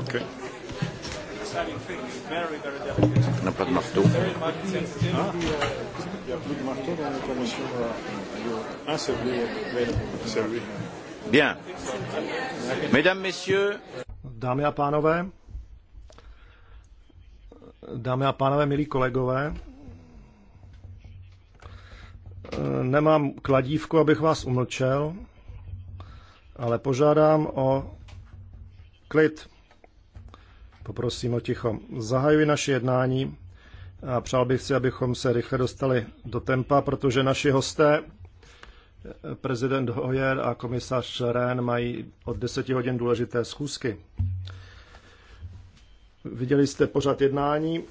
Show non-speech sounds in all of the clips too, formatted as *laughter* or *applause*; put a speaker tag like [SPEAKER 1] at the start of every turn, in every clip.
[SPEAKER 1] Okay. n'a pas de
[SPEAKER 2] Bien. Mesdames, messieurs.
[SPEAKER 3] Dámy a pánové, dámy a pánové, milí kolegové, nemám kladívku, abych vás umlčel, ale požádám o klid. Poprosím o ticho. Zahajuji naše jednání a přál bych si, abychom se rychle dostali do tempa, protože naši hosté, prezident Hoyer a komisař Rehn, mají od 10 hodin důležité schůzky. Viděli jste pořad jednání.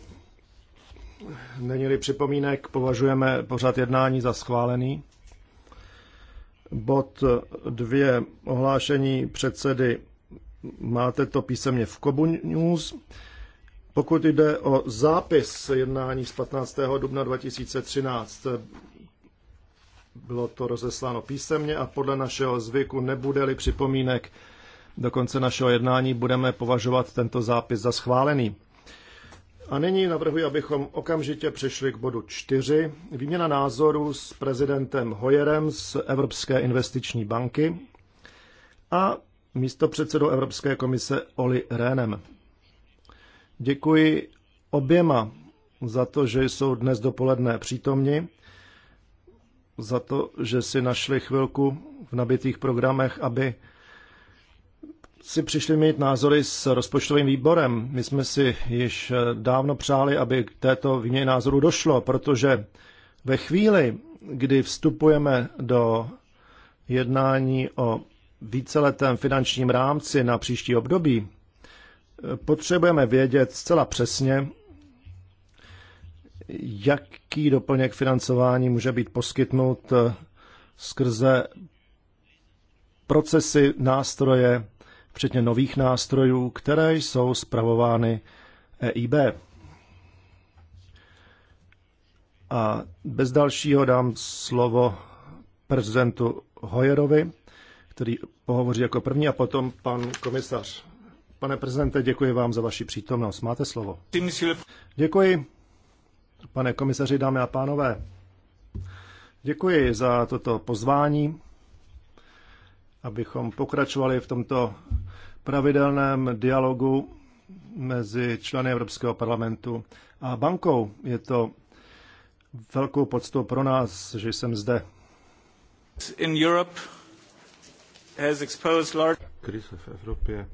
[SPEAKER 3] Není-li připomínek, považujeme pořad jednání za schválený. Bod dvě Ohlášení předsedy Máte to písemně v Kobu News. Pokud jde o zápis jednání z 15. dubna 2013, bylo to rozesláno písemně a podle našeho zvyku nebude-li připomínek do konce našeho jednání, budeme považovat tento zápis za schválený. A nyní navrhuji, abychom okamžitě přešli k bodu 4. Výměna názoru s prezidentem Hoyerem z Evropské investiční banky a místo předsedou Evropské komise Oli Rénem. Děkuji oběma za to, že jsou dnes dopoledne přítomni, za to, že si našli chvilku v nabitých programech, aby si přišli mít názory s rozpočtovým výborem. My jsme si již dávno přáli, aby k této výměně názoru došlo, protože ve chvíli, kdy vstupujeme do jednání o víceletém finančním rámci na příští období, eh, potřebujeme vědět zcela přesně, jaký doplněk financování může být poskytnut eh, skrze procesy, nástroje, včetně nových nástrojů, které jsou zpravovány EIB. A bez dalšího dám slovo prezidentu Hojerovi, který pohovoří jako první a potom pan komisař. Pane prezidente, děkuji vám za vaši přítomnost. Máte slovo. Děkuji. Pane komisaři, dámy a pánové, děkuji za toto pozvání, abychom pokračovali v tomto pravidelném dialogu mezi členy Evropského parlamentu a bankou. Je to velkou poctou pro nás, že jsem zde.
[SPEAKER 1] In Europe. Krize v Evropě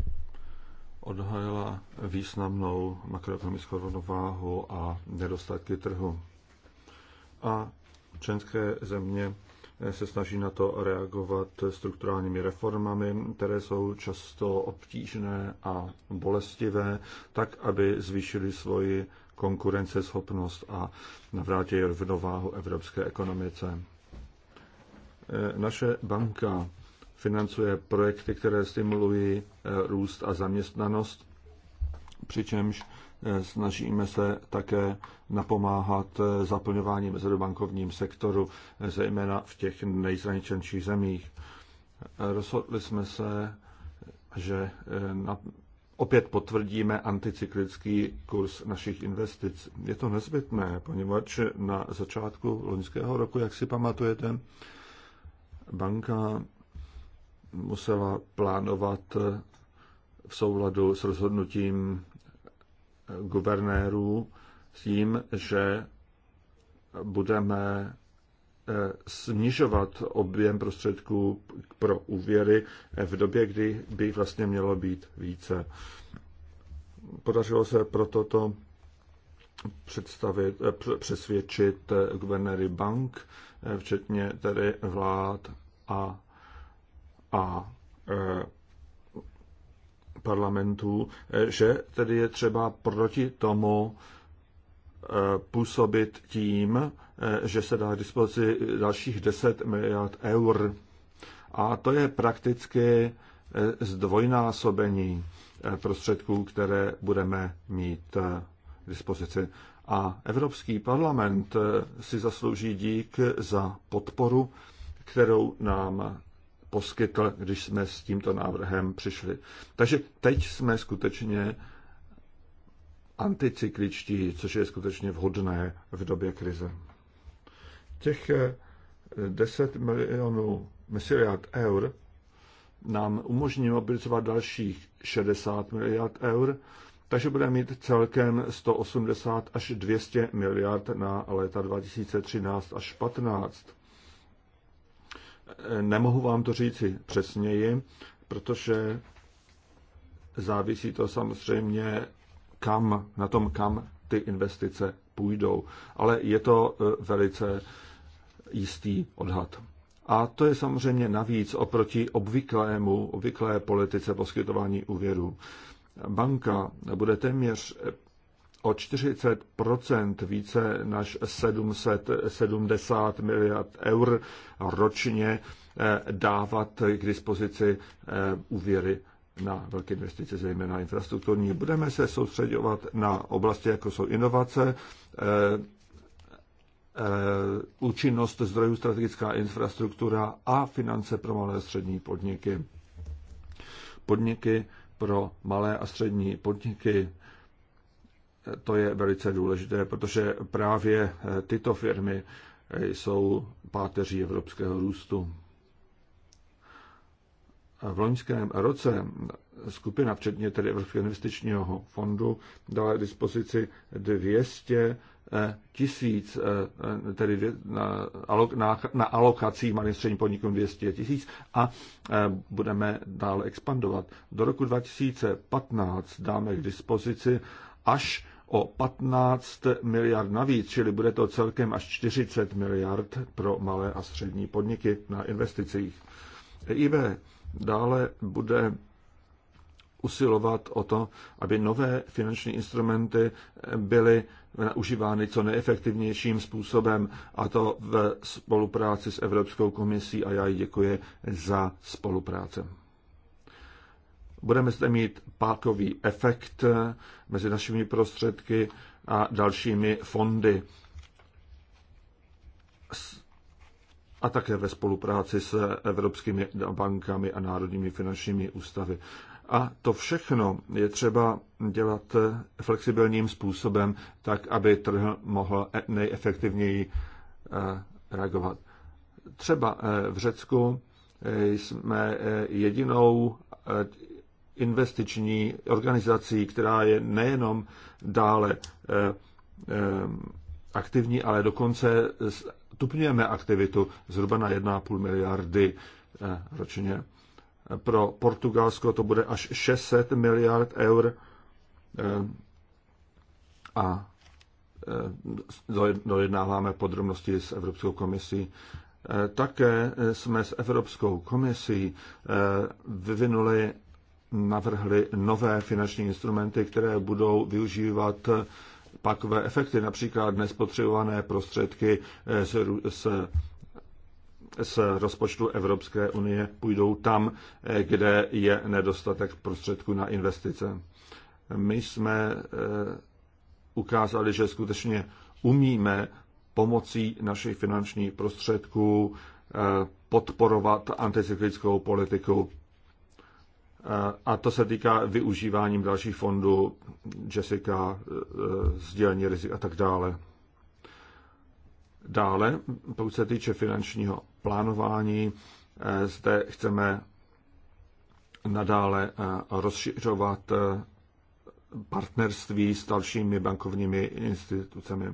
[SPEAKER 1] odhalila významnou makroekonomickou rovnováhu a nedostatky trhu. A členské země se snaží na to reagovat strukturálními reformami, které jsou často obtížné a bolestivé, tak, aby zvýšili svoji konkurenceschopnost a navrátili rovnováhu evropské ekonomice. E, naše banka financuje projekty, které stimulují eh, růst a zaměstnanost, přičemž eh, snažíme se také napomáhat eh, zaplňování mezerobankovním sektoru, zejména v těch nejzraničenších zemích. Rozhodli jsme se, že na, opět potvrdíme anticyklický kurz našich investic. Je to nezbytné, poněvadž na začátku loňského roku, jak si pamatujete, banka musela plánovat v souladu s rozhodnutím guvernérů s tím, že budeme eh, snižovat objem prostředků pro úvěry v době, kdy by vlastně mělo být více. Podařilo se proto to představit, eh, přesvědčit eh, guvernéry bank, včetně tedy vlád a a e, parlamentů, e, že tedy je třeba proti tomu e, působit tím, že se dá k dispozici dalších 10 miliard eur. A to je prakticky zdvojnásobení prostředků, které budeme mít k dispozici. A Evropský parlament si zaslouží dík za podporu, kterou nám poskytl, když jsme s tímto návrhem přišli. Takže teď jsme skutečně anticykličtí, což je skutečně vhodné v době krize. Těch 10 eh, milionů miliard eur nám umožní mobilizovat dalších 60 miliard eur, takže budeme mít celkem 180 až 200 miliard na léta 2013 až 2015. Nemohu vám to říci přesněji, protože závisí to samozřejmě kam, na tom, kam ty investice půjdou. Ale je to e, velice jistý odhad. A to je samozřejmě navíc oproti obvyklému, obvyklé politice poskytování úvěru. Banka bude téměř o 40 více než 770 miliard eur ročně eh, dávat k dispozici eh, úvěry na velké investice, zejména infrastrukturní. Budeme se soustředovat na oblasti, jako jsou inovace, eh, účinnost zdrojů strategická infrastruktura a finance pro malé a střední podniky. Podniky pro malé a střední podniky to je velice důležité, protože právě eh, tyto firmy eh, jsou páteří evropského růstu. V loňském roce skupina, včetně tedy Evropského investičního fondu, dala k dispozici 200 eh, tisíc, tedy na, na, na alokacích malým středním podnikům 200 tisíc a budeme dále expandovat. Do roku 2015 dáme k dispozici až o 15 miliard navíc, čili bude to celkem až 40 miliard pro malé a střední podniky na investicích. EIB dále bude usilovat o to, aby nové finanční instrumenty byly eh, užívány co neefektivnějším způsobem a to v spolupráci s Evropskou komisí a já jí děkuji za spolupráci. Budeme zde mít pákový efekt mezi našimi prostředky a dalšími fondy a také ve spolupráci s evropskými bankami a národními finančními ústavy. A to všechno je třeba dělat flexibilním způsobem, tak aby trh mohl nejefektivněji eh, reagovat. Třeba eh, v Řecku eh, jsme jedinou investiční organizací, která je nejenom dále eh, eh, aktivní, ale dokonce stupňujeme aktivitu zhruba na 1,5 miliardy eh, ročně. Pro Portugalsko to bude až 600 miliard eur a dojednáváme podrobnosti s Evropskou komisí. Také jsme s Evropskou komisí vyvinuli navrhli nové finanční instrumenty, které budou využívat pakové efekty, například nespotřebované prostředky z, z, z rozpočtu Evropské unie půjdou tam, kde je nedostatek prostředků na investice. My jsme eh, ukázali, že skutečně umíme pomocí našich finančních prostředků eh, podporovat anticyklickou politiku a to se týká využíváním dalších fondů, Jessica, e, sdělení rizik a tak dále. Dále, pokud se týče finančního plánování, e, zde chceme nadále e, rozšiřovat partnerství s dalšími bankovními institucemi.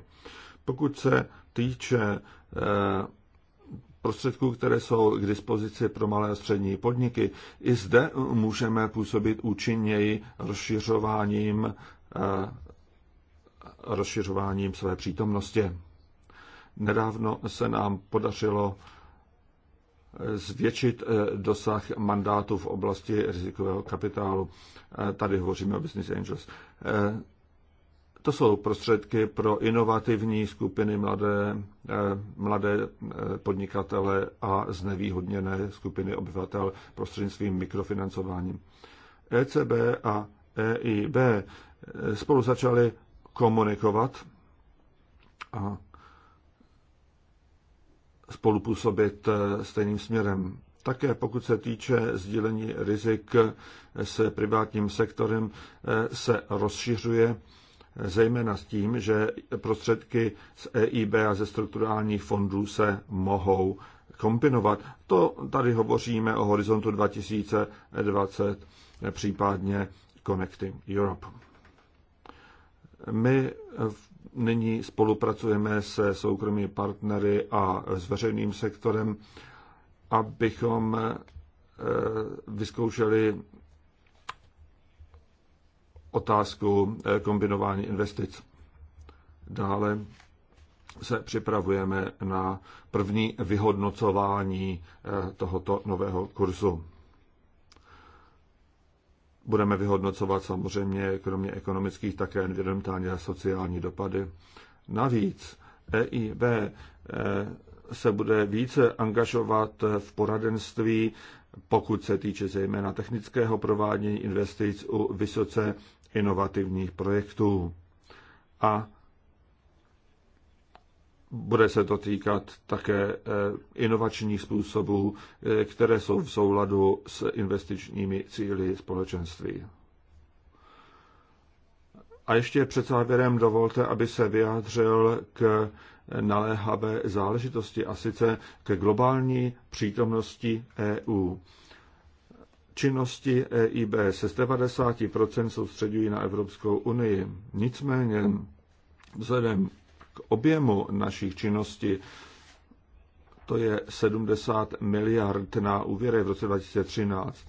[SPEAKER 1] Pokud se týče prostředků, které jsou k dispozici pro malé a střední podniky. I zde můžeme působit účinněji rozšiřováním, eh, rozšiřováním své přítomnosti. Nedávno se nám podařilo eh, zvětšit eh, dosah mandátu v oblasti rizikového kapitálu. Tady hovoříme o Business Angels. To jsou prostředky pro inovativní skupiny mladé, eh, mladé eh, podnikatele a znevýhodněné skupiny obyvatel prostřednictvím mikrofinancováním. ECB a EIB eh, spolu začaly komunikovat a spolupůsobit stejným směrem. Také pokud se týče sdílení rizik s privátním sektorem, se rozšiřuje zejména s tím, že prostředky z EIB a ze strukturálních fondů se mohou kombinovat. To tady hovoříme o horizontu 2020, případně Connecting Europe. My nyní spolupracujeme se soukromými partnery a s veřejným sektorem, abychom eh, vyzkoušeli otázku eh, kombinování investic. Dále se připravujeme na první vyhodnocování eh, tohoto nového kurzu. Budeme vyhodnocovat samozřejmě kromě ekonomických také environmentální a sociální dopady. Navíc EIB eh, se bude více angažovat v poradenství, pokud se týče zejména technického provádění investic u vysoce inovativních projektů. A bude se to týkat také eh, inovačních způsobů, eh, které jsou v souladu s investičními cíly společenství. A ještě před závěrem dovolte, aby se vyjádřil k naléhavé záležitosti, a sice ke globální přítomnosti EU činnosti EIB se z 90% soustředují na Evropskou unii. Nicméně vzhledem k objemu našich činností, to je 70 miliard na úvěry v roce 2013,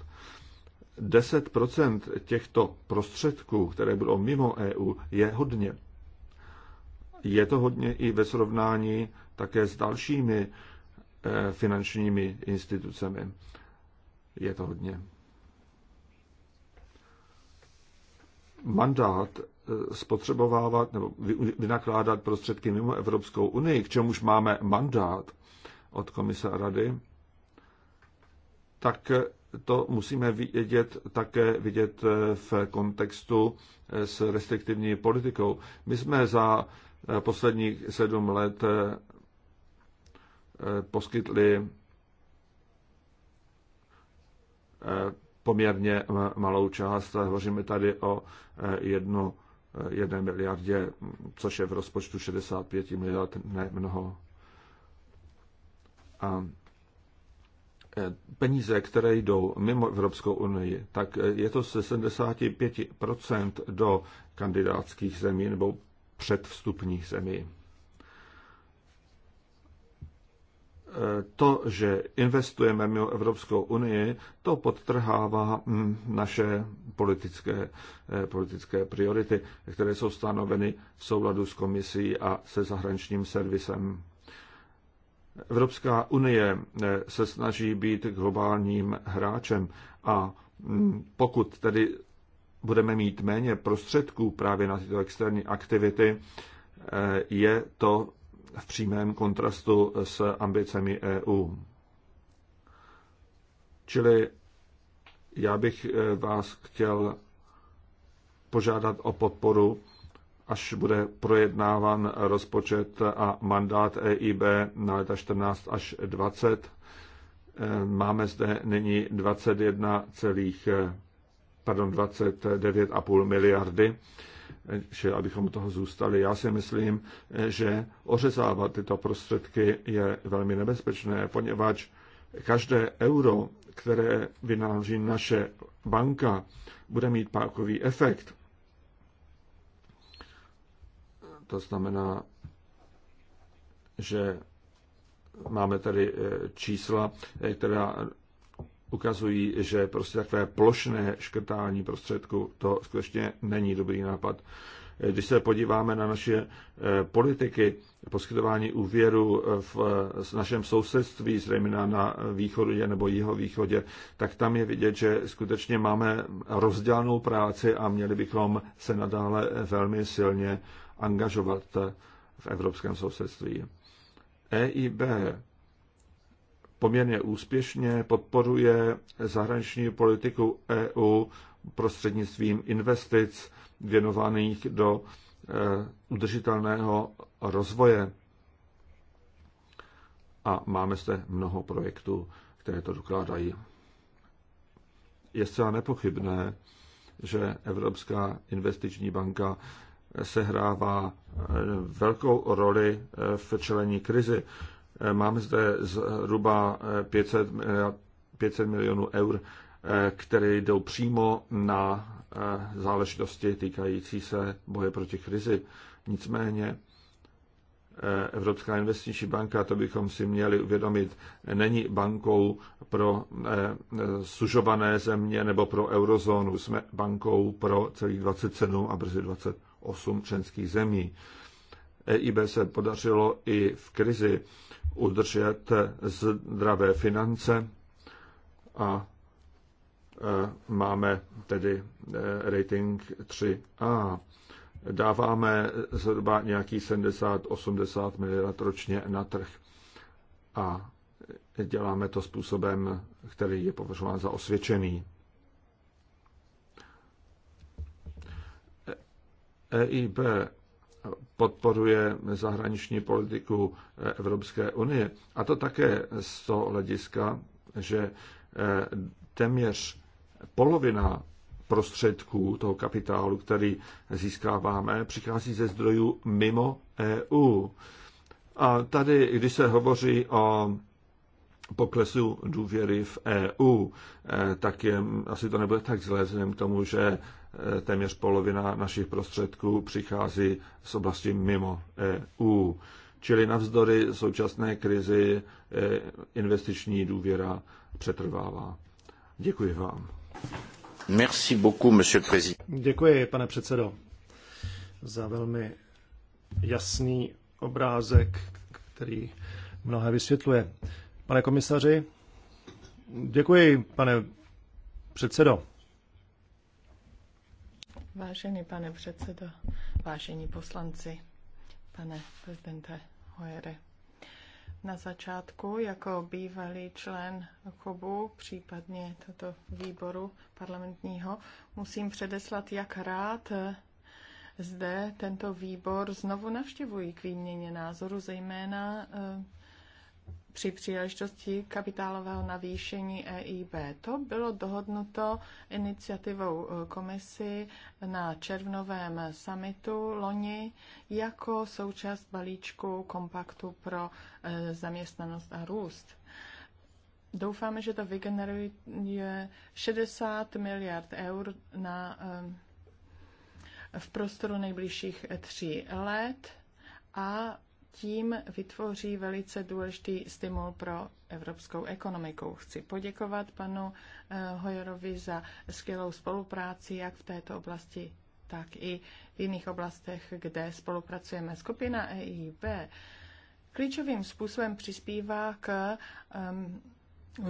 [SPEAKER 1] 10 těchto prostředků, které budou mimo EU, je hodně. Je to hodně i ve srovnání také s dalšími eh, finančními institucemi je to hodně. Mandát eh, spotřebovávat nebo vynakládat prostředky mimo Evropskou unii, k čemuž máme mandát od komise a rady, tak eh, to musíme vidět také vidět eh, v kontextu s restriktivní politikou. My jsme za posledních sedm let poskytli poměrně malou část. Hovoříme tady o e, jednu, e, jedné miliardě, což je v rozpočtu 65 miliard, ne mnoho. A e, peníze, které jdou mimo Evropskou unii, tak je to se 75% do kandidátských zemí nebo předvstupních zemí. to, že investujeme mimo Evropskou unii, to podtrhává mm, naše politické, eh, politické priority, které jsou stanoveny v souladu s komisí a se zahraničním servisem. Evropská unie eh, se snaží být globálním hráčem a mm, pokud tedy budeme mít méně prostředků právě na tyto externí aktivity, eh, je to v přímém kontrastu s ambicemi EU. Čili já bych eh, vás chtěl požádat o podporu, až bude projednáván rozpočet a mandát EIB na leta 14 až 20. Eh, máme zde nyní 21, celých, eh, pardon, 29,5 miliardy že abychom toho zůstali. Já si myslím, že ořezávat tyto prostředky je velmi nebezpečné, poněvadž každé euro, které vynaloží naše banka, bude mít pákový efekt. To znamená, že máme tady eh, čísla, eh, která ukazují, že prostě takové plošné škrtání prostředku to skutečně není dobrý nápad. Když se podíváme na naše eh, politiky poskytování úvěru eh, v našem sousedství, zřejmě na východě nebo jeho východě, tak tam je vidět, že skutečně máme rozdělanou práci a měli bychom se nadále velmi silně angažovat v evropském sousedství. EIB poměrně úspěšně podporuje zahraniční politiku EU prostřednictvím investic věnovaných do eh, udržitelného rozvoje. A máme zde mnoho projektů, které to dokládají. Je zcela nepochybné, že Evropská investiční banka sehrává eh, velkou roli eh, v čelení krizi. Máme zde zhruba 500, eh, 500 eh, milionů eur, eh, které jdou přímo na záležitosti týkající se boje proti krizi. Nicméně Evropská investiční banka, to bychom si měli uvědomit, není bankou pro sužované země nebo pro eurozónu. Jsme bankou pro celých 27 a brzy 28 členských zemí. EIB se podařilo i v krizi udržet zdravé finance a e, máme tedy e, rating 3A. Dáváme zhruba nějaký 70-80 miliard ročně na trh a děláme to způsobem, který je považován za osvědčený. EIB e podporuje zahraniční politiku Evropské unie. A to také z toho hlediska, že eh, téměř polovina prostředků toho kapitálu, který získáváme, přichází ze zdrojů mimo EU. A tady, když se hovoří o poklesu důvěry v EU, eh, tak je, asi to nebude tak zlé, vzhledem k tomu, že eh, téměř polovina našich prostředků přichází z oblasti mimo EU. Čili navzdory současné krizi eh, investiční důvěra přetrvává. Děkuji vám. Merci beaucoup, monsieur président.
[SPEAKER 3] Děkuji, pane předsedo, za velmi jasný obrázek, který mnohé vysvětluje. Pane komisaři, děkuji, pane předsedo.
[SPEAKER 2] Vážený pane předsedo, vážení poslanci, pane prezidente Hojere. Na začátku, jako bývalý člen chobu, případně toto výboru parlamentního, musím předeslat, jak rád zde tento výbor znovu navštěvují k výměně názoru, zejména eh, při příležitosti kapitálového navýšení EIB. To bylo dohodnuto iniciativou eh, komisy na červnovém summitu loni jako součást balíčku kompaktu pro eh, zaměstnanost a růst. Doufáme, že to vygeneruje 60 miliard eur na, eh, v prostoru nejbližších tří let a tím vytvoří velice důležitý stimul pro evropskou ekonomiku. Chci poděkovat panu eh, Hojerovi za skvělou spolupráci jak v této oblasti, tak i v jiných oblastech, kde spolupracujeme. Skupina EIB klíčovým způsobem přispívá k um,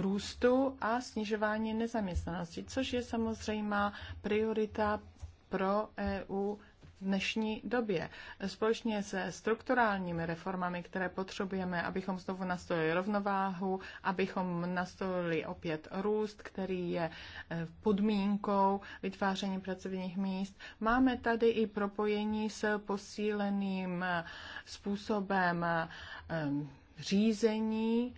[SPEAKER 2] růstu a snižování nezaměstnanosti, což je samozřejmá priorita pro EU dnešní době. Společně se strukturálními reformami, které potřebujeme, abychom znovu nastolili rovnováhu, abychom nastolili opět růst, který je e, podmínkou vytváření pracovních míst, máme tady i propojení s posíleným e, způsobem e, řízení,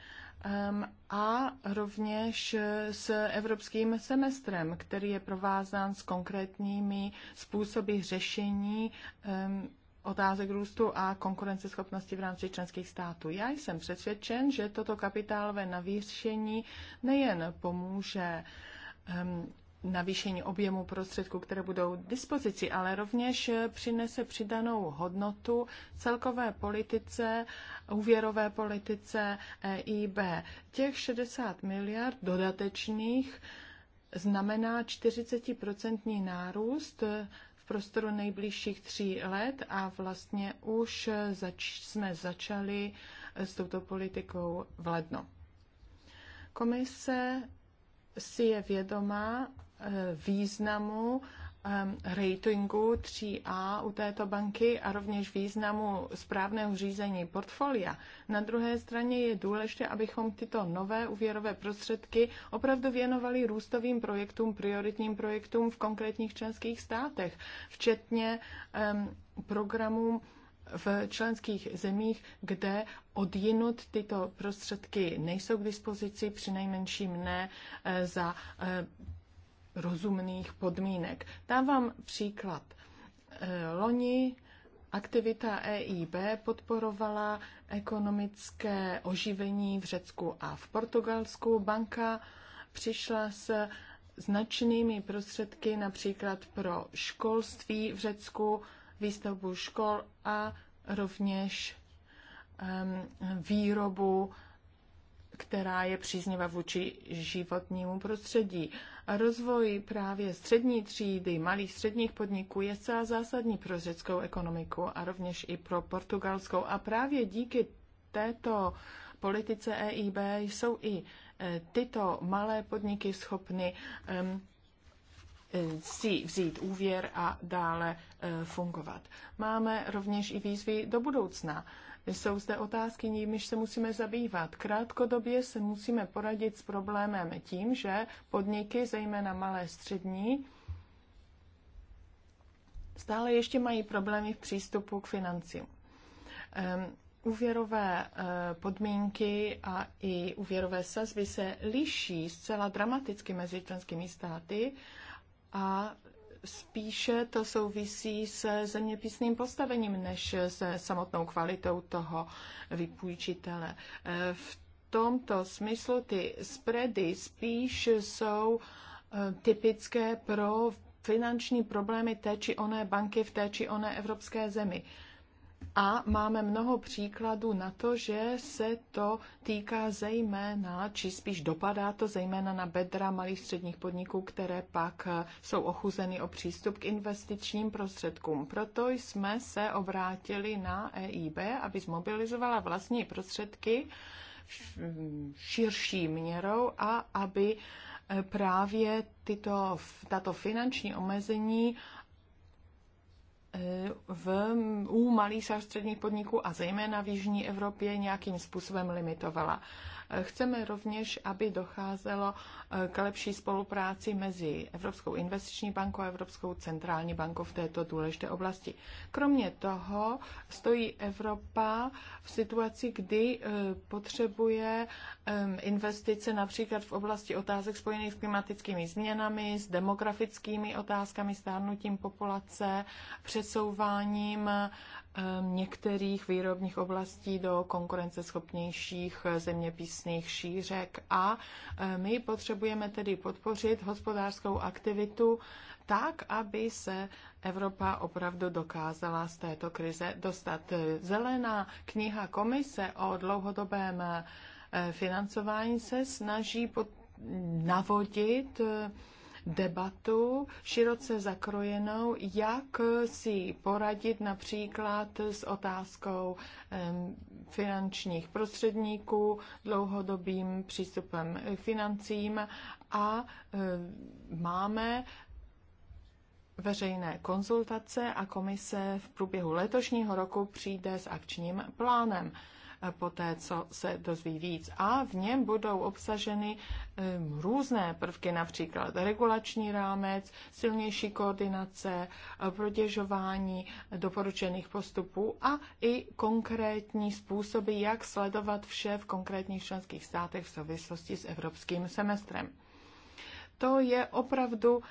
[SPEAKER 2] a rovněž s evropským semestrem, který je provázán s konkrétními způsoby řešení otázek růstu a konkurenceschopnosti v rámci členských států. Já jsem přesvědčen, že toto kapitálové navýšení nejen pomůže um, navýšení objemu prostředků, které budou k dispozici, ale rovněž přinese přidanou hodnotu celkové politice, úvěrové politice EIB. Těch 60 miliard dodatečných znamená 40% nárůst v prostoru nejbližších tří let a vlastně už zač- jsme začali s touto politikou v lednu. Komise si je vědomá významu ratingu 3A u této banky a rovněž významu správného řízení portfolia. Na druhé straně je důležité, abychom tyto nové úvěrové prostředky opravdu věnovali růstovým projektům, prioritním projektům v konkrétních členských státech, včetně um, programům v členských zemích, kde odjinut tyto prostředky nejsou k dispozici, přinejmenším ne e, za e, rozumných podmínek. Dám vám příklad. Eh, loni aktivita EIB podporovala ekonomické oživení v Řecku a v Portugalsku. Banka přišla s značnými prostředky například pro školství v Řecku, výstavbu škol a rovněž um, výrobu která je příznivá vůči životnímu prostředí. A rozvoj právě střední třídy, malých středních podniků je zcela zásadní pro řeckou ekonomiku a rovněž i pro portugalskou. A právě díky této politice EIB jsou i e, tyto malé podniky schopny e, si vzít úvěr a dále e, fungovat. Máme rovněž i výzvy do budoucna. Jsou zde otázky, nimiž se musíme zabývat. Krátkodobě se musíme poradit s problémem tím, že podniky, zejména malé střední, stále ještě mají problémy v přístupu k financím. Um, úvěrové eh, podmínky a i úvěrové sazby se liší zcela dramaticky mezi členskými státy a spíše to souvisí se zeměpisným postavením než se samotnou kvalitou toho vypůjčitele. V tomto smyslu ty spready spíš jsou eh, typické pro finanční problémy té či oné banky v té či oné evropské zemi. A máme mnoho příkladů na to, že se to týká zejména, či spíš dopadá to zejména na bedra malých středních podniků, které pak eh, jsou ochuzeny o přístup k investičním prostředkům. Proto jsme se obrátili na EIB, aby zmobilizovala vlastní prostředky širší měrou a aby eh, právě tyto, tato finanční omezení v, u malých a středních podniků a zejména v Jižní Evropě nějakým způsobem limitovala. Chceme rovněž, aby docházelo Eh, k lepší spolupráci mezi Evropskou investiční bankou a Evropskou centrální bankou v této důležité oblasti. Kromě toho stojí Evropa v situaci, kdy eh, potřebuje investice například v oblasti otázek spojených s klimatickými změnami, s demografickými otázkami, stárnutím populace, přesouváním některých výrobních oblastí do konkurenceschopnějších eh, zeměpisných šířek a my potřebujeme Potřebujeme tedy podpořit hospodářskou aktivitu tak, aby se Evropa opravdu dokázala z této krize dostat. Zelená kniha komise o dlouhodobém eh, financování se snaží navodit eh, debatu široce zakrojenou, jak si poradit například s otázkou finančních prostředníků, dlouhodobým přístupem k financím a máme veřejné konzultace a komise v průběhu letošního roku přijde s akčním plánem poté, co se dozví víc. A v něm budou obsaženy různé prvky, například regulační rámec, silnější koordinace, eh, protěžování doporučených postupů a i konkrétní způsoby, jak sledovat vše v konkrétních členských státech v souvislosti s evropským semestrem to je opravdu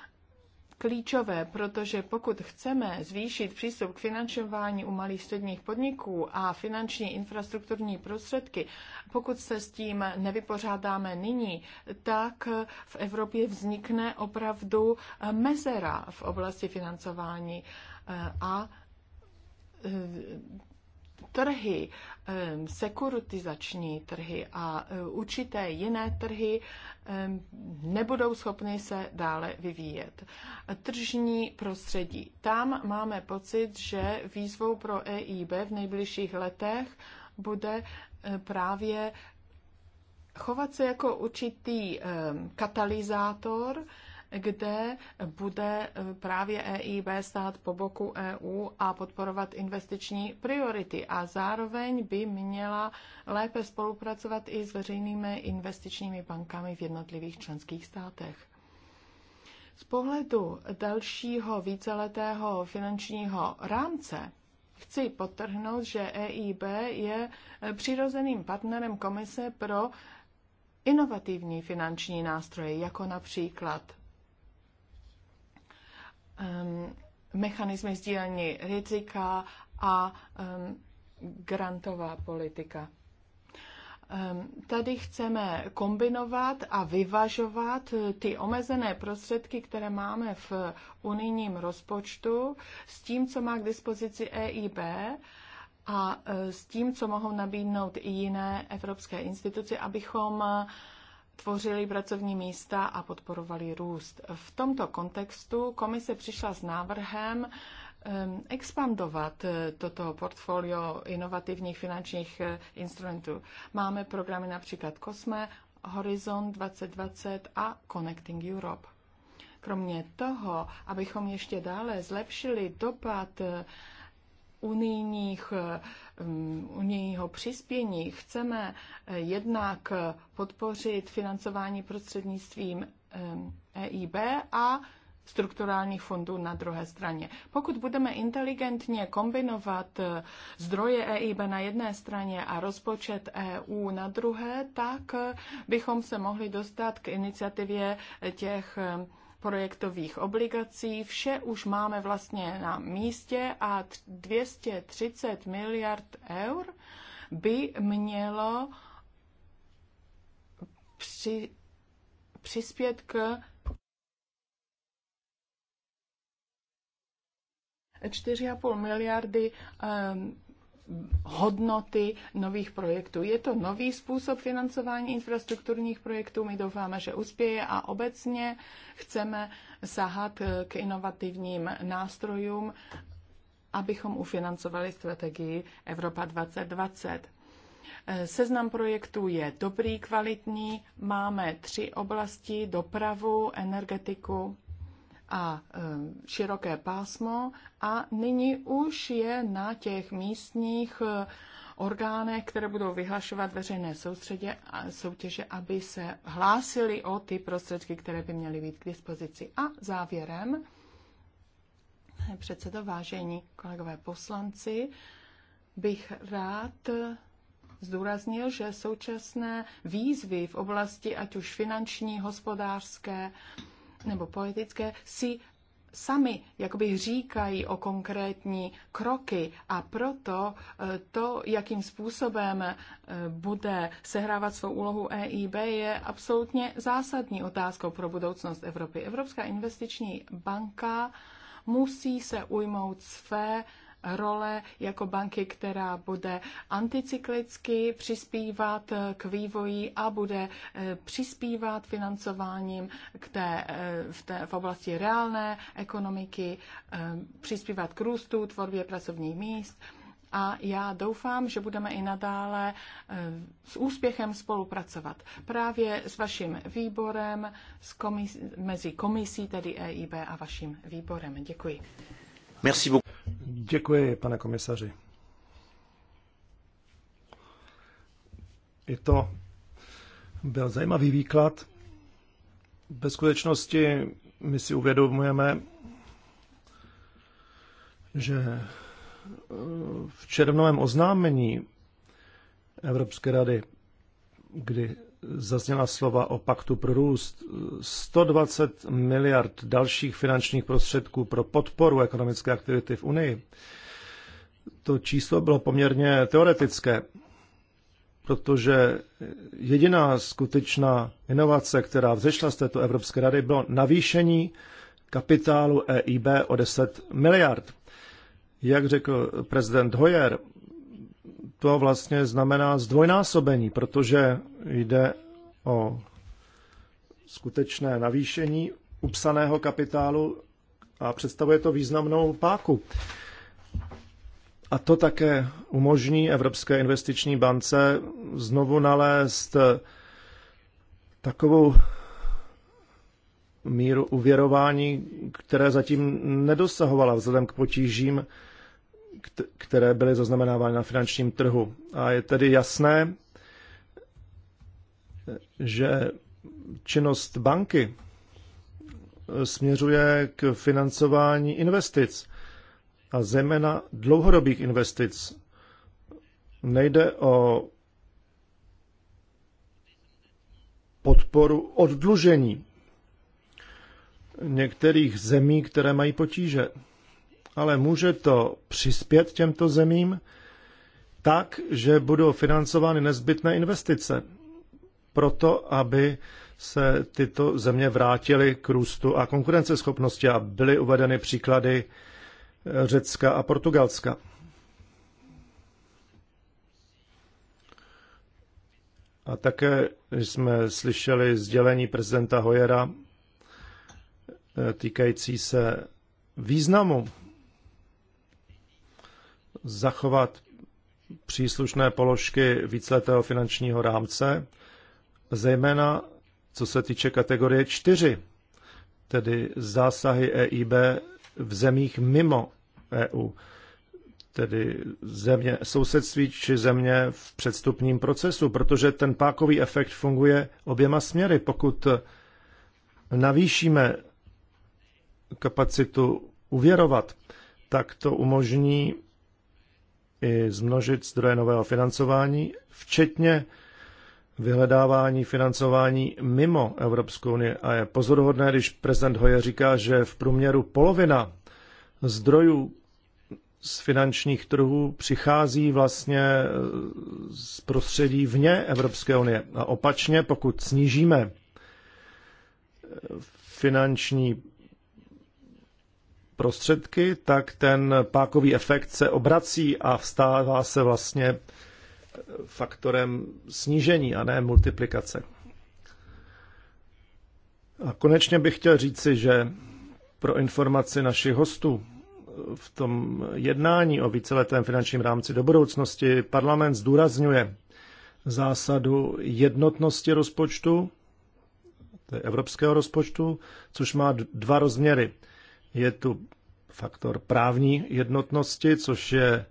[SPEAKER 2] klíčové, protože pokud chceme zvýšit přístup k financování u malých středních podniků a finanční infrastrukturní prostředky, pokud se s tím nevypořádáme nyní, tak v Evropě vznikne opravdu mezera v oblasti financování a e, trhy, sekuritizační trhy a e, určité jiné trhy nebudou schopny se dále vyvíjet. Tržní prostředí. Tam máme pocit, že výzvou pro EIB v nejbližších letech bude e, právě chovat se jako určitý katalyzátor, kde bude eh, právě EIB stát po boku EU a podporovat investiční priority a zároveň by měla lépe spolupracovat i s veřejnými investičními bankami v jednotlivých členských státech. Z pohledu dalšího víceletého finančního rámce chci potrhnout, že EIB je eh, přirozeným partnerem komise pro inovativní finanční nástroje, jako například um, mechanismy sdílení rizika a um, grantová politika. Ehm, tady chceme kombinovat a vyvažovat eh, ty omezené prostředky, které máme v unijním rozpočtu, s tím, co má k dispozici EIB a eh, s tím, co mohou nabídnout i jiné evropské instituce, abychom eh, tvořili pracovní místa a podporovali růst. V tomto kontextu komise přišla s návrhem ehm, expandovat eh, toto portfolio inovativních finančních eh, instrumentů. Máme programy například COSME, Horizon 2020 a Connecting Europe. Kromě toho, abychom ještě dále zlepšili dopad eh, unijních, eh, mm, unijního přispění chceme eh, jednak eh, podpořit financování prostřednictvím EIB e a strukturálních fondů na druhé straně. Pokud budeme inteligentně kombinovat zdroje EIB na jedné straně a rozpočet EU na druhé, tak bychom se mohli dostat k iniciativě těch projektových obligací. Vše už máme vlastně na místě a 230 miliard eur by mělo při, přispět k 4,5 miliardy um, hodnoty nových projektů. Je to nový způsob financování infrastrukturních projektů, my doufáme, že uspěje a obecně chceme sahat k inovativním nástrojům, abychom ufinancovali strategii Evropa 2020. Seznam projektů je dobrý, kvalitní. Máme tři oblasti, dopravu, energetiku a eh, široké pásmo a nyní už je na těch místních eh, orgánech, které budou vyhlašovat veřejné soustředě a soutěže, aby se hlásili o ty prostředky, které by měly být k dispozici. A závěrem, předsedo, vážení kolegové poslanci, bych rád eh, zdůraznil, že současné výzvy v oblasti ať už finanční, hospodářské, nebo politické si sami jakoby říkají o konkrétní kroky a proto eh, to, jakým způsobem eh, bude sehrávat svou úlohu EIB, je absolutně zásadní otázkou pro budoucnost Evropy. Evropská investiční banka musí se ujmout své role jako banky, která bude anticyklicky přispívat k vývoji a bude eh, přispívat financováním k té, eh, v, té, v oblasti reálné ekonomiky, eh, přispívat k růstu, tvorbě pracovních míst a já doufám, že budeme i nadále s úspěchem spolupracovat. Právě s vaším výborem, s komis- mezi komisí, tedy EIB a vaším výborem. Děkuji.
[SPEAKER 3] Merci beaucoup. Děkuji, pane komisaři. I to byl zajímavý výklad. Ve skutečnosti my si uvědomujeme, že v červnovém oznámení Evropské rady, kdy zazněla slova o paktu pro růst. 120 miliard dalších finančních prostředků pro podporu ekonomické aktivity v Unii. To číslo bylo poměrně teoretické, protože jediná skutečná inovace, která vzešla z této Evropské rady, bylo navýšení kapitálu EIB o 10 miliard. Jak řekl prezident Hoyer, to vlastně znamená zdvojnásobení, protože jde o skutečné navýšení upsaného kapitálu a představuje to významnou páku. A to také umožní Evropské investiční bance znovu nalézt takovou míru uvěrování, které zatím nedosahovala vzhledem k potížím, které byly zaznamenávány na finančním trhu. A je tedy jasné, že činnost banky směřuje k financování investic a zejména dlouhodobých investic. Nejde o podporu oddlužení některých zemí, které mají potíže ale může to přispět těmto zemím tak, že budou financovány nezbytné investice proto, aby se tyto země vrátily k růstu a konkurenceschopnosti a byly uvedeny příklady eh, Řecka a Portugalska. A také jsme slyšeli sdělení prezidenta Hojera eh, týkající se významu zachovat příslušné položky víceletého finančního rámce, zejména co se týče kategorie 4, tedy zásahy EIB v zemích mimo EU, tedy země sousedství či země v předstupním procesu, protože ten pákový efekt funguje oběma směry. Pokud navýšíme kapacitu uvěrovat, tak to umožní i zmnožit zdroje nového financování, včetně vyhledávání financování mimo Evropskou unii. A je pozoruhodné, když prezident Hoje říká, že v průměru polovina zdrojů z finančních trhů přichází vlastně e, z prostředí vně Evropské unie. A opačně, pokud snížíme e, finanční prostředky, tak ten pákový efekt se obrací a vstává se vlastně faktorem snížení a ne multiplikace. A konečně bych chtěl říci, že pro informaci našich hostů v tom jednání o víceletém finančním rámci do budoucnosti parlament zdůrazňuje zásadu jednotnosti rozpočtu, to je evropského rozpočtu, což má dva rozměry. Je tu faktor právní jednotnosti, což je e,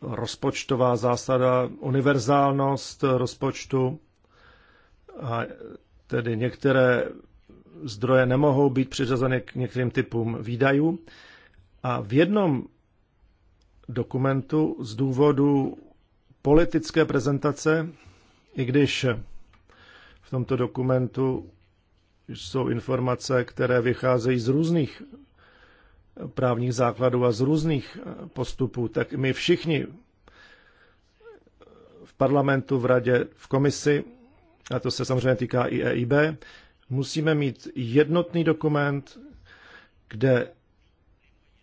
[SPEAKER 3] rozpočtová zásada, univerzálnost rozpočtu a tedy některé zdroje nemohou být přiřazeny k některým typům výdajů. A v jednom dokumentu z důvodu politické prezentace, i když v tomto dokumentu jsou informace, které vycházejí z různých právních základů a z různých postupů, tak my všichni v parlamentu, v radě, v komisi, a to se samozřejmě týká i EIB, musíme mít jednotný dokument, kde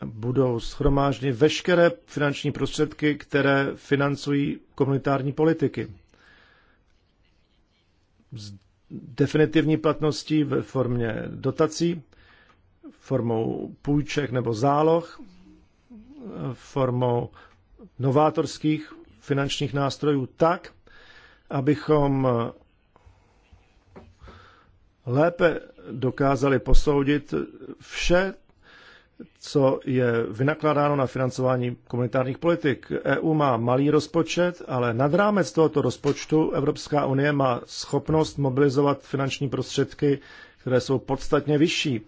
[SPEAKER 3] budou schromážděny veškeré finanční prostředky, které financují komunitární politiky definitivní platností ve formě dotací, formou půjček nebo záloh, formou novátorských finančních nástrojů tak, abychom lépe dokázali posoudit vše, co je vynakládáno na financování komunitárních politik. EU má malý rozpočet, ale nad rámec tohoto rozpočtu Evropská unie má schopnost mobilizovat finanční prostředky, které jsou podstatně vyšší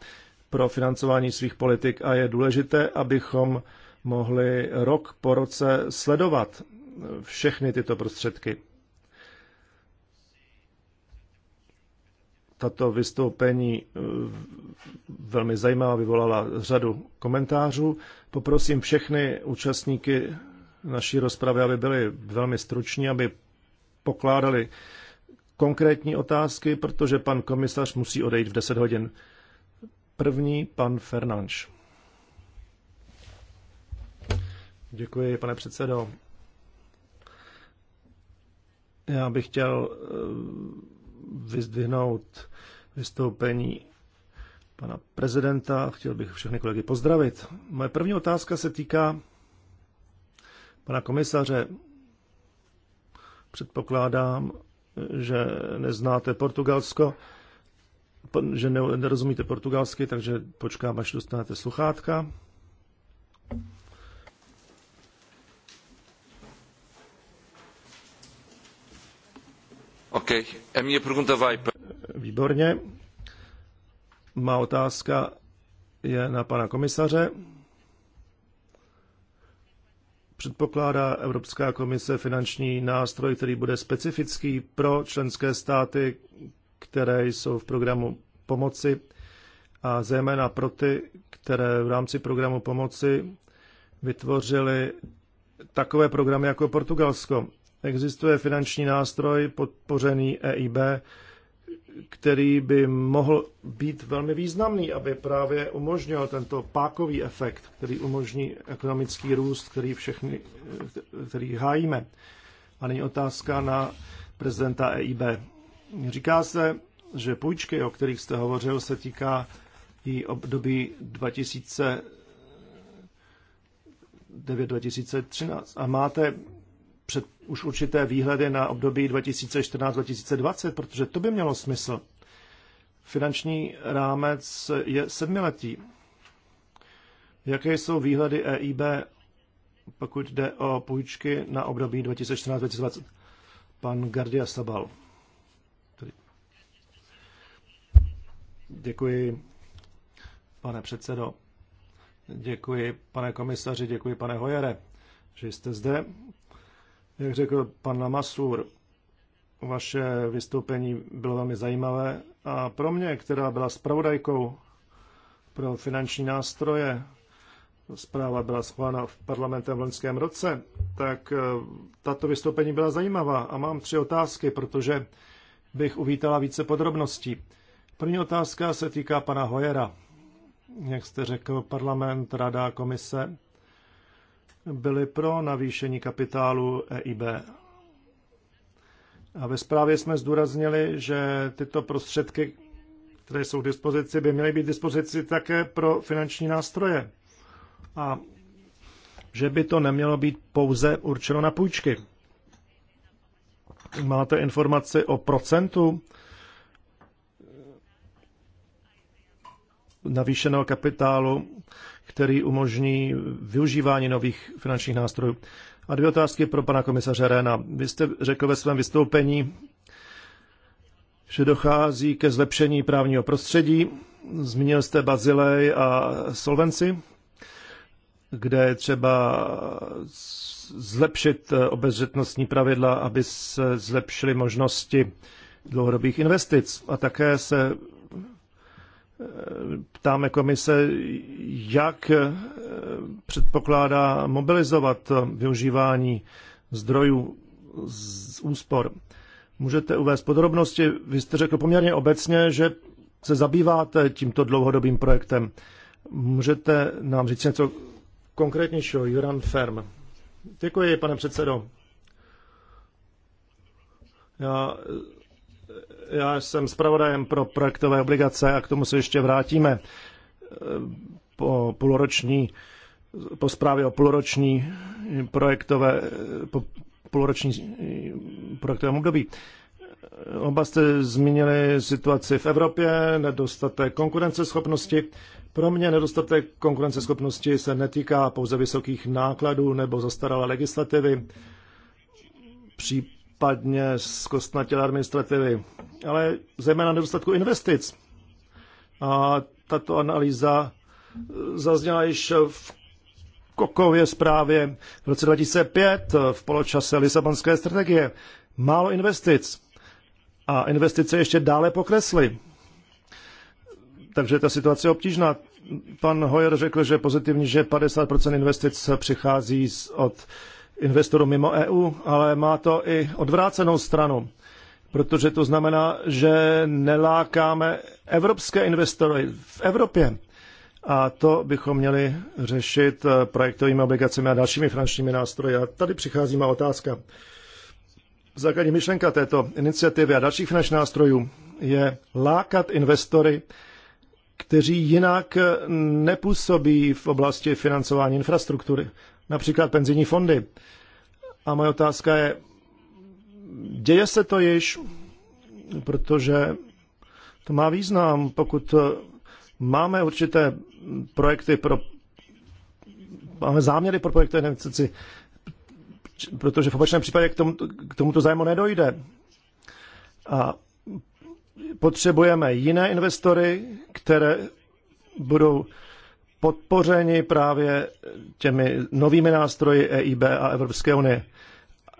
[SPEAKER 3] pro financování svých politik a je důležité, abychom mohli rok po roce sledovat všechny tyto prostředky. tato vystoupení eh, velmi zajímavá, vyvolala řadu komentářů. Poprosím všechny účastníky naší rozpravy, aby byli velmi struční, aby pokládali konkrétní otázky, protože pan komisař musí odejít v 10 hodin. První pan Fernanš. Děkuji, pane předsedo. Já bych chtěl eh, vyzdvihnout vystoupení pana prezidenta chtěl bych všechny kolegy pozdravit. Moje první otázka se týká pana komisaře. Předpokládám, že neznáte Portugalsko, že nerozumíte portugalsky, takže počkám, až dostanete sluchátka.
[SPEAKER 1] A
[SPEAKER 3] Výborně. Má otázka je na pana komisaře. Předpokládá Evropská komise finanční nástroj, který bude specifický pro členské státy, které jsou v programu pomoci a zejména pro ty, které v rámci programu pomoci vytvořili takové programy jako Portugalsko. Existuje finanční nástroj podpořený EIB, který by mohl být velmi významný, aby právě umožnil tento pákový efekt, který umožní ekonomický růst, který, všechny, který hájíme. A není otázka na prezidenta EIB. Říká se, že půjčky, o kterých jste hovořil, se týká i období 2009-2013. A máte před, už určité výhledy na období 2014-2020, protože to by mělo smysl. Finanční rámec je sedmiletý. Jaké jsou výhledy EIB, pokud jde o půjčky na období 2014-2020? Pan Gardia Sabal. Děkuji, pane předsedo. Děkuji, pane komisaři, děkuji, pane Hojere, že jste zde. Jak řekl pan Lamasur, vaše vystoupení bylo velmi zajímavé a pro mě, která byla spravodajkou pro finanční nástroje, zpráva byla schválena v parlamentem v loňském roce, tak eh, tato vystoupení byla zajímavá a mám tři otázky, protože bych uvítala více podrobností. První otázka se týká pana Hojera. Jak jste řekl, parlament, rada, komise byli pro navýšení kapitálu EIB. A ve zprávě jsme zdůraznili, že tyto prostředky, které jsou k dispozici, by měly být k dispozici také pro finanční nástroje. A že by to nemělo být pouze určeno na půjčky. Máte informaci o procentu navýšeného kapitálu který umožní využívání nových finančních nástrojů. A dvě otázky pro pana komisaře Réna. Vy jste řekl ve svém vystoupení, že dochází ke zlepšení právního prostředí. Zmínil jste Bazilej a Solvenci, kde je třeba zlepšit obezřetnostní pravidla, aby se zlepšily možnosti dlouhodobých investic. A také se ptáme jako komise, jak eh, předpokládá mobilizovat využívání zdrojů z úspor. Můžete uvést podrobnosti? Vy jste řekl poměrně obecně, že se zabýváte tímto dlouhodobým projektem. Můžete nám říct něco konkrétnějšího? Juran Ferm. Děkuji, pane předsedo. Já já jsem zpravodajem pro projektové obligace a k tomu se ještě vrátíme eh, po půlroční, po zprávě o půlroční projektové, po půlroční eh, projektovém období. Oba jste zmínili situaci v Evropě, nedostatek konkurenceschopnosti. Pro mě nedostatek konkurenceschopnosti se netýká pouze vysokých nákladů nebo zastaralé legislativy, Při případně kostnatělé administrativy, ale zejména nedostatku investic. A tato analýza eh, zazněla již v Kokově zprávě v roce 2005 eh, v poločase Lisabonské strategie. Málo investic. A investice ještě dále pokresly. Takže ta situace je obtížná. Pan Hoyer řekl, že pozitivní, že 50% investic přichází od investorům mimo EU, ale má to i odvrácenou stranu, protože to znamená, že nelákáme evropské investory v Evropě. A to bychom měli řešit eh, projektovými obligacemi a dalšími finančními nástroji. A tady přichází má otázka. Základní myšlenka této iniciativy a dalších finančních nástrojů je lákat investory, kteří jinak eh, nepůsobí v oblasti financování infrastruktury například penzijní fondy. A moje otázka je, děje se to již, protože to má význam, pokud máme určité projekty pro máme záměry pro projekty investici, protože v opačném případě k, tomu, k tomuto zájmu nedojde. A potřebujeme jiné investory, které budou podpořeni právě těmi novými nástroji EIB a Evropské unie.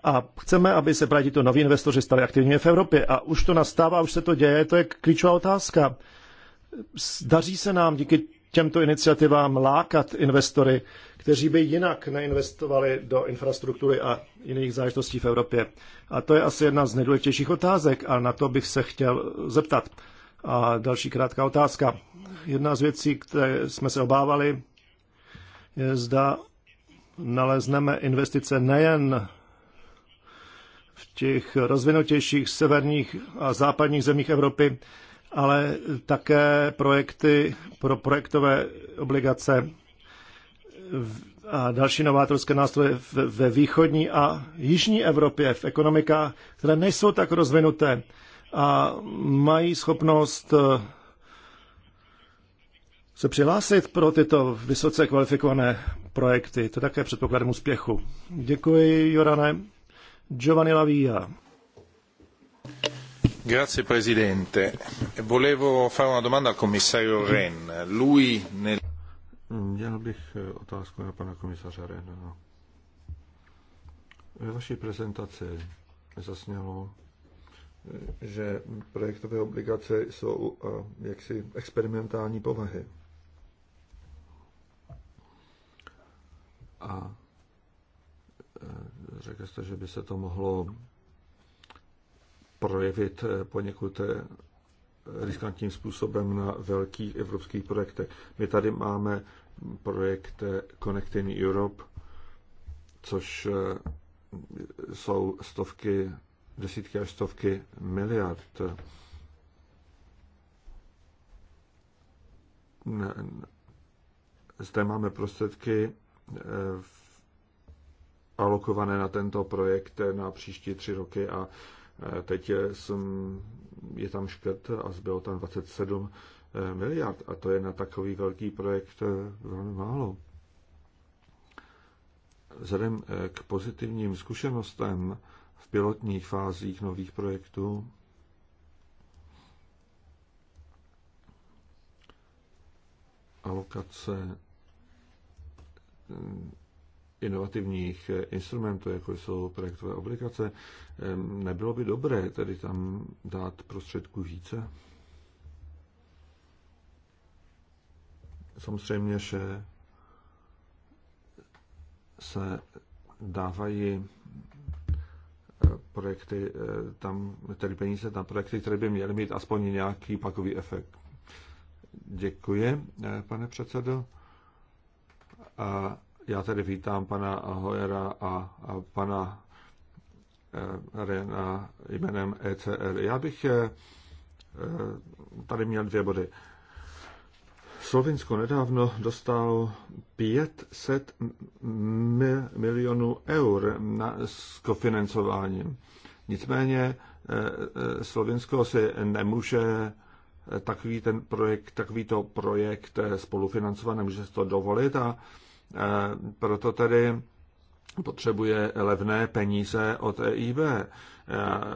[SPEAKER 3] A chceme, aby se právě to noví investoři stali aktivní v Evropě. A už to nastává, už se to děje, to je klíčová otázka. Daří se nám díky těmto iniciativám lákat investory, kteří by jinak neinvestovali do infrastruktury a jiných záležitostí v Evropě. A to je asi jedna z nejdůležitějších otázek a na to bych se chtěl zeptat. A další krátká otázka. Jedna z věcí, které jsme se obávali, je zda nalezneme investice nejen v těch rozvinutějších severních a západních zemích Evropy, ale také projekty pro projektové obligace a další novátorské nástroje ve východní a jižní Evropě, v ekonomikách, které nejsou tak rozvinuté a mají schopnost eh, se přihlásit pro tyto vysoce kvalifikované projekty. To je také předpokladem úspěchu. Děkuji, Jorane. Giovanni Lavia.
[SPEAKER 1] Grazie Presidente. Volevo fare una domanda al commissario Ren. Lui nel... Měl bych eh, otázku na pana komisaře Rena. Ve vaší prezentaci zasnělo, že projektové obligace jsou uh, jaksi experimentální povahy. A eh, řekl jste, že by se to mohlo projevit eh, poněkud eh, riskantním způsobem na velkých evropských projektech. My tady máme projekt Connecting Europe, což jsou stovky desítky až stovky miliard. Zde máme prostředky eh, alokované na tento projekt na příští tři roky a eh, teď je, je tam škrt a zbylo tam 27 eh, miliard a to je na takový velký projekt velmi málo. Vzhledem k pozitivním zkušenostem v pilotních fázích nových projektů. Alokace mm, inovativních instrumentů, jako jsou projektové obligace, nebylo by dobré tedy tam dát prostředků více? Samozřejmě, že se dávají projekty, eh, tam, tedy peníze na projekty, které by měly mít aspoň nějaký pakový efekt. Děkuji, eh, pane předsedo. A já tedy vítám pana Hojera a, a pana eh, Rena jménem ECR. Já bych tady měl dvě body. Slovinsko nedávno dostalo 500 milionů eur na skofinancování. Nicméně e, e, Slovinsko si nemůže e, takový ten projekt, takovýto projekt spolufinancovat, nemůže si to dovolit a proto tedy potřebuje levné peníze od EIB.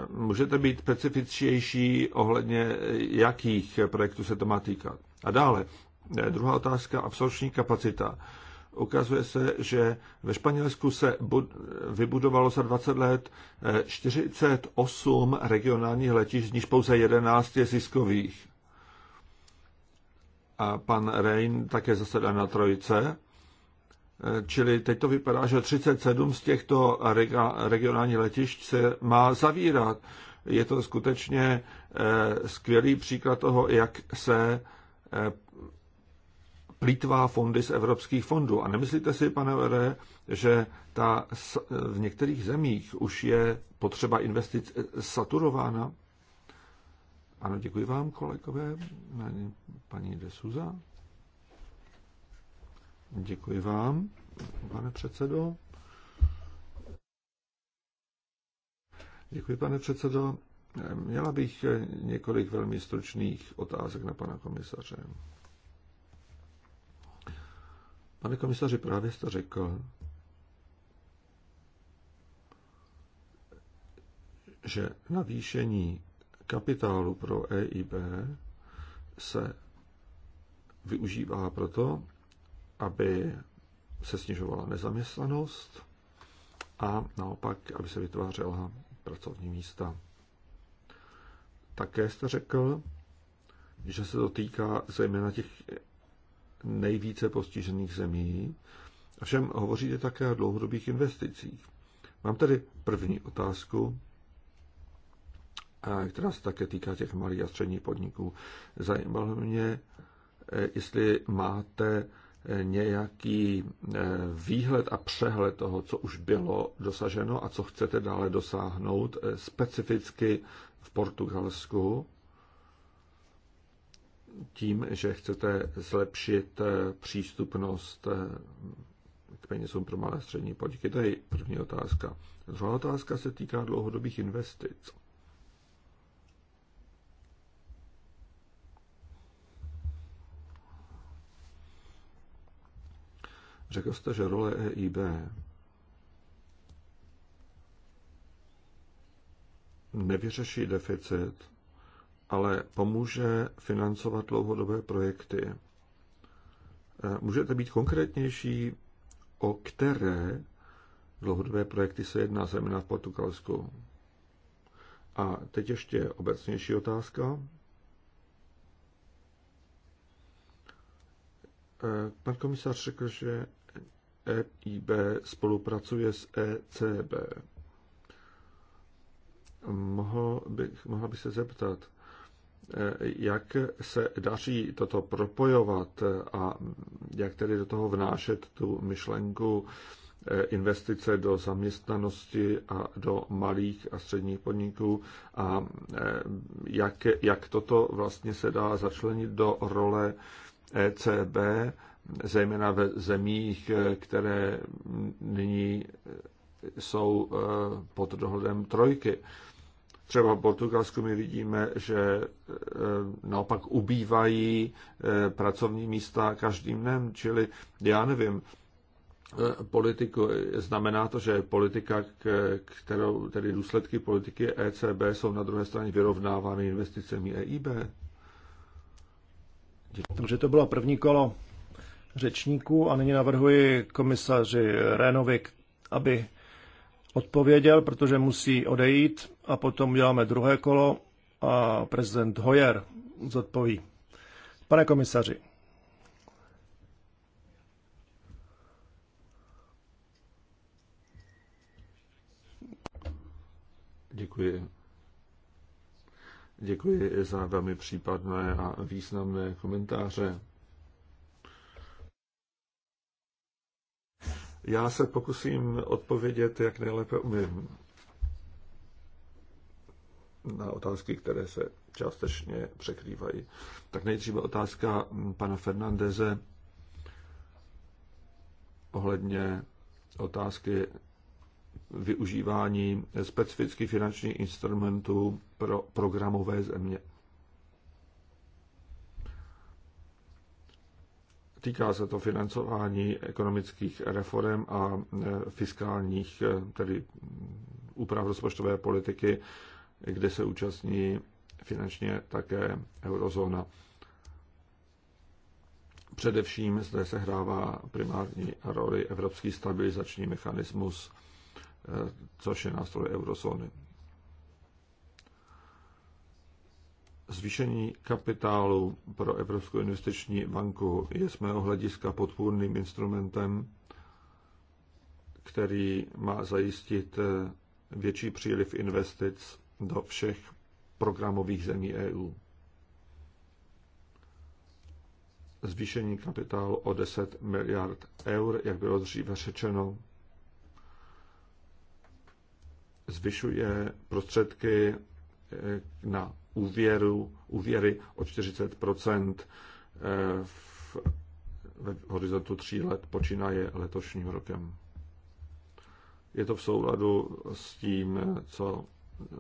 [SPEAKER 1] Můžete být specifičtější ohledně jakých projektů se to má týkat. A dále, Druhá otázka, absorpční kapacita. Ukazuje se, že ve Španělsku se vybudovalo za 20 let 48 eh, regionálních letišť, z nich pouze 11 je ziskových. A pan Rein také zasedá na trojce. Eh, čili teď to vypadá, že 37 z těchto regionálních letišť se má zavírat. Je to skutečně eh, skvělý příklad toho, jak se plítvá fondy z evropských fondů. A nemyslíte si, pane Vere, že ta v některých zemích už je potřeba investic eh, saturována? Ano, děkuji vám, kolegové, paní de Souza. Děkuji vám, pane předsedo. Děkuji, pane předsedo. Měla bych eh, několik velmi stručných otázek na pana komisaře. Pane komisaři, právě jste řekl, že navýšení kapitálu pro EIB se využívá proto, aby se snižovala nezaměstnanost a naopak, aby se vytvářela pracovní místa. Také jste řekl, že se to týká zejména těch nejvíce postižených zemí. A Všem hovoříte také o dlouhodobých investicích. Mám tady první otázku, která se také týká těch malých a středních podniků. Zajímalo mě, eh, jestli máte eh, nějaký eh, výhled a přehled toho, co už bylo dosaženo a co chcete dále dosáhnout specificky v Portugalsku tím, že chcete zlepšit eh, přístupnost eh, k penězům pro malé a střední podniky. To je první otázka. Druhá otázka se týká dlouhodobých investic. Řekl jste, že role EIB nevyřeší deficit ale pomůže financovat dlouhodobé projekty. Eh, můžete být konkrétnější, o které dlouhodobé projekty se jedná, zejména v Portugalsku. A teď ještě obecnější otázka. Eh, pan komisař řekl, že EIB spolupracuje s ECB. Mohl bych, mohla bych se zeptat, jak se daří toto propojovat a jak tedy do toho vnášet tu myšlenku eh, investice do zaměstnanosti a do malých a středních podniků a eh, jak, jak toto vlastně se dá začlenit do role ECB, zejména ve zemích, eh, které nyní jsou pod dohledem trojky. Třeba v Portugalsku my vidíme, že eh, naopak ubývají eh, pracovní místa každým dnem, čili já nevím, eh, politiku, znamená to, že politika, kterou, tedy důsledky politiky ECB jsou na druhé straně vyrovnávány investicemi EIB?
[SPEAKER 3] Takže to bylo první kolo řečníků a nyní navrhuji komisaři Renovik, aby odpověděl, protože musí odejít a potom uděláme druhé kolo a prezident Hoyer zodpoví. Pane komisaři.
[SPEAKER 1] Děkuji. Děkuji za velmi případné a významné komentáře. Já se pokusím odpovědět, jak nejlépe umím na otázky, které se částečně překrývají. Tak nejdříve otázka pana Fernandeze ohledně otázky využívání specifických finančních instrumentů pro programové země. Týká se to financování ekonomických reform a e, fiskálních, e, tedy úprav rozpočtové politiky, kde se účastní finančně také eurozóna. Především zde se hrává primární roli Evropský stabilizační mechanismus, e, což je nástroj eurozóny. Zvýšení kapitálu pro Evropskou investiční banku je z mého hlediska podpůrným instrumentem, který má zajistit eh, větší příliv investic do všech programových zemí EU. Zvýšení kapitálu o 10 miliard eur, jak bylo dříve řečeno, zvyšuje prostředky eh, na úvěru, úvěry o 40 eh, v, v horizontu tří let počínaje letošním rokem. Je to v souladu s tím, co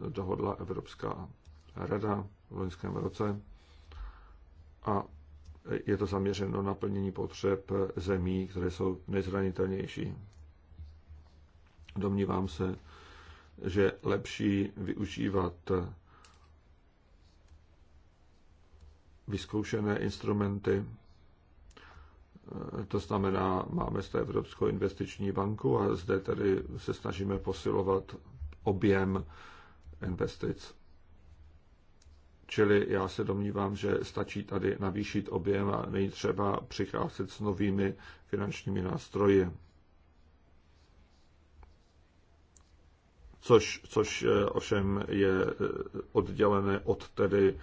[SPEAKER 1] dohodla Evropská rada v loňském roce a je to zaměřeno na plnění potřeb zemí, které jsou nejzranitelnější. Domnívám se, že lepší využívat vyzkoušené instrumenty. Eh, to znamená, máme zde Evropskou investiční banku a zde tedy se snažíme posilovat objem investic. Čili já se domnívám, že stačí tady navýšit objem a není třeba přicházet s novými finančními nástroji. Což, což eh, ovšem je eh, oddělené od tedy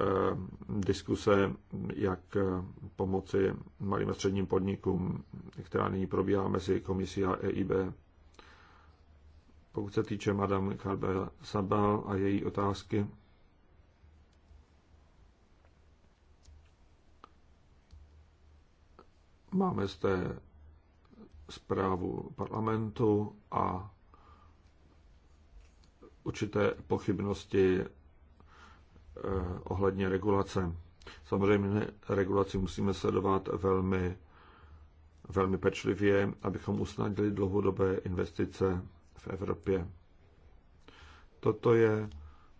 [SPEAKER 1] Eh, diskuse, jak eh, pomoci malým a středním podnikům, která nyní probíhá mezi komisí a EIB. Pokud se týče Madame Carbel Sabal a její otázky, máme zde zprávu parlamentu a určité pochybnosti Eh, ohledně regulace. Samozřejmě regulaci musíme sledovat velmi, velmi pečlivě, abychom usnadili dlouhodobé investice v Evropě. Toto je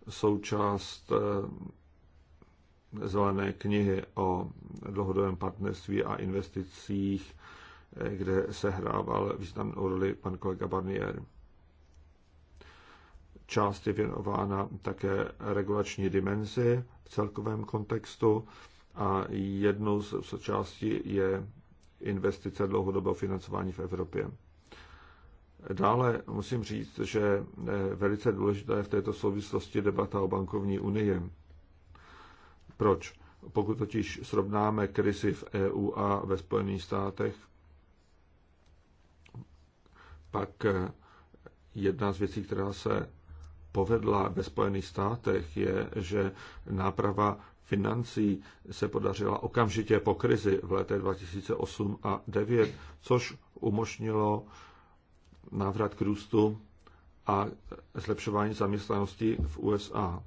[SPEAKER 1] součást eh, zelené knihy o dlouhodobém partnerství a investicích, eh, kde se hrával významnou roli pan kolega Barnier část je věnována také regulační dimenzi v celkovém kontextu a jednou z součástí je investice dlouhodobého financování v Evropě. Dále musím říct, že velice důležitá je v této souvislosti debata o bankovní unii. Proč? Pokud totiž srovnáme krizi v EU a ve Spojených státech, pak jedna z věcí, která se povedla ve Spojených státech, je, že náprava financí se podařila okamžitě po krizi v letech 2008 a 2009, což umožnilo návrat k růstu a zlepšování zaměstnanosti v USA.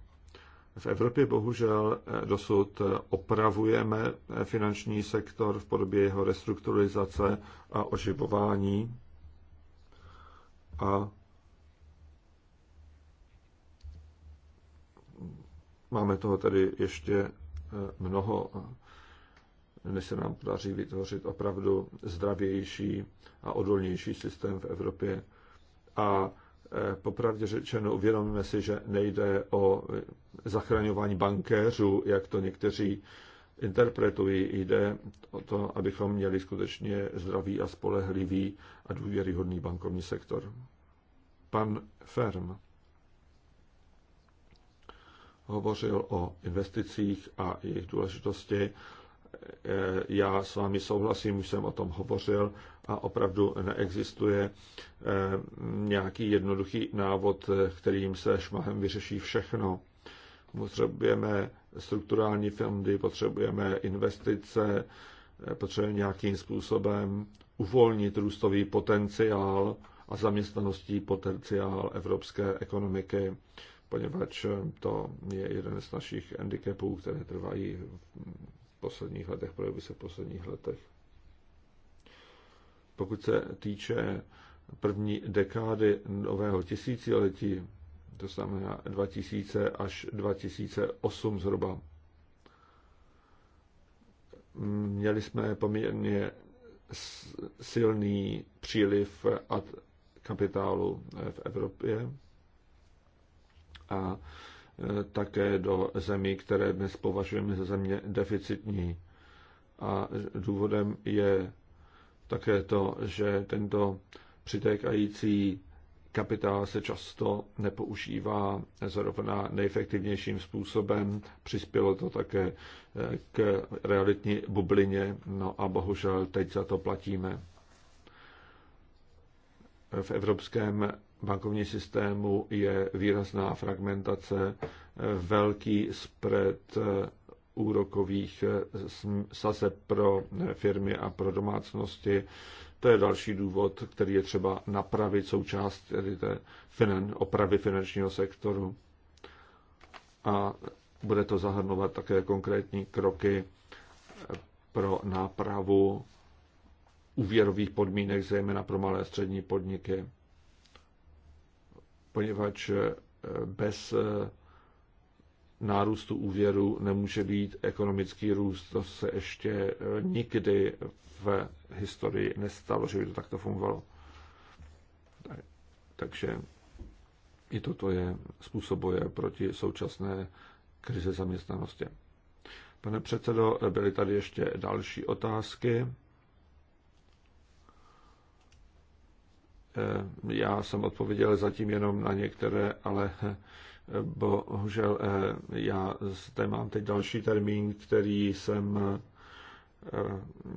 [SPEAKER 1] V Evropě bohužel eh, dosud eh, opravujeme eh, finanční sektor v podobě jeho restrukturalizace a oživování. A Máme toho tedy ještě eh, mnoho, než se nám podaří vytvořit opravdu zdravější a odolnější systém v Evropě. A eh, popravdě řečeno, uvědomíme si, že nejde o eh, zachraňování bankéřů, jak to někteří interpretují. Jde o to, abychom měli skutečně zdravý a spolehlivý a důvěryhodný bankovní sektor. Pan Ferm hovořil o investicích a jejich důležitosti. Já s vámi souhlasím, už jsem o tom hovořil a opravdu neexistuje eh, nějaký jednoduchý návod, kterým se šmahem vyřeší všechno. Potřebujeme strukturální fondy, potřebujeme investice, eh, potřebujeme nějakým způsobem uvolnit růstový potenciál a zaměstnaností potenciál evropské ekonomiky poněvadž to je jeden z našich handicapů, které trvají v posledních letech, projevují se v posledních letech. Pokud se týče první dekády nového tisíciletí, to znamená 2000 až 2008 zhruba, měli jsme poměrně silný příliv kapitálu v Evropě a e, také do zemí, které dnes považujeme za země deficitní. A důvodem je také to, že tento přitékající kapitál se často nepoužívá zrovna nejefektivnějším způsobem. Přispělo to také e, k realitní bublině, no a bohužel teď za to platíme v evropském bankovním systému je výrazná fragmentace, velký spread úrokových sazeb pro firmy a pro domácnosti. To je další důvod, který je třeba napravit součást tedy té finan, opravy finančního sektoru. A bude to zahrnovat také konkrétní kroky pro nápravu úvěrových podmínek, zejména pro malé a střední podniky, poněvadž eh, bez eh, nárůstu úvěru nemůže být ekonomický růst. To se ještě eh, nikdy v historii nestalo, že by to takto fungovalo. Takže i toto je způsobuje proti současné krize zaměstnanosti. Pane předsedo, byly tady ještě další otázky. Eh, já jsem odpověděl zatím jenom na některé, ale eh, bohužel eh, já zde mám teď další termín, který jsem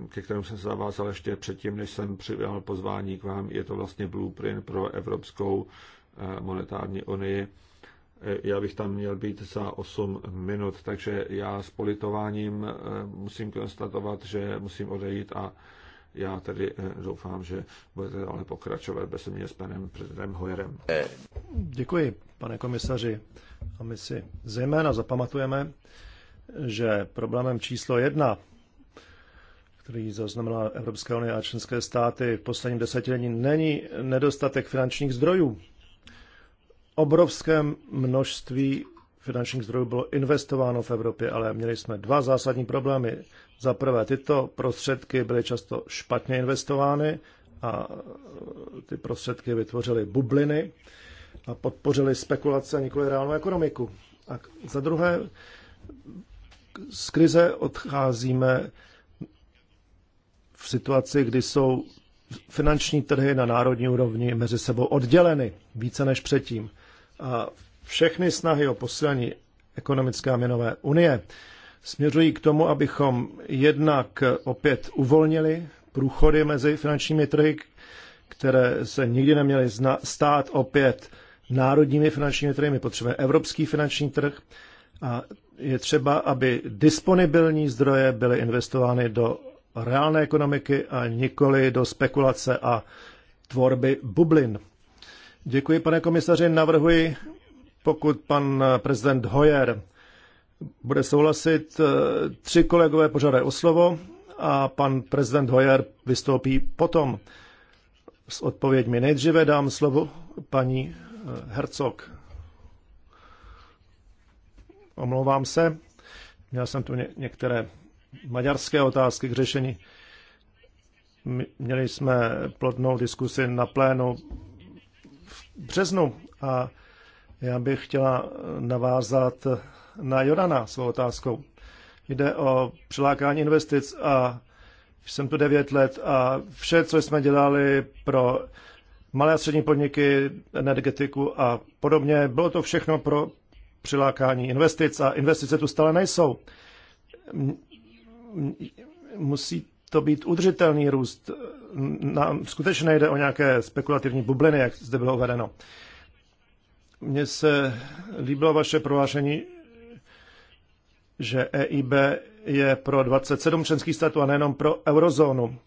[SPEAKER 1] ke kterému jsem se zavázal ještě předtím, než jsem přijal pozvání k vám. Je to vlastně blueprint pro Evropskou monetární unii. Já bych tam měl být za 8 minut, takže já s politováním musím konstatovat, že musím odejít a já tedy eh, doufám, že budete ale pokračovat bez mě s panem prezidentem Hojerem.
[SPEAKER 3] Děkuji, pane komisaři. A my si zejména zapamatujeme, že problémem číslo jedna, který zaznamenala Evropská unie a členské státy v posledním desetiletí, není nedostatek finančních zdrojů. Obrovské množství finančních zdrojů bylo investováno v Evropě, ale měli jsme dva zásadní problémy. Za prvé, tyto prostředky byly často špatně investovány a ty prostředky vytvořily bubliny a podpořily spekulace a nikoli reálnou ekonomiku. A za druhé, z krize odcházíme v situaci, kdy jsou finanční trhy na národní úrovni mezi sebou odděleny více než předtím. A všechny snahy o posílení ekonomické a měnové unie směřují k tomu, abychom jednak opět uvolnili průchody mezi finančními trhy, které se nikdy neměly stát opět národními finančními trhy. My potřebujeme evropský finanční trh a je třeba, aby disponibilní zdroje byly investovány do reálné ekonomiky a nikoli do spekulace a tvorby bublin. Děkuji, pane komisaři. Navrhuji pokud pan eh, prezident Hoyer bude souhlasit, eh, tři kolegové požádají o slovo a pan prezident Hoyer vystoupí potom s odpověďmi. Nejdříve dám slovo paní eh, Hercog. Omlouvám se, měl jsem tu některé maďarské otázky k řešení. Měli jsme plodnou diskusi na plénu v březnu a já bych chtěla navázat na Jorana svou otázkou. Jde o přilákání investic a jsem tu 9 let a vše, co jsme dělali pro malé a střední podniky, energetiku a podobně, bylo to všechno pro přilákání investic a investice tu stále nejsou. Musí to být udržitelný růst. Nám skutečně nejde o nějaké spekulativní bubliny, jak zde bylo uvedeno. Mně se líbilo vaše prohlášení, že EIB je pro 27 členských států a nejenom pro eurozónu.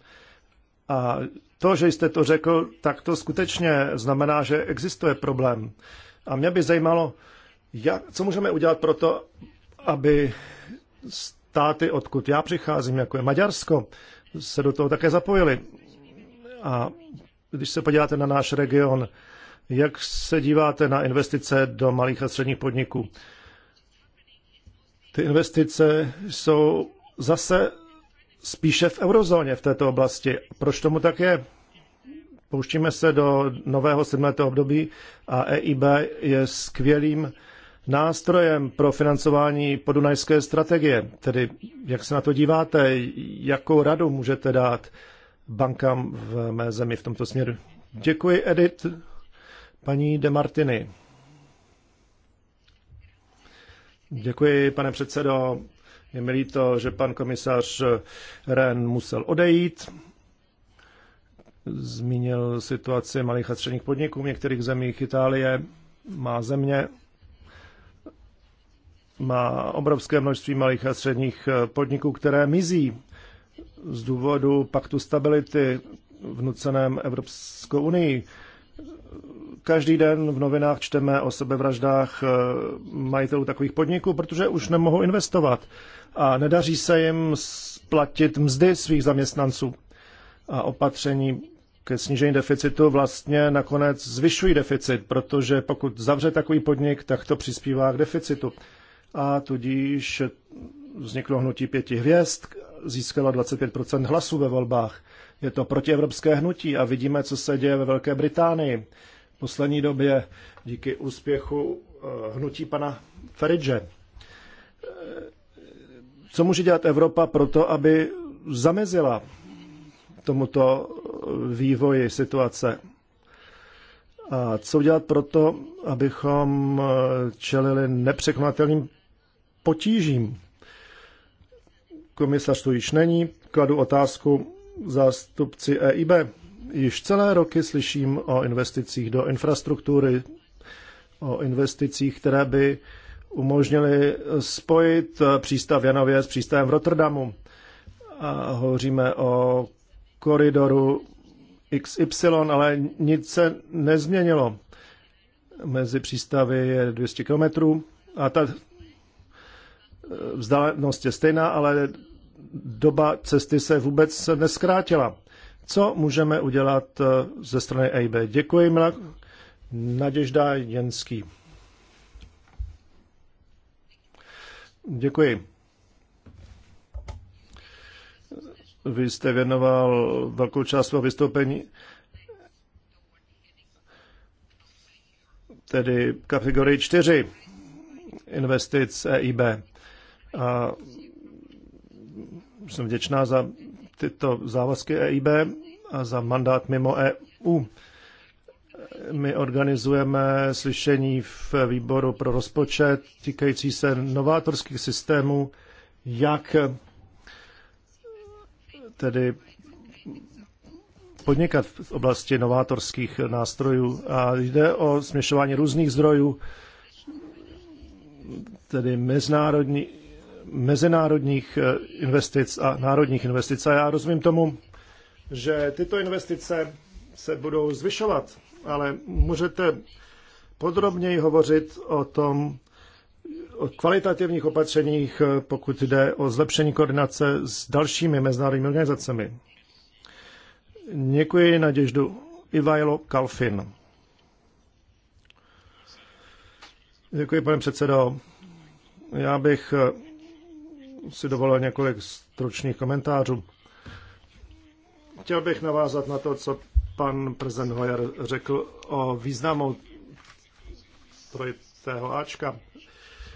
[SPEAKER 3] A to, že jste to řekl, tak to skutečně znamená, že existuje problém. A mě by zajímalo, jak, co můžeme udělat pro to, aby státy, odkud já přicházím, jako je Maďarsko, se do toho také zapojili. A když se podíváte na náš region, jak se díváte na investice do malých a středních podniků? Ty investice jsou zase spíše v eurozóně v této oblasti. Proč tomu tak je? Pouštíme se do nového sedmého období a EIB je skvělým nástrojem pro financování podunajské strategie. Tedy jak se na to díváte, jakou radu můžete dát bankám v mé zemi v tomto směru? Děkuji, Edith. Paní De Martini. Děkuji, pane předsedo. Je mi líto, že pan komisař Ren musel odejít. Zmínil situaci malých a středních podniků v některých zemích Itálie. Má země, má obrovské množství malých a středních podniků, které mizí z důvodu paktu stability vnuceném Evropskou unii. Každý den v novinách čteme o sebevraždách eh, majitelů takových podniků, protože už nemohou investovat a nedaří se jim splatit mzdy svých zaměstnanců. A opatření ke snížení deficitu vlastně nakonec zvyšují deficit, protože pokud zavře takový podnik, tak to přispívá k deficitu. A tudíž vzniklo hnutí pěti hvězd, získalo 25% hlasů ve volbách. Je to protievropské hnutí a vidíme, co se děje ve Velké Británii v poslední době díky úspěchu eh, hnutí pana Feridže. Eh, co může dělat Evropa pro to, aby zamezila tomuto eh, vývoji situace? A co udělat to, abychom čelili nepřekonatelným potížím? Komisař tu již není. Kladu otázku zástupci EIB. Již celé roky slyším o investicích do infrastruktury, o investicích, které by umožnily spojit přístav Janově s přístavem v Rotterdamu. A hovoříme o koridoru XY, ale nic se nezměnilo. Mezi přístavy je 200 km a ta vzdálenost je stejná, ale doba cesty se vůbec neskrátila co můžeme udělat eh, ze strany EIB. Děkuji, Naděžda Jenský. Děkuji. Vy jste věnoval velkou část svého vystoupení tedy kategorii 4 investic EIB. A jsem vděčná za tyto závazky EIB a za mandát mimo EU. My organizujeme slyšení v výboru pro rozpočet týkající se novátorských systémů, jak tedy podnikat v oblasti novátorských nástrojů. A jde o směšování různých zdrojů, tedy mezinárodní mezinárodních eh, investic a národních investic. A já rozumím tomu, že tyto investice se budou zvyšovat, ale můžete podrobněji hovořit o tom, o kvalitativních opatřeních, eh, pokud jde o zlepšení koordinace s dalšími mezinárodními organizacemi. Děkuji Naděždu. Ivajlo Kalfin. Děkuji, pane předsedo. Já bych eh, si dovolil několik stručných komentářů. Chtěl bych navázat na to, co pan prezident Hoyer řekl o významu trojitého Ačka.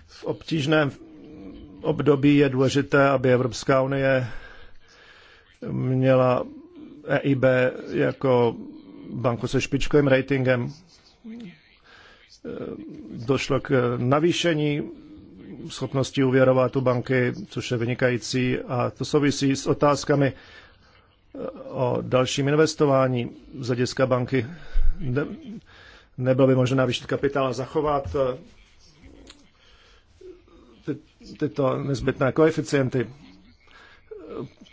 [SPEAKER 3] V obtížném období je důležité, aby Evropská unie měla EIB jako banku se špičkovým ratingem. Došlo k navýšení schopnosti uvěrovat u banky, což je vynikající. A to souvisí s otázkami eh, o dalším investování z hlediska banky. Ne, nebylo by možné navýšit kapitál a zachovat eh, ty, tyto nezbytné koeficienty.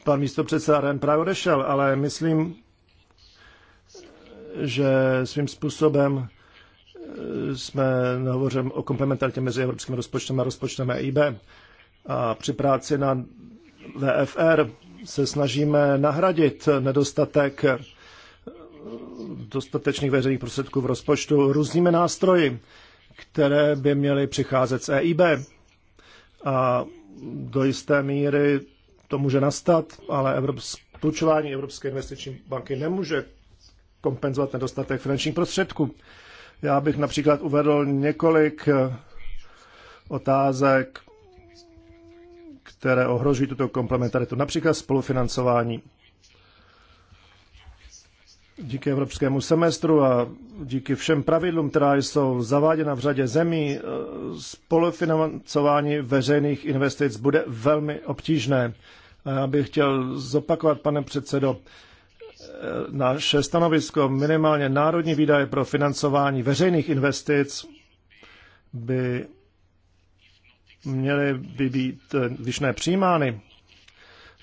[SPEAKER 3] Pan místo předseda Ren právě odešel, ale myslím, že svým způsobem jsme hovořili o komplementaritě mezi evropským rozpočtem a rozpočtem EIB. A při práci na VFR se snažíme nahradit nedostatek eh, dostatečných veřejných prostředků v rozpočtu různými nástroji, které by měly přicházet z EIB. A do jisté míry to může nastat, ale půjčování Evropské investiční banky nemůže kompenzovat nedostatek finančních prostředků. Já bych například uvedl několik eh, otázek, které ohrožují tuto komplementaritu. Například spolufinancování. Díky evropskému semestru a díky všem pravidlům, která jsou zaváděna v řadě zemí, eh, spolufinancování veřejných investic bude velmi obtížné. Já bych chtěl zopakovat, pane předsedo, Eh, naše stanovisko minimálně národní výdaje pro financování veřejných investic by měly by být, eh, když ne přijímány,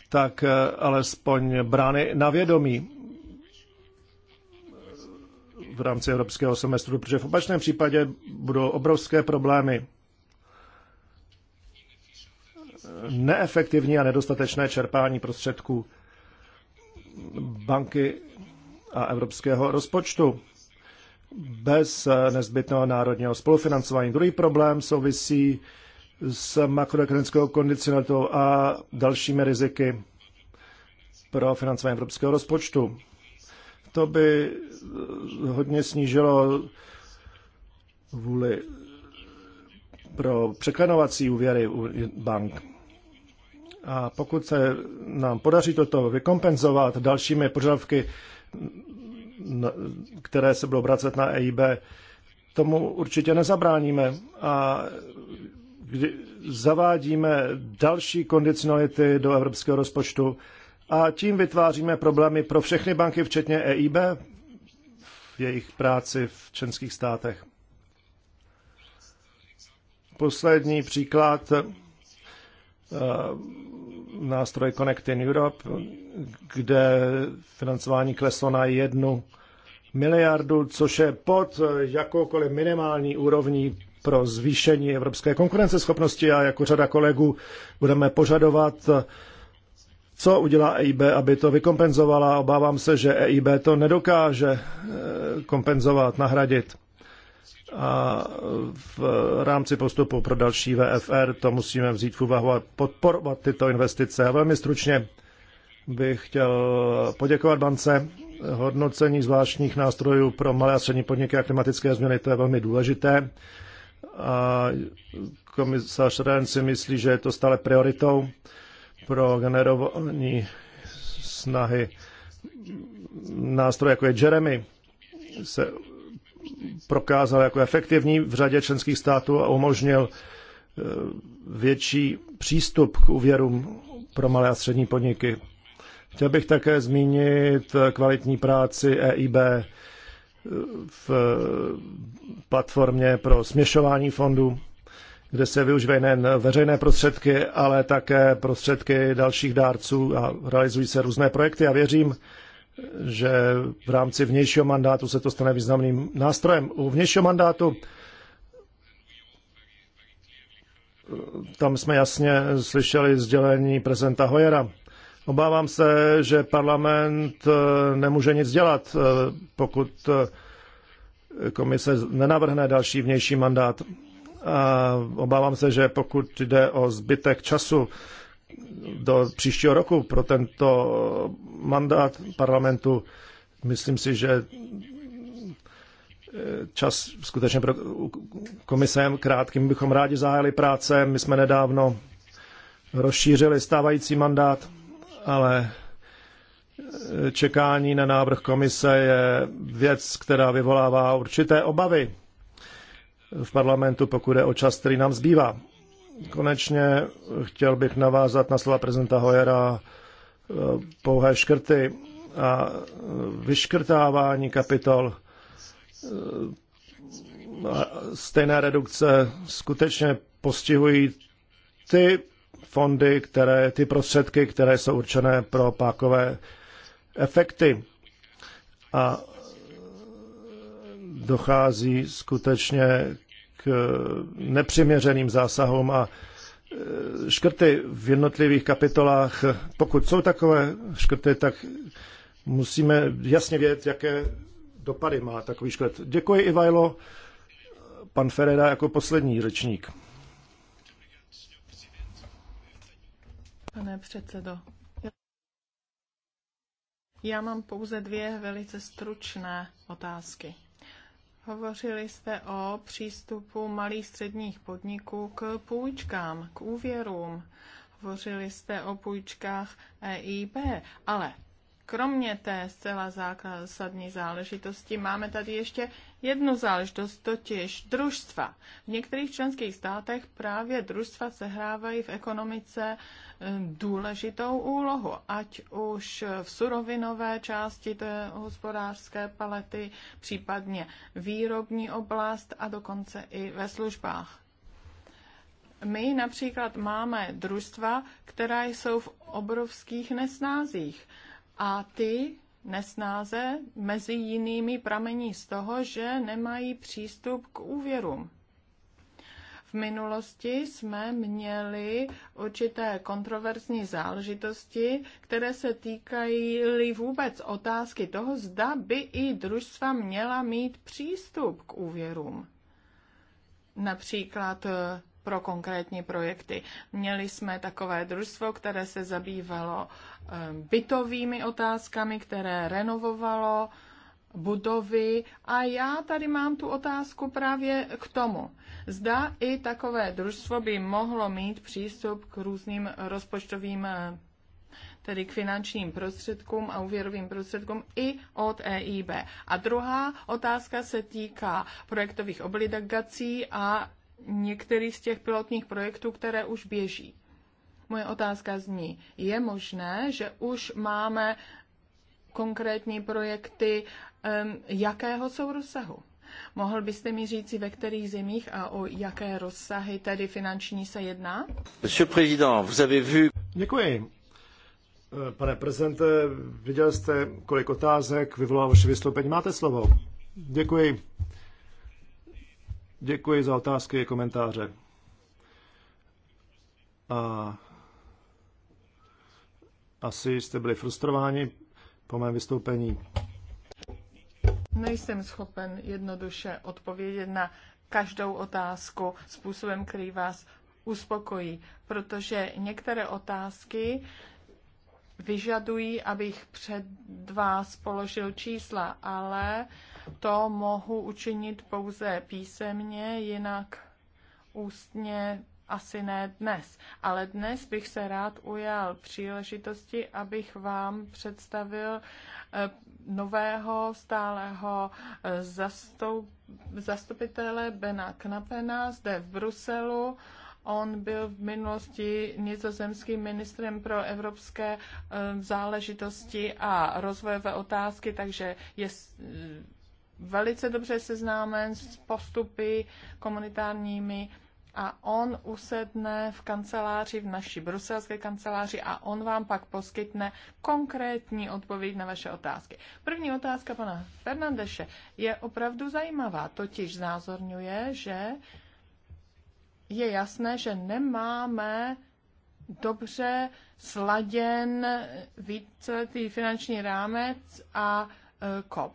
[SPEAKER 3] tak eh, alespoň brány na vědomí v rámci evropského semestru, protože v opačném případě budou obrovské problémy. Neefektivní a nedostatečné čerpání prostředků banky a evropského rozpočtu bez nezbytného národního spolufinancování. Druhý problém souvisí s makroekonomickou kondicionalitou a dalšími riziky pro financování evropského rozpočtu. To by eh, hodně snížilo vůli pro překlenovací úvěry u bank. A pokud se nám podaří toto vykompenzovat dalšími požadavky, které se budou vracet na EIB, tomu určitě nezabráníme. A kdy zavádíme další kondicionality do evropského rozpočtu a tím vytváříme problémy pro všechny banky, včetně EIB, v jejich práci v členských státech. Poslední příklad Eh, nástroj in Europe, kde financování kleslo na jednu miliardu, což je pod eh, jakoukoliv minimální úrovní pro zvýšení evropské konkurenceschopnosti a jako řada kolegů budeme požadovat, eh, co udělá EIB, aby to vykompenzovala. Obávám se, že EIB to nedokáže kompenzovat, nahradit a v rámci postupu pro další VFR to musíme vzít v úvahu a podporovat tyto investice. A velmi stručně bych chtěl poděkovat bance hodnocení zvláštních nástrojů pro malé a střední podniky a klimatické změny, to je velmi důležité. A komisař Ren si myslí, že je to stále prioritou pro generování snahy nástroje, jako je Jeremy, se prokázal jako efektivní v řadě členských států a umožnil eh, větší přístup k úvěrům pro malé a střední podniky. Chtěl bych také zmínit kvalitní práci EIB eh, v platformě pro směšování fondů, kde se využívají nejen veřejné prostředky, ale také prostředky dalších dárců a realizují se různé projekty. A věřím, že v rámci vnějšího mandátu se to stane významným nástrojem. U vnějšího mandátu tam jsme jasně slyšeli sdělení prezidenta Hojera. Obávám se, že parlament eh, nemůže nic dělat, eh, pokud eh, komise nenavrhne další vnější mandát. A obávám se, že pokud jde o zbytek času, do příštího roku pro tento mandát parlamentu. Myslím si, že eh, čas skutečně pro komisem krátkým bychom rádi zahájili práce. My jsme nedávno rozšířili stávající mandát, ale eh, čekání na návrh komise je věc, která vyvolává určité obavy v parlamentu, pokud je o čas, který nám zbývá. Konečně chtěl bych navázat na slova prezidenta Hojera eh, pouhé škrty a eh, vyškrtávání kapitol eh, stejné redukce skutečně postihují ty fondy, které, ty prostředky, které jsou určené pro pákové efekty. A dochází skutečně Eh, nepřiměřeným zásahům a eh, škrty v jednotlivých kapitolách. Pokud jsou takové škrty, tak musíme jasně vědět, jaké dopady má takový škrt. Děkuji, Ivajlo. Pan Ferreira jako poslední řečník.
[SPEAKER 2] Pane předsedo, já mám pouze dvě velice stručné otázky. Hovořili jste o přístupu malých středních podniků k půjčkám, k úvěrům. Hovořili jste o půjčkách EIB, ale kromě té zcela zásadní záležitosti máme tady ještě jednu záležitost, totiž družstva. V některých členských státech právě družstva sehrávají v ekonomice eh, důležitou úlohu, ať už v surovinové části té hospodářské palety, případně výrobní oblast a dokonce i ve službách. My například máme družstva, která jsou v obrovských nesnázích. A ty nesnáze mezi jinými pramení z toho, že nemají přístup k úvěrům. V minulosti jsme měli určité kontroverzní záležitosti, které se týkají vůbec otázky toho, zda by i družstva měla mít přístup k úvěrům. Například eh, pro konkrétní projekty. Měli jsme takové družstvo, které se zabývalo ehm, bytovými otázkami, které renovovalo budovy. A já tady mám tu otázku právě k tomu. Zda i takové družstvo by mohlo mít přístup k různým rozpočtovým eh, tedy k finančním prostředkům a úvěrovým prostředkům i od EIB. A druhá otázka se týká projektových obligací a některý z těch pilotních projektů, které už běží. Moje otázka zní, je možné, že už máme konkrétní projekty, jakého jsou rozsahu? Mohl byste mi říci, ve kterých zemích a o jaké rozsahy tedy finanční se jedná?
[SPEAKER 3] Monsieur président, vous avez vu... Děkuji. Eh, pane prezidente, viděl jste, kolik otázek vyvolalo vaše vystoupení. Máte slovo. Děkuji. Děkuji za otázky a komentáře. A asi jste byli frustrováni po mém vystoupení.
[SPEAKER 2] Nejsem schopen jednoduše odpovědět na každou otázku způsobem, který vás uspokojí, protože některé otázky vyžadují, abych před vás položil čísla, ale uh, to mohu učinit pouze písemně, jinak ústně asi ne dnes. Ale dnes bych se rád ujal příležitosti, abych vám představil eh, nového stáleho zastup, zastupitele Bena Knapena zde v Bruselu. On byl v minulosti nizozemským ministrem pro evropské eh, záležitosti a rozvojové otázky, takže je eh, velice dobře seznámen s postupy komunitárními a on usedne v kanceláři, v naší bruselské kanceláři a on vám pak poskytne konkrétní odpověď na vaše otázky. První otázka pana Fernandeše je opravdu zajímavá, totiž znázorňuje, že je jasné, že nemáme dobře sladěn víceletý finanční rámec a e, kop.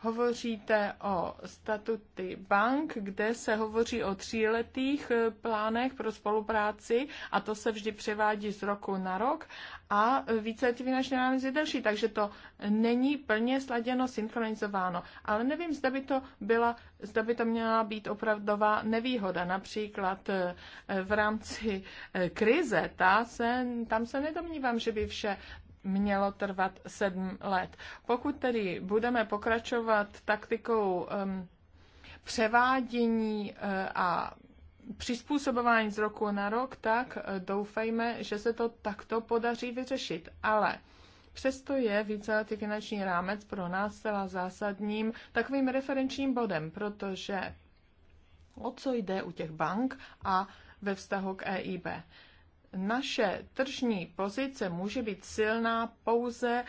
[SPEAKER 2] Hovoříte o statuty bank, kde se hovoří o tříletých eh, plánech pro spolupráci a to se vždy převádí z roku na rok a více ty finanční analýzy je delší, takže to není plně sladěno, synchronizováno. Ale nevím, zda by to, byla, zda by to měla být opravdová nevýhoda. Například eh, v rámci eh, krize, ta se, tam se nedomnívám, že by vše mělo trvat sedm let. Pokud tedy budeme pokračovat taktikou um, převádění uh, a přizpůsobování z roku na rok, tak uh, doufejme, že se to takto podaří vyřešit. Ale Přesto je víceletý finanční rámec pro nás celá zásadním takovým referenčním bodem, protože o co jde u těch bank a ve vztahu k EIB naše tržní pozice může být silná pouze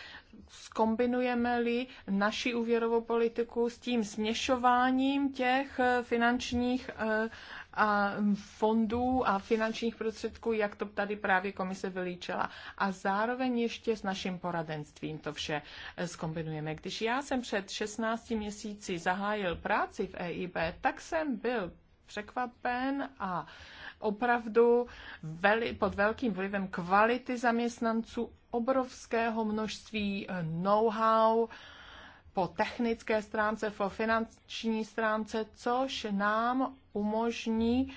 [SPEAKER 2] skombinujeme-li naši úvěrovou politiku s tím směšováním těch eh, finančních eh, a fondů a finančních prostředků, jak to tady právě komise vylíčila. A zároveň ještě s naším poradenstvím to vše zkombinujeme. Eh, Když já jsem před 16 měsíci zahájil práci v EIB, tak jsem byl překvapen a uh, opravdu veli, pod velkým vlivem kvality zaměstnanců, obrovského množství eh, know-how po technické stránce, po finanční stránce, což nám umožní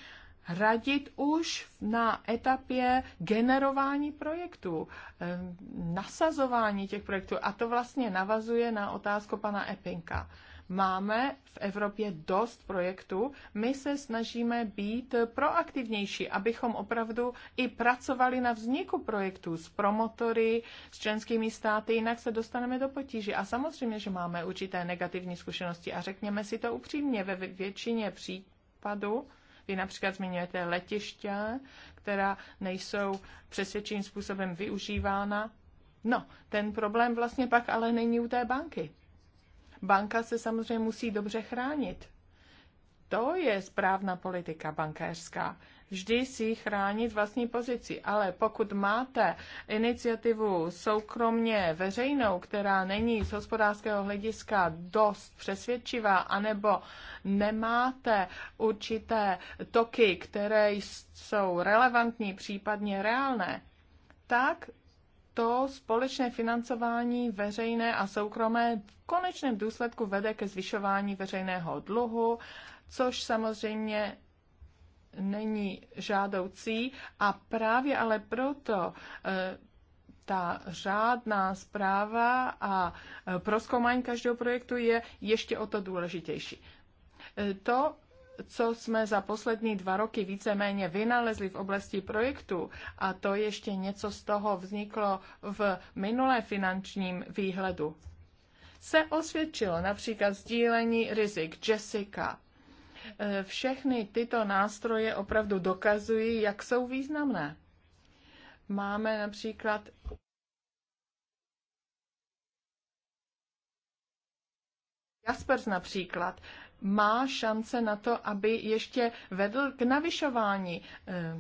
[SPEAKER 2] radit už na etapě generování projektů, eh, nasazování těch projektů. A to vlastně navazuje na otázku pana Epinka Máme v Evropě dost projektů. My se snažíme být proaktivnější, abychom opravdu i pracovali na vzniku projektů s promotory, s členskými státy, jinak se dostaneme do potíže. A samozřejmě, že máme určité negativní zkušenosti a řekněme si to upřímně ve většině případů. Vy například zmiňujete letiště, která nejsou přesvědčivým způsobem využívána. No, ten problém vlastně pak ale není u té banky. Banka se samozřejmě musí dobře chránit. To je správná politika bankéřská. Vždy si chránit vlastní pozici, ale pokud máte iniciativu soukromně veřejnou, která není z hospodářského hlediska dost přesvědčivá, anebo nemáte určité toky, které jsou relevantní, případně reálné, tak to společné financování veřejné a soukromé v konečném důsledku vede ke zvyšování veřejného dluhu, což samozřejmě není žádoucí a právě ale proto e, ta řádná zpráva a eh, proskoumání každého projektu je ještě o to důležitější. E, to co jsme za poslední dva roky víceméně vynalezli v oblasti projektu, a to ještě něco z toho vzniklo v minulé finančním výhledu, se osvědčilo například sdílení rizik Jessica. E, všechny tyto nástroje opravdu dokazují, jak jsou významné. Máme například Jaspers například, má šance na to, aby ještě vedl k navyšování eh,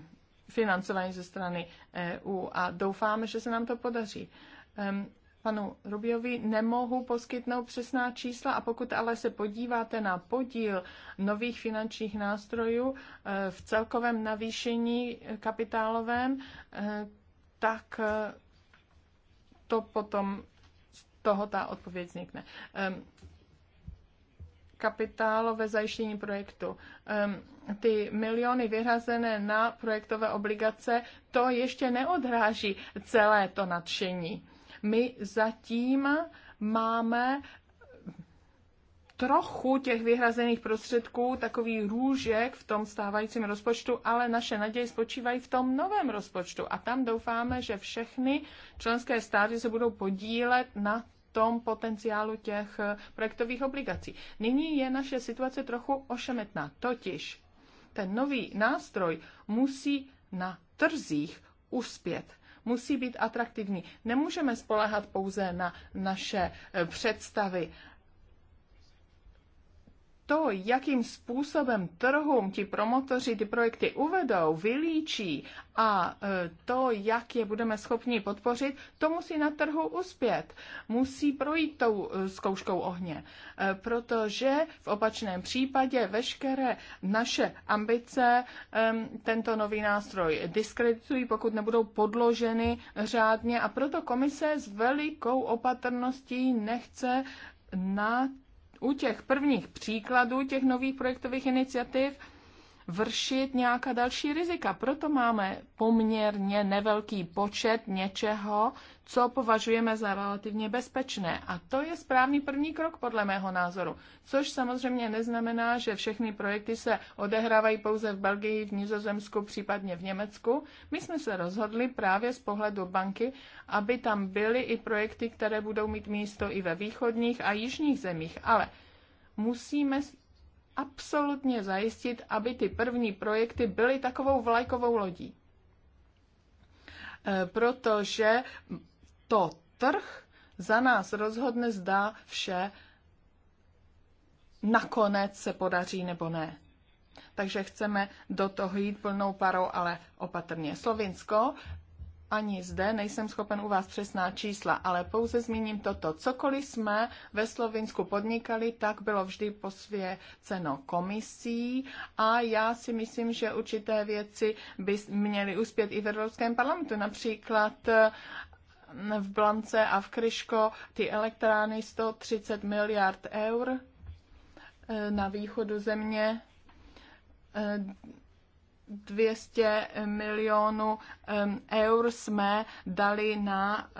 [SPEAKER 2] financování ze strany EU a doufáme, že se nám to podaří. Ehm, panu Rubiovi nemohu poskytnout přesná čísla a pokud ale se podíváte na podíl nových finančních nástrojů eh, v celkovém navýšení kapitálovém, eh, tak to potom z toho ta odpověď vznikne. Ehm, kapitálové zajištění projektu. Ty miliony vyhrazené na projektové obligace, to ještě neodráží celé to nadšení. My zatím máme trochu těch vyhrazených prostředků, takový růžek v tom stávajícím rozpočtu, ale naše naděje spočívají v tom novém rozpočtu. A tam doufáme, že všechny členské státy se budou podílet na tom potenciálu těch eh, projektových obligací. Nyní je naše situace trochu ošemetná, totiž ten nový nástroj musí na trzích uspět musí být atraktivní. Nemůžeme spolehat pouze na naše eh, představy to, jakým způsobem trhům ti promotoři ty projekty uvedou, vylíčí a e, to, jak je budeme schopni podpořit, to musí na trhu uspět. Musí projít tou e, zkouškou ohně, e, protože v opačném případě veškeré naše ambice tento nový nástroj diskreditují, pokud nebudou podloženy řádně a proto komise s velikou opatrností nechce na u těch prvních příkladů těch nových projektových iniciativ vršit nějaká další rizika. Proto máme poměrně nevelký počet něčeho, co považujeme za relativně bezpečné. A to je správný první krok podle mého názoru. Což samozřejmě neznamená, že všechny projekty se odehrávají pouze v Belgii, v Nizozemsku, případně v Německu. My jsme se rozhodli právě z pohledu banky, aby tam byly i projekty, které budou mít místo i ve východních a jižních zemích. Ale musíme absolutně zajistit, aby ty první projekty byly takovou vlajkovou lodí e, protože to trh za nás rozhodne, zda vše nakonec se podaří nebo ne. Takže chceme do toho jít plnou parou, ale opatrně. Slovinsko, ani zde nejsem schopen u vás přesná čísla, ale pouze zmíním toto. Cokoliv jsme ve Slovinsku podnikali, tak bylo vždy posvěceno komisí a já si myslím, že určité věci by měly uspět i v Evropském parlamentu. Například v Blance a v Kryško ty elektrárny 130 miliard eur eh, na východu země, 200 eh, milionů eh, eur jsme dali na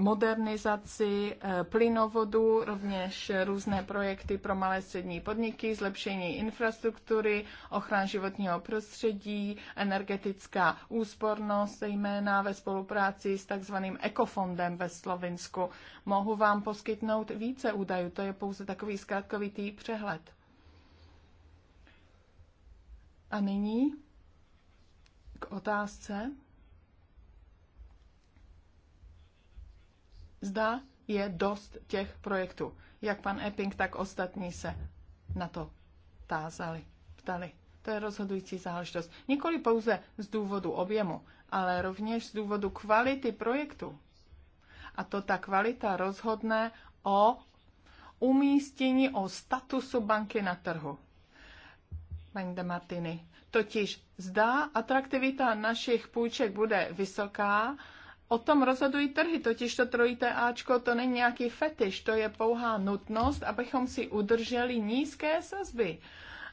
[SPEAKER 2] modernizaci eh, plynovodu, rovněž různé projekty pro malé střední podniky, zlepšení infrastruktury, ochran životního prostředí, energetická úspornost, zejména ve spolupráci s takzvaným ekofondem ve Slovinsku. Mohu vám poskytnout více údajů, to je pouze takový zkrátkovitý přehled. A nyní k otázce. zda je dost těch projektů. Jak pan Epping, tak ostatní se na to tázali, ptali. To je rozhodující záležitost. Nikoli pouze z důvodu objemu, ale rovněž z důvodu kvality projektu. A to ta kvalita rozhodne o umístění, o statusu banky na trhu. Paní de Martini, totiž zdá atraktivita našich půjček bude vysoká, O tom rozhodují trhy, totiž to trojité Ačko to není nějaký fetiš, to je pouhá nutnost, abychom si udrželi nízké sazby.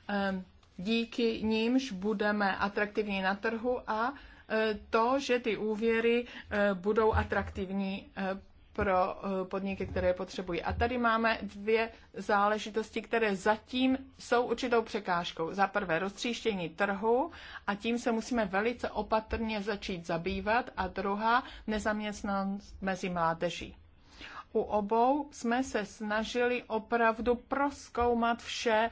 [SPEAKER 2] Ehm, díky nímž budeme atraktivní na trhu a eh, to, že ty úvěry eh, budou atraktivní eh, pro eh, podniky, které potřebují. A tady máme dvě záležitosti, které zatím jsou určitou překážkou. Za prvé roztříštění trhu a tím se musíme velice opatrně začít zabývat a druhá nezaměstnanost mezi mládeží. U obou jsme se snažili opravdu proskoumat vše,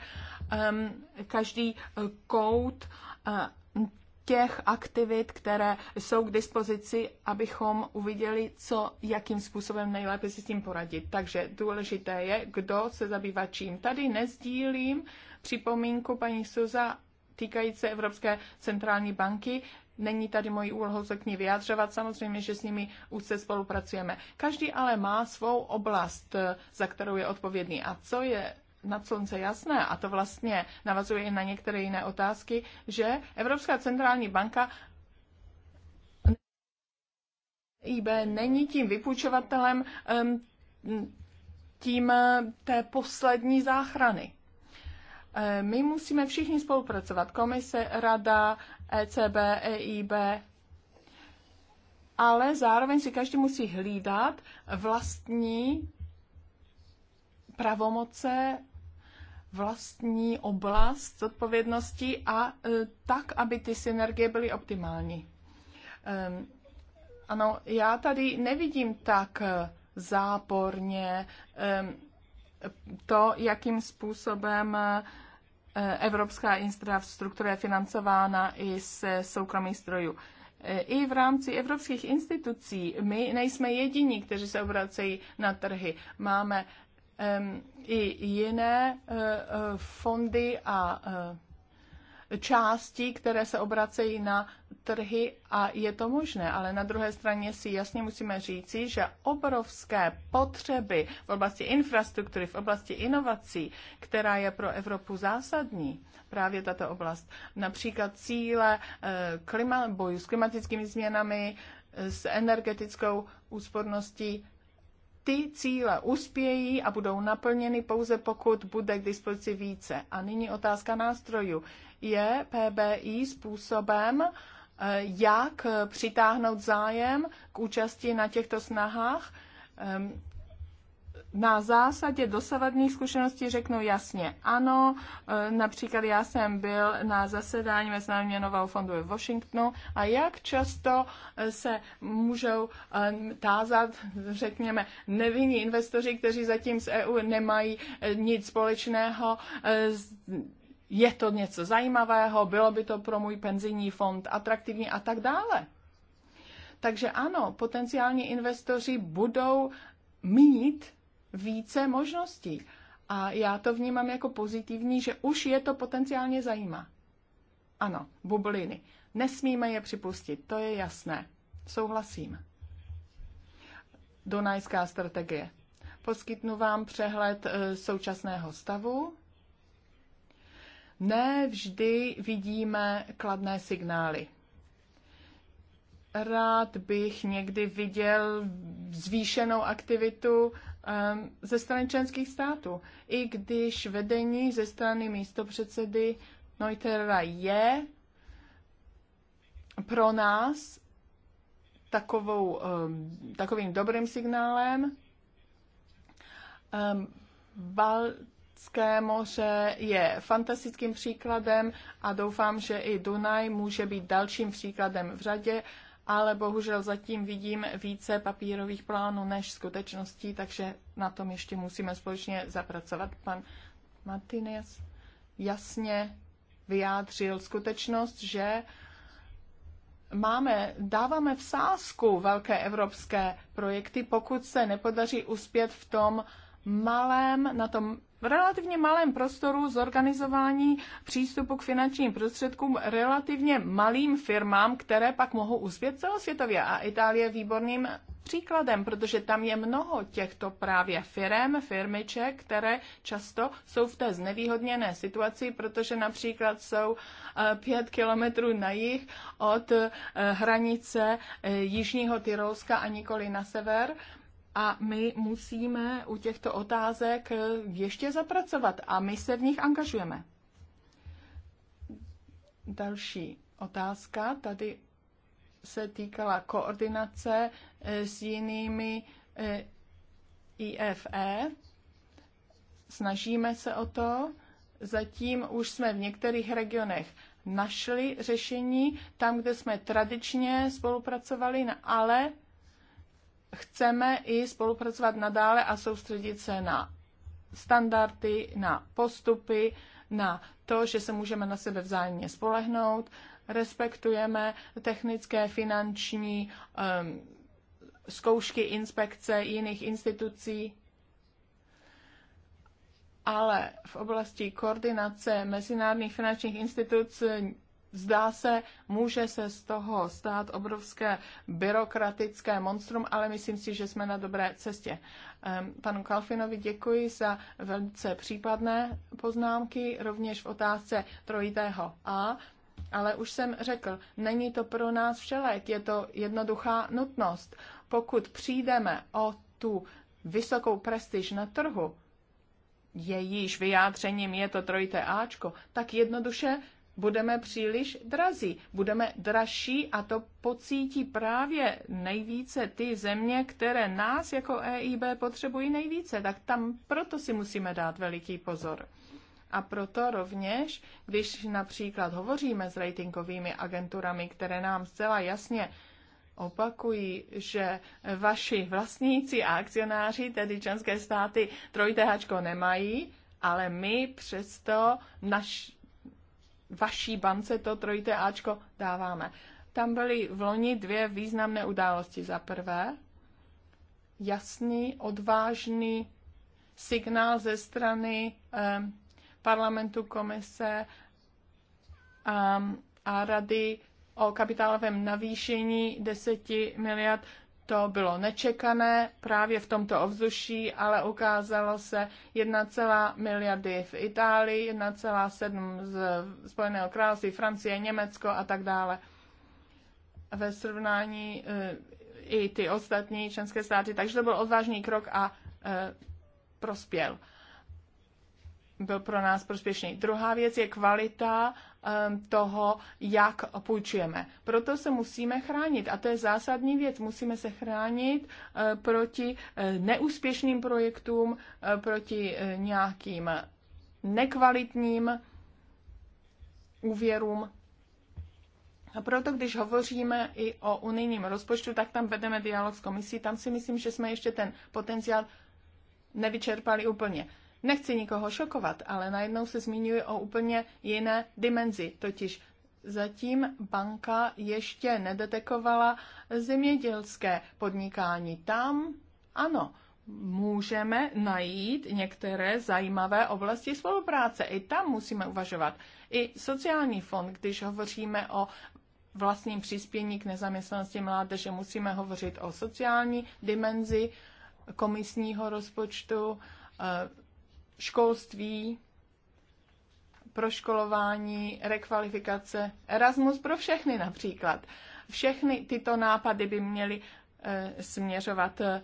[SPEAKER 2] ehm, každý eh, kout eh, těch aktivit, které jsou k dispozici, abychom uviděli, co, jakým způsobem nejlépe si s tím poradit. Takže důležité je, kdo se zabývá čím. Tady nezdílím připomínku paní Suza týkající Evropské centrální banky. Není tady mojí úlohou se k ní vyjadřovat, samozřejmě, že s nimi úzce spolupracujeme. Každý ale má svou oblast, za kterou je odpovědný. A co je nad slunce jasné, a to vlastně navazuje i na některé jiné otázky, že Evropská centrální banka IB není tím vypůjčovatelem tím eh, té poslední záchrany. Eh, my musíme všichni spolupracovat, komise, rada, ECB, EIB, ale zároveň si každý musí hlídat vlastní pravomoce vlastní oblast odpovědnosti a e, tak, aby ty synergie byly optimální. Ehm, ano, já tady nevidím tak e, záporně ehm, to, jakým způsobem e, evropská infrastruktura je financována i z soukromých strojů. I v rámci evropských institucí my nejsme jediní, kteří se obracejí na trhy. Máme i jiné e, e, fondy a e, části, které se obracejí na trhy a je to možné, ale na druhé straně si jasně musíme říci, že obrovské potřeby v oblasti infrastruktury, v oblasti inovací, která je pro Evropu zásadní, právě tato oblast, například cíle klima, boju s klimatickými změnami, s energetickou úsporností, ty cíle uspějí a budou naplněny pouze pokud bude k dispozici více. A nyní otázka nástrojů. Je PBI způsobem, eh, jak přitáhnout zájem k účasti na těchto snahách? Ehm, na zásadě dosavadních zkušenosti řeknu jasně ano. E, například já jsem byl na zasedání Mezinárodního měnového fondu v Washingtonu a jak často e, se můžou e, tázat, řekněme, nevinní investoři, kteří zatím z EU nemají nic společného, je to něco zajímavého, bylo by to pro můj penzijní fond atraktivní a tak dále. Takže ano, potenciální investoři budou mít více možností. A já to vnímám jako pozitivní, že už je to potenciálně zajímá. Ano, bubliny. Nesmíme je připustit, to je jasné. Souhlasím. Dunajská strategie. Poskytnu vám přehled e, současného stavu. Ne vždy vidíme kladné signály. Rád bych někdy viděl zvýšenou aktivitu Ehm, ze strany členských států. I když vedení ze strany místopředsedy Neutera je pro nás takovou, ehm, takovým dobrým signálem, ehm, Balské moře je fantastickým příkladem a doufám, že i Dunaj může být dalším příkladem v řadě ale bohužel zatím vidím více papírových plánů než skutečností, takže na tom ještě musíme společně zapracovat. Pan Martinez jasně vyjádřil skutečnost, že máme, dáváme v sázku velké evropské projekty, pokud se nepodaří uspět v tom, malém, na tom relativně malém prostoru zorganizování přístupu k finančním prostředkům relativně malým firmám, které pak mohou uspět celosvětově. A Itálie je výborným příkladem, protože tam je mnoho těchto právě firm, firmiček, které často jsou v té znevýhodněné situaci, protože například jsou eh, pět kilometrů na jih od eh, hranice eh, Jižního Tyrolska a nikoli na sever a my musíme u těchto otázek eh, ještě zapracovat a my se v nich angažujeme. Další otázka tady se týkala koordinace eh, s jinými eh, IFE. Snažíme se o to. Zatím už jsme v některých regionech našli řešení tam, kde jsme tradičně spolupracovali, ale chceme i spolupracovat nadále a soustředit se na standardy, na postupy, na to, že se můžeme na sebe vzájemně spolehnout, respektujeme technické, finanční um, zkoušky inspekce jiných institucí, ale v oblasti koordinace mezinárodních finančních institucí zdá se, může se z toho stát obrovské byrokratické monstrum, ale myslím si, že jsme na dobré cestě. Ehm, panu Kalfinovi děkuji za velice případné poznámky, rovněž v otázce trojitého A. Ale už jsem řekl, není to pro nás všelek, je to jednoduchá nutnost. Pokud přijdeme o tu vysokou prestiž na trhu, je již vyjádřením je to trojité Ačko, tak jednoduše budeme příliš drazí, budeme dražší a to pocítí právě nejvíce ty země, které nás jako EIB potřebují nejvíce, tak tam proto si musíme dát veliký pozor. A proto rovněž, když například hovoříme s ratingovými agenturami, které nám zcela jasně opakují, že vaši vlastníci a akcionáři, tedy členské státy, trojtehačko nemají, ale my přesto naš, vaší bance to trojité Ačko dáváme. Tam byly v loni dvě významné události. Za prvé, jasný, odvážný signál ze strany eh, parlamentu, komise a, eh, a rady o kapitálovém navýšení 10 miliard to bylo nečekané právě v tomto ovzduší, ale ukázalo se 1,1 miliardy v Itálii, 1,7 z Spojeného království, Francie, Německo a tak dále. Ve srovnání eh, i ty ostatní členské státy, takže to byl odvážný krok a eh, prospěl byl pro nás prospěšný. Druhá věc je kvalita ehm, toho, jak půjčujeme. Proto se musíme chránit a to je zásadní věc. Musíme se chránit eh, proti eh, neúspěšným projektům, eh, proti nějakým nekvalitním úvěrům. A proto, když hovoříme i o unijním rozpočtu, tak tam vedeme dialog s komisí. Tam si myslím, že jsme ještě ten potenciál nevyčerpali úplně. Nechci nikoho šokovat, ale najednou se zmiňuje o úplně jiné dimenzi, totiž zatím banka ještě nedetekovala zemědělské podnikání. Tam ano, můžeme najít některé zajímavé oblasti spolupráce. I tam musíme uvažovat. I sociální fond, když hovoříme o vlastním přispění k nezaměstnanosti mládeže, musíme hovořit o sociální dimenzi komisního rozpočtu, školství, proškolování, rekvalifikace, Erasmus pro všechny například. Všechny tyto nápady by měly e, směřovat e,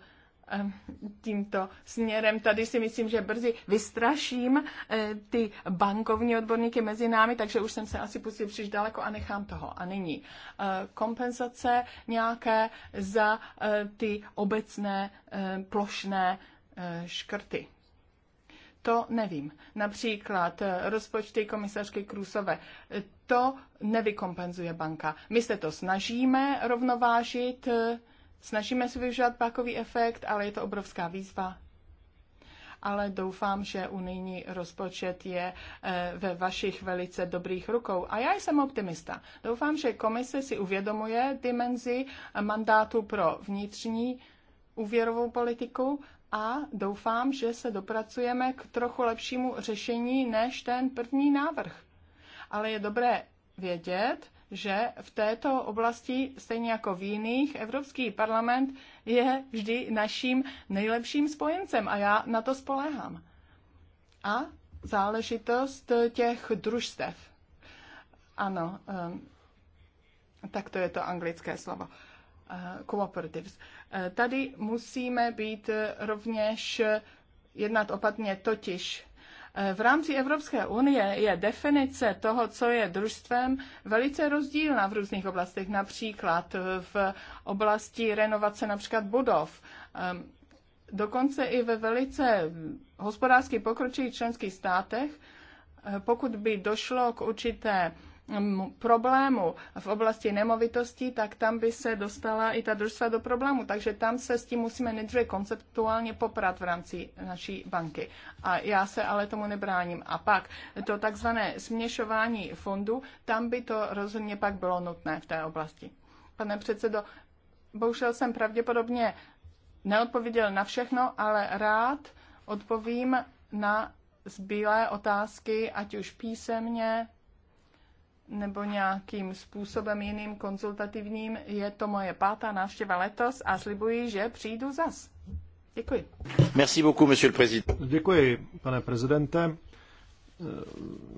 [SPEAKER 2] tímto směrem. Tady si myslím, že brzy vystraším e, ty bankovní odborníky mezi námi, takže už jsem se asi pustil příliš daleko a nechám toho. A nyní e, kompenzace nějaké za e, ty obecné e, plošné e, škrty to nevím. Například eh, rozpočty komisařky Krusové. To nevykompenzuje banka. My se to snažíme rovnovážit, eh, snažíme se využívat bankový efekt, ale je to obrovská výzva. Ale doufám, že unijní rozpočet je eh, ve vašich velice dobrých rukou. A já jsem optimista. Doufám, že komise si uvědomuje dimenzi mandátu pro vnitřní úvěrovou politiku a doufám, že se dopracujeme k trochu lepšímu řešení než ten první návrh. Ale je dobré vědět, že v této oblasti, stejně jako v jiných, Evropský parlament je vždy naším nejlepším spojencem a já na to spoléhám. A záležitost těch družstev. Ano, ehm, tak to je to anglické slovo. Eh, cooperatives. Eh, tady musíme být eh, rovněž jednat opatně totiž v rámci Evropské unie je definice toho, co je družstvem, velice rozdílná v různých oblastech, například v oblasti renovace například budov. Ehm, dokonce i ve velice hospodářsky pokročilých členských státech, pokud by došlo k určité problému v oblasti nemovitostí, tak tam by se dostala i ta družstva do problému. Takže tam se s tím musíme nejdříve konceptuálně poprat v rámci naší banky. A já se ale tomu nebráním. A pak to takzvané směšování fondu, tam by to rozhodně pak bylo nutné v té oblasti. Pane předsedo, bohužel jsem pravděpodobně neodpověděl na všechno, ale rád odpovím na zbylé otázky, ať už písemně nebo nějakým způsobem jiným konzultativním. Je to moje pátá návštěva letos a slibuji, že přijdu zas. Děkuji.
[SPEAKER 3] Merci beaucoup, monsieur le président. Děkuji, pane prezidente. E,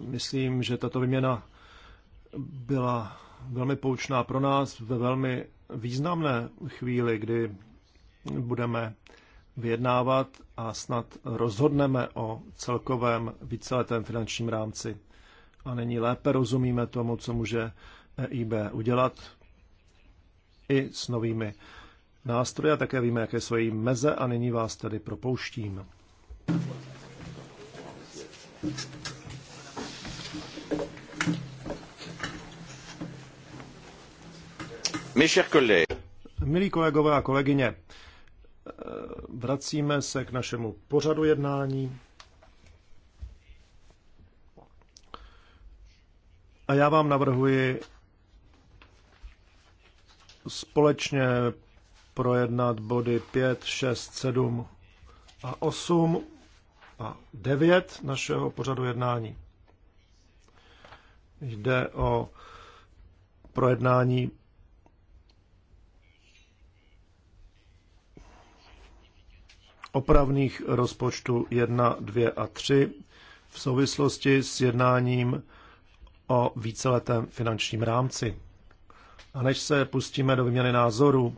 [SPEAKER 3] myslím, že tato vyměna byla velmi poučná pro nás ve velmi významné chvíli, kdy budeme vyjednávat a snad rozhodneme o celkovém víceletém finančním rámci a není lépe rozumíme tomu, co může EIB udělat i s novými nástroje a také víme, jaké jsou její meze a nyní vás tedy propouštím. Milí kolegové a kolegyně, vracíme se k našemu pořadu jednání. A já vám navrhuji společně projednat body 5, 6, 7 a 8 a 9 našeho pořadu jednání. Jde o projednání opravných rozpočtu 1, 2 a 3 v souvislosti s jednáním o víceletém finančním rámci. A než se pustíme do vyměny názorů,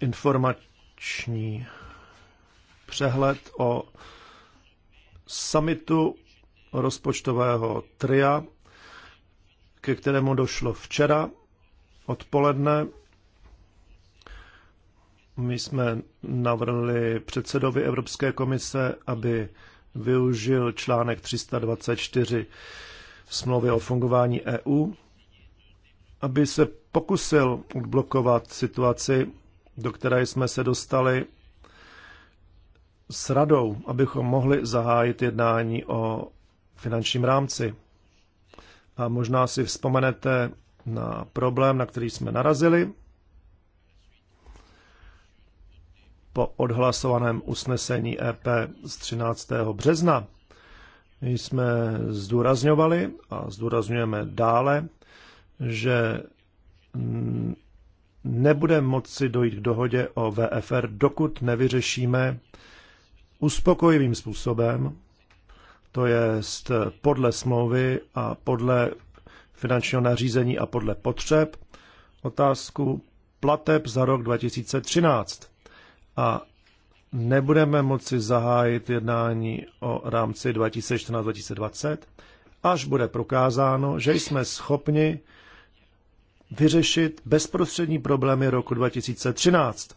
[SPEAKER 3] informační přehled o samitu rozpočtového tria, ke kterému došlo včera odpoledne. My jsme navrhli předsedovi Evropské komise, aby využil článek 324 smlouvy o fungování EU, aby se pokusil odblokovat situaci, do které jsme se dostali s radou, abychom mohli zahájit jednání o finančním rámci. A možná si vzpomenete na problém, na který jsme narazili, po odhlasovaném usnesení EP z 13. března jsme zdůrazňovali a zdůrazňujeme dále, že nebude moci dojít k dohodě o VFR, dokud nevyřešíme uspokojivým způsobem, to je podle smlouvy a podle finančního nařízení a podle potřeb, otázku plateb za rok 2013 a nebudeme moci zahájit jednání o rámci 2014-2020, až bude prokázáno, že jsme schopni vyřešit bezprostřední problémy roku 2013.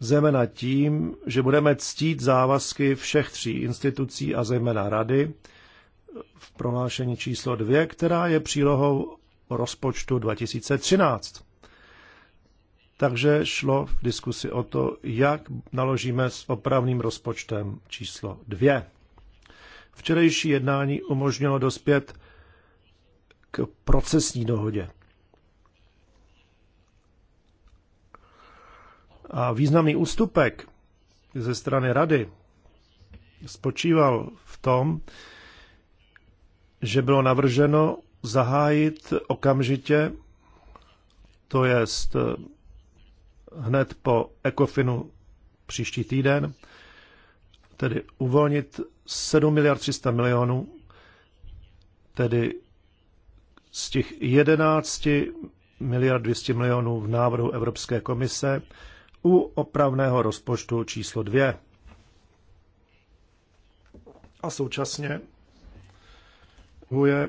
[SPEAKER 3] Zejména tím, že budeme ctít závazky všech tří institucí a zejména rady v prohlášení číslo 2, která je přílohou rozpočtu 2013. Takže šlo v diskusi o to, jak naložíme s opravným rozpočtem číslo 2. Včerejší jednání umožnilo dospět k procesní dohodě. A významný ústupek ze strany rady spočíval v tom, že bylo navrženo zahájit okamžitě, to jest hned po ECOFINu příští týden, tedy uvolnit 7 miliard 300 milionů, tedy z těch 11 miliard 200 milionů v návrhu Evropské komise u opravného rozpočtu číslo 2. A současně je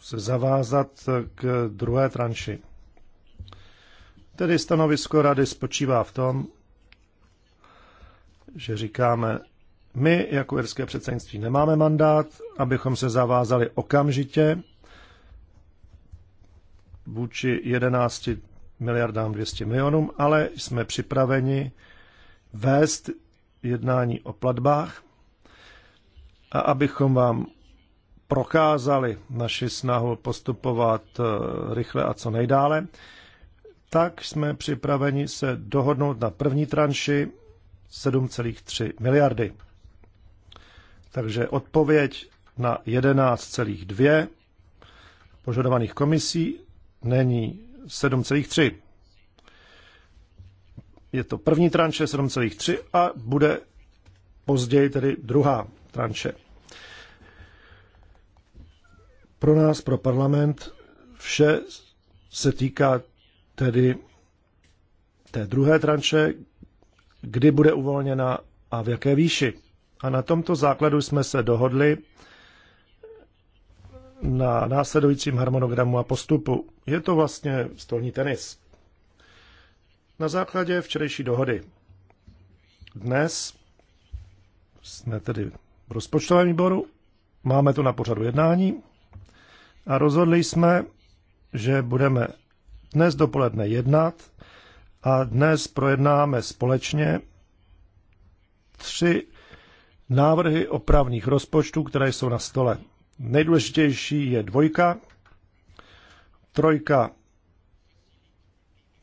[SPEAKER 3] se zavázat k druhé tranši Tedy stanovisko rady spočívá v tom, že říkáme, my jako irské předsednictví nemáme mandát, abychom se zavázali okamžitě vůči 11 miliardám 200 milionům, ale jsme připraveni vést jednání o platbách a abychom vám prokázali naši snahu postupovat eh, rychle a co nejdále, tak jsme připraveni se dohodnout na první tranši 7,3 miliardy. Takže odpověď na 11,2 požadovaných komisí není 7,3. Je to první tranše 7,3 a bude později tedy druhá tranše. Pro nás, pro parlament, vše se týká tedy té druhé tranše, kdy bude uvolněna a v jaké výši. A na tomto základu jsme se dohodli na následujícím harmonogramu a postupu. Je to vlastně stolní tenis. Na základě včerejší dohody. Dnes jsme tedy v rozpočtovém výboru, máme to na pořadu jednání a rozhodli jsme, že budeme dnes dopoledne jednat a dnes projednáme společně tři návrhy opravných rozpočtů, které jsou na stole. Nejdůležitější je dvojka, trojka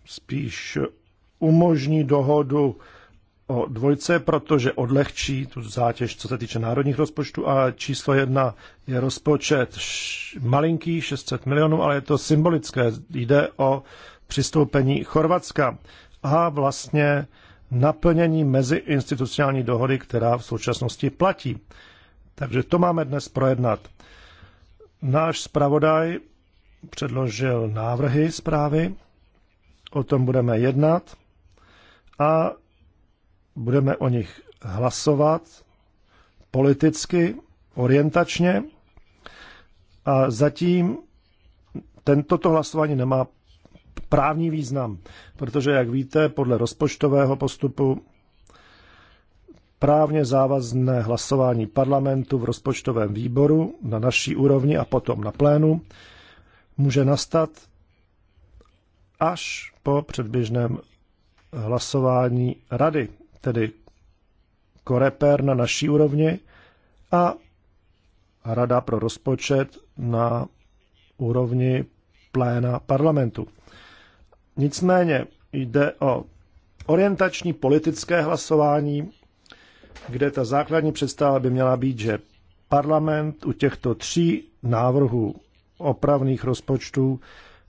[SPEAKER 3] spíš umožní dohodu o dvojce, protože odlehčí tu zátěž, co se týče národních rozpočtů. A číslo jedna je rozpočet malinký, 600 milionů, ale je to symbolické. Jde o přistoupení Chorvatska a vlastně naplnění meziinstitucionální dohody, která v současnosti platí. Takže to máme dnes projednat. Náš zpravodaj předložil návrhy zprávy, o tom budeme jednat a budeme o nich hlasovat politicky, orientačně a zatím tento hlasování nemá právní význam, protože, jak víte, podle rozpočtového postupu právně závazné hlasování parlamentu v rozpočtovém výboru na naší úrovni a potom na plénu může nastat až po předběžném hlasování rady tedy koreper na naší úrovni a Rada pro rozpočet na úrovni pléna parlamentu. Nicméně jde o orientační politické hlasování, kde ta základní představa by měla být, že parlament u těchto tří návrhů opravných rozpočtů,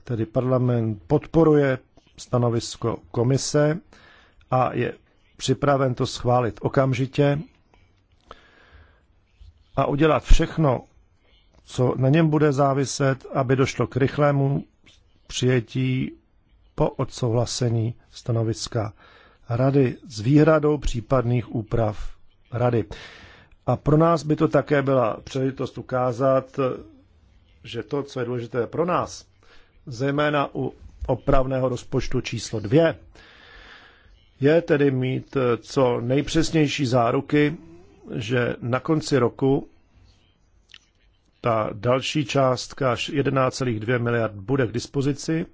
[SPEAKER 3] tedy parlament podporuje stanovisko komise a je připraven to schválit okamžitě a udělat všechno, co na něm bude záviset, aby došlo k rychlému přijetí po odsouhlasení stanoviska Rady s výhradou případných úprav Rady. A pro nás by to také byla příležitost ukázat, že to, co je důležité pro nás, zejména u opravného rozpočtu číslo 2, je tedy mít eh, co nejpřesnější záruky, že na konci roku ta další částka až 11,2 miliard bude k dispozici.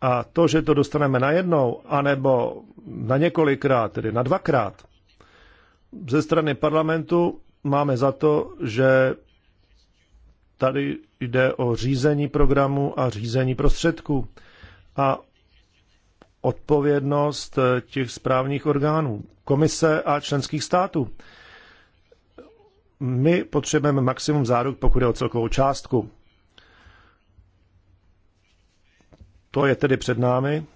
[SPEAKER 3] A to, že to dostaneme najednou, anebo na několikrát, tedy na dvakrát, ze strany parlamentu máme za to, že tady jde o řízení programu a řízení prostředků. A odpovědnost eh, těch správních orgánů, komise a členských států. My potřebujeme maximum záruk, pokud je o celkovou částku. To je tedy před námi.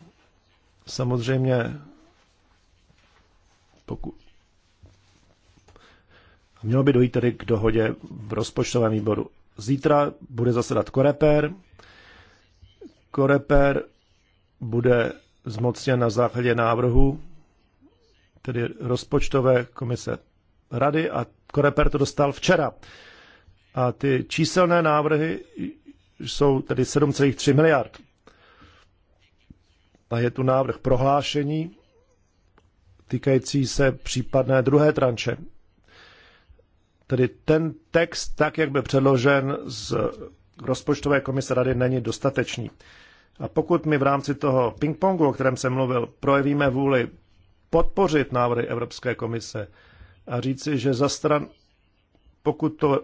[SPEAKER 3] Samozřejmě, pokud... Mělo by dojít tedy k dohodě v rozpočtovém výboru. Zítra bude zasedat Koreper. Koreper bude zmocněn na základě návrhu, tedy rozpočtové komise rady a Koreper to dostal včera. A ty číselné návrhy jsou tedy 7,3 miliard. A je tu návrh prohlášení týkající se případné druhé tranče. Tedy ten text, tak jak byl předložen z rozpočtové komise rady, není dostatečný. A pokud my v rámci toho ping-pongu, o kterém jsem mluvil, projevíme vůli podpořit návrhy Evropské komise a říci, že za stran, pokud to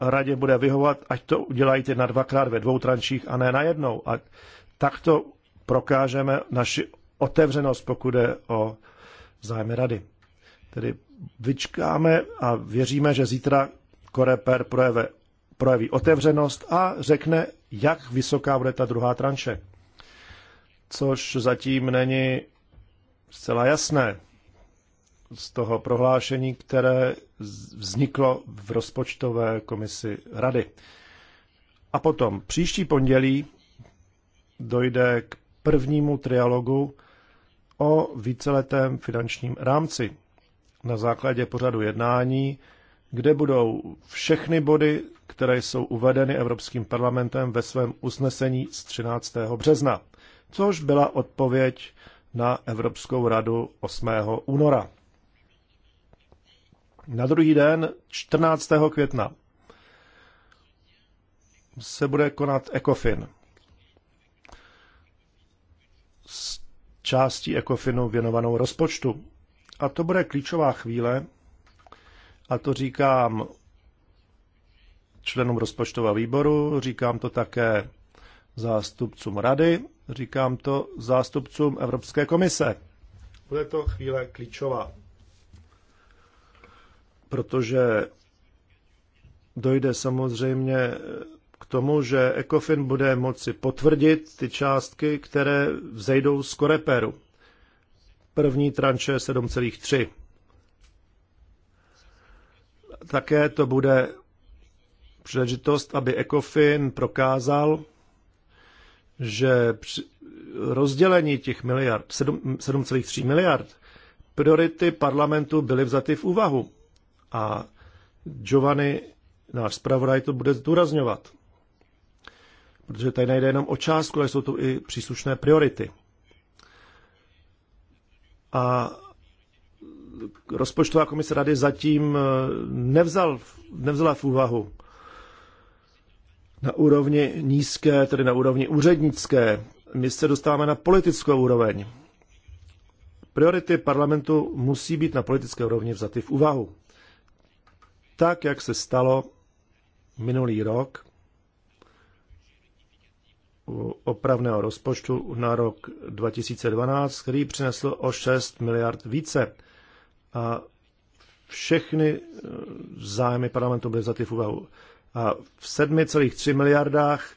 [SPEAKER 3] radě bude vyhovat, ať to udělají ty na dvakrát ve dvou trančích a ne na jednou. A takto prokážeme naši otevřenost, pokud je o zájmy rady. Tedy vyčkáme a věříme, že zítra Koreper projeve, projeví otevřenost a řekne jak vysoká bude ta druhá tranše. Což zatím není zcela jasné z toho prohlášení, které vzniklo v rozpočtové komisi rady. A potom příští pondělí dojde k prvnímu trialogu o víceletém finančním rámci na základě pořadu jednání, kde budou všechny body které jsou uvedeny Evropským parlamentem ve svém usnesení z 13. března, což byla odpověď na Evropskou radu 8. února. Na druhý den, 14. května, se bude konat ECOFIN. S částí ECOFINu věnovanou rozpočtu. A to bude klíčová chvíle, a to říkám členům rozpočtového výboru, říkám to také zástupcům rady, říkám to zástupcům Evropské komise. Bude to chvíle klíčová, protože dojde samozřejmě k tomu, že ECOFIN bude moci potvrdit ty částky, které vzejdou z koreperu. První tranše 7,3. Také to bude příležitost, aby ECOFIN prokázal, že rozdělení těch miliard, 7,3 miliard, priority parlamentu byly vzaty v úvahu. A Giovanni, náš zpravodaj, to bude zdůrazňovat. Protože tady nejde jenom o částku, ale jsou tu i příslušné priority. A rozpočtová komise rady zatím eh, nevzal, nevzala v úvahu na úrovni nízké, tedy na úrovni úřednické. My se dostáváme na politickou úroveň. Priority parlamentu musí být na politické úrovni vzaty v úvahu. Tak, jak se stalo minulý rok u opravného rozpočtu na rok 2012, který přinesl o 6 miliard více. A všechny e, zájmy parlamentu byly vzaty v úvahu a v 7,3 miliardách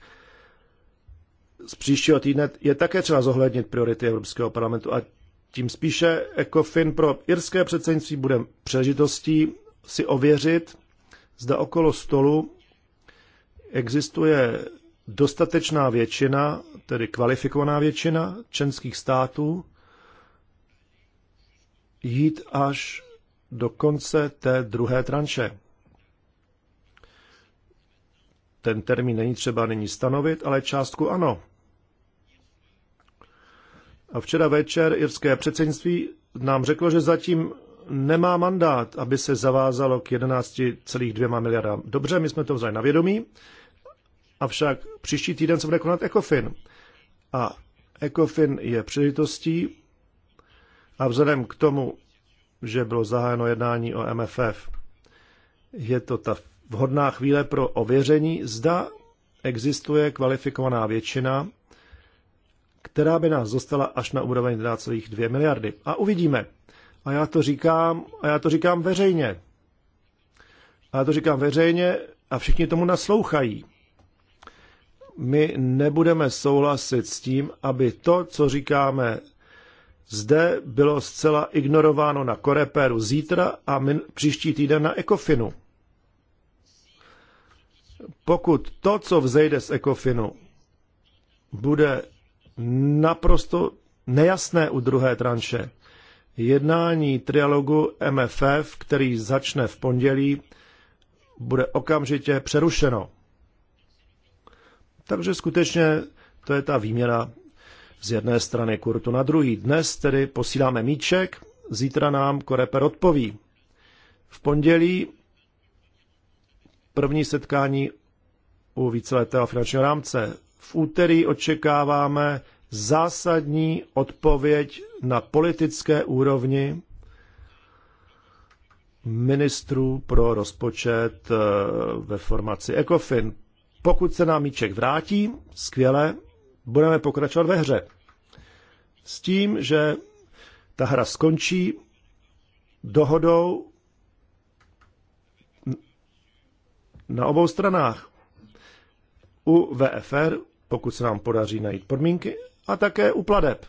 [SPEAKER 3] z příštího týdne je také třeba zohlednit priority Evropského parlamentu a tím spíše ECOFIN pro irské předsednictví bude příležitostí si ověřit, zda okolo stolu existuje dostatečná většina, tedy kvalifikovaná většina členských států, jít až do konce té druhé tranše ten termín není třeba nyní stanovit, ale částku ano. A včera večer irské předsednictví nám řeklo, že zatím nemá mandát, aby se zavázalo k 11,2 miliardám. Dobře, my jsme to vzali na vědomí, avšak příští týden se bude konat ECOFIN. A ECOFIN je příležitostí a vzhledem k tomu, že bylo zahájeno jednání o MFF, je to ta vhodná chvíle pro ověření, zda existuje kvalifikovaná většina, která by nás zostala až na úroveň 1,2 miliardy. A uvidíme. A já to říkám, a já to říkám veřejně. A já to říkám veřejně a všichni tomu naslouchají. My nebudeme souhlasit s tím, aby to, co říkáme zde, bylo zcela ignorováno na Koreperu zítra a min, příští týden na Ekofinu pokud to, co vzejde z ECOFINu, bude naprosto nejasné u druhé tranše, jednání trialogu MFF, který začne v pondělí, bude okamžitě přerušeno. Takže skutečně to je ta výměna z jedné strany kurtu na druhý. Dnes tedy posíláme míček, zítra nám Koreper odpoví. V pondělí první setkání u víceletého finančního rámce. V úterý očekáváme zásadní odpověď na politické úrovni ministrů pro rozpočet eh, ve formaci ECOFIN. Pokud se nám míček vrátí, skvěle, budeme pokračovat ve hře. S tím, že ta hra skončí dohodou na obou stranách. U VFR, pokud se nám podaří najít podmínky, a také u pladeb.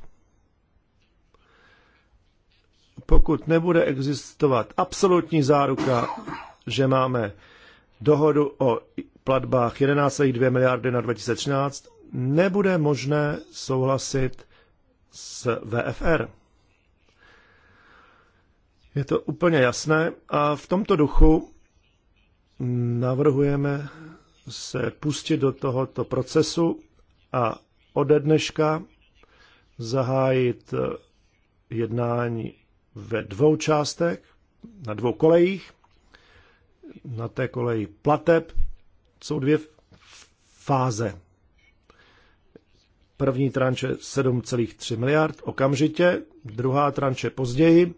[SPEAKER 3] Pokud nebude existovat absolutní záruka, že máme dohodu o platbách 11,2 miliardy na 2013, nebude možné souhlasit s VFR. Je to úplně jasné a v tomto duchu navrhujeme se pustit do tohoto procesu a ode dneška zahájit eh, jednání ve dvou částech, na dvou kolejích. Na té koleji plateb jsou dvě fáze. První tranče 7,3 miliard okamžitě, druhá tranče později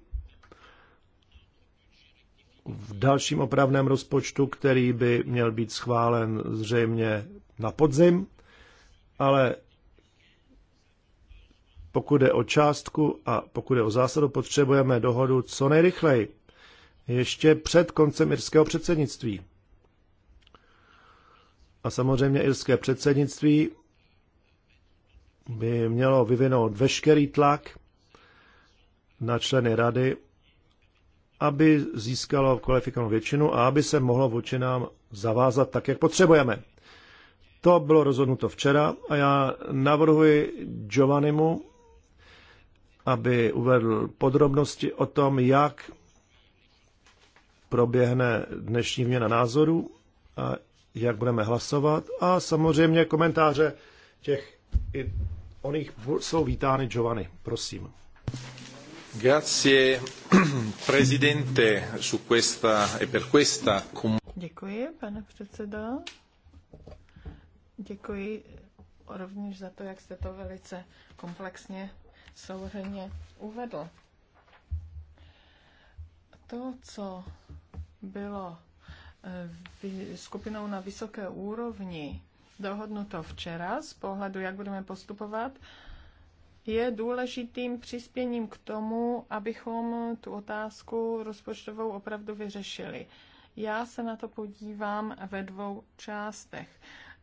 [SPEAKER 3] v dalším opravném rozpočtu, který by měl být schválen zřejmě na podzim, ale pokud je o částku a pokud je o zásadu, potřebujeme dohodu co nejrychleji, ještě před koncem irského předsednictví. A samozřejmě irské předsednictví by mělo vyvinout veškerý tlak na členy rady, aby získalo kvalifikovanou většinu a aby se mohlo vůči nám zavázat tak, jak potřebujeme. To bylo rozhodnuto včera a já navrhuji Giovannimu, aby uvedl podrobnosti o tom, jak proběhne dnešní měna názorů a jak budeme hlasovat. A samozřejmě komentáře těch i oných jsou vítány Giovanni. Prosím.
[SPEAKER 1] *clears throat* E
[SPEAKER 2] Děkuji, pane předsedo. Děkuji rovněž za to, jak jste to velice komplexně souhrně uvedl. To, co bylo eh, skupinou na vysoké úrovni dohodnuto včera z pohledu, jak budeme postupovat, je důležitým přispěním k tomu, abychom tu otázku rozpočtovou opravdu vyřešili. Já se na to podívám ve dvou částech.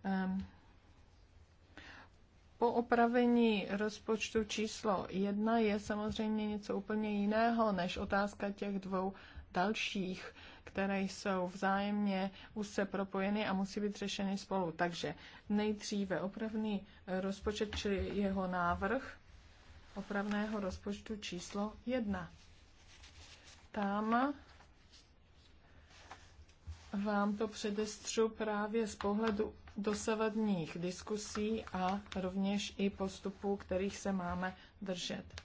[SPEAKER 2] Ehm, po opravení rozpočtu číslo jedna je samozřejmě něco úplně jiného než otázka těch dvou dalších, které jsou vzájemně úzce propojeny a musí být řešeny spolu. Takže nejdříve opravný rozpočet, čili jeho návrh, opravného rozpočtu číslo 1. Tam vám to předestřu právě z pohledu dosavadních diskusí a rovněž i postupů, kterých se máme držet.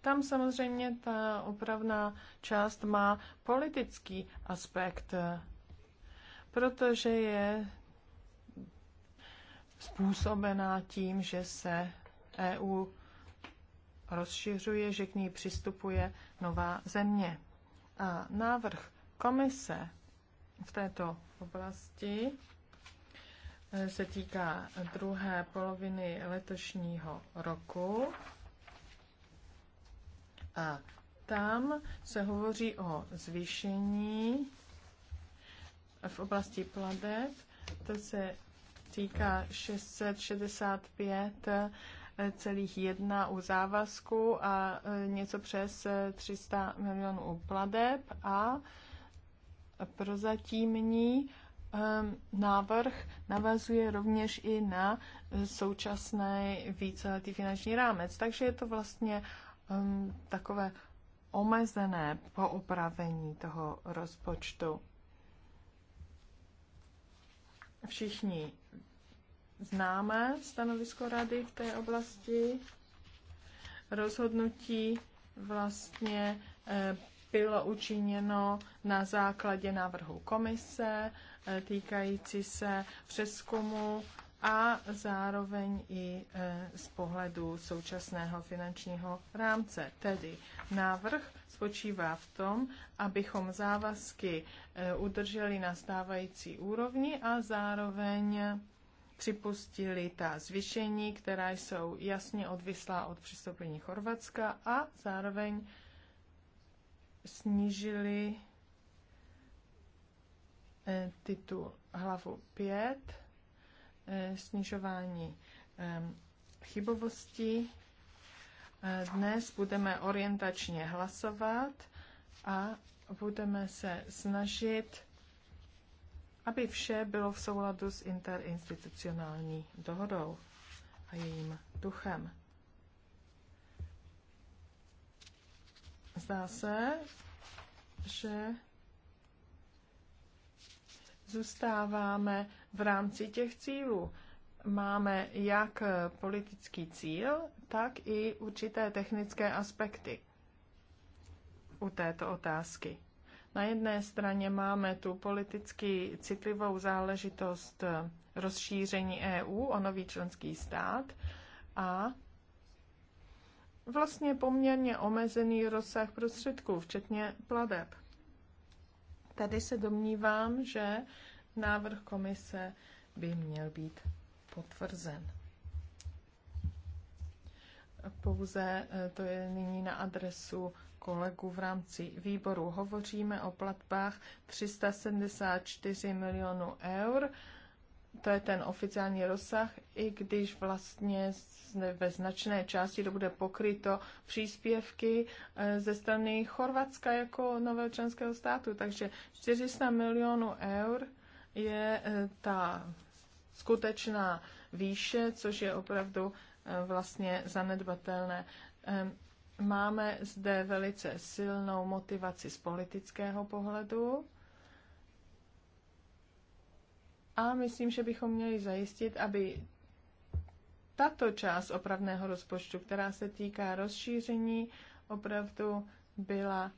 [SPEAKER 2] Tam samozřejmě ta opravná část má politický aspekt, protože je způsobená tím, že se EU rozšiřuje, že k ní přistupuje nová země. A návrh komise v této oblasti eh, se týká druhé poloviny letošního roku. A tam se hovoří o zvýšení v oblasti pladeb. To se týká 665 1,1 u závazku a e, něco přes 300 e, milionů u pladeb a prozatímní e, návrh navazuje rovněž i na současný víceletý finanční rámec. Takže je to vlastně takové omezené poopravení toho rozpočtu. Všichni známe stanovisko rady v té oblasti. Rozhodnutí vlastně eh, bylo učiněno na základě návrhu komise eh, týkající se přeskumu a zároveň i eh, z pohledu současného finančního rámce. Tedy návrh spočívá v tom, abychom závazky udrželi na stávající úrovni a zároveň připustili ta zvýšení, která jsou jasně odvislá od přistoupení Chorvatska a zároveň snížili eh, titul hlavu 5, eh, snižování ehm, chybovosti. Eh, dnes budeme orientačně hlasovat a budeme se snažit aby vše bylo v souladu s interinstitucionální dohodou a jejím duchem. Zdá se, že zůstáváme v rámci těch cílů. Máme jak politický cíl, tak i určité technické aspekty u této otázky. Na jedné straně máme tu politicky citlivou záležitost rozšíření EU o nový členský stát a vlastně poměrně omezený rozsah prostředků, včetně pladeb. Tady se domnívám, že návrh komise by měl být potvrzen. Pouze eh, to je nyní na adresu kolegů v rámci výboru. Hovoříme o platbách 374 milionů eur, to je ten oficiální rozsah, i když vlastně ve značné části to bude pokryto příspěvky eh, ze strany Chorvatska jako nového členského státu. Takže 400 milionů eur je eh, ta skutečná výše, což je opravdu eh, vlastně zanedbatelné. Máme zde velice silnou motivaci z politického pohledu a myslím, že bychom měli zajistit, aby tato část opravného rozpočtu, která se týká rozšíření, opravdu byla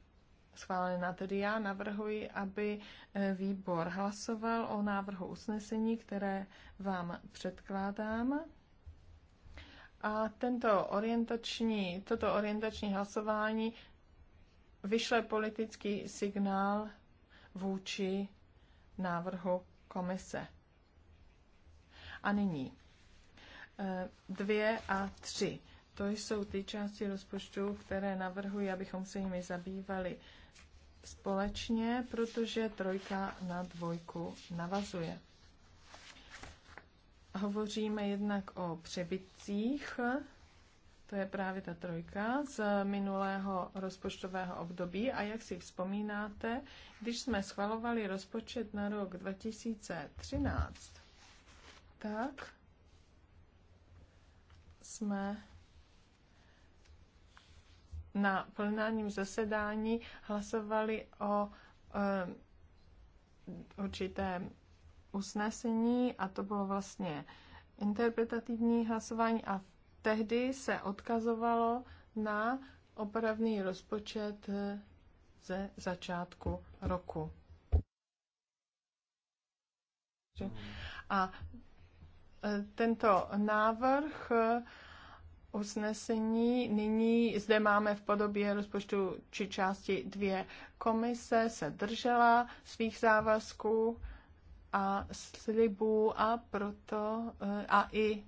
[SPEAKER 2] schválena. Tedy já navrhuji, aby eh, výbor hlasoval o návrhu usnesení, které vám předkládám. A tento orientační, toto orientační hlasování vyšle politický signál vůči návrhu komise. A nyní eh, dvě a tři. To jsou ty části rozpočtu, které navrhuji, abychom se jimi zabývali společně, protože trojka na dvojku navazuje. Hovoříme jednak o přebytcích, to je právě ta trojka z minulého rozpočtového období. A jak si vzpomínáte, když jsme schvalovali rozpočet na rok 2013, tak jsme na plnáním zasedání hlasovali o e, určité usnesení a to bylo vlastně interpretativní hlasování a tehdy se odkazovalo na opravný rozpočet eh, ze začátku roku. A eh, tento návrh eh, usnesení nyní zde máme v podobě rozpočtu či části dvě. Komise se držela svých závazků a slibů a proto eh, a i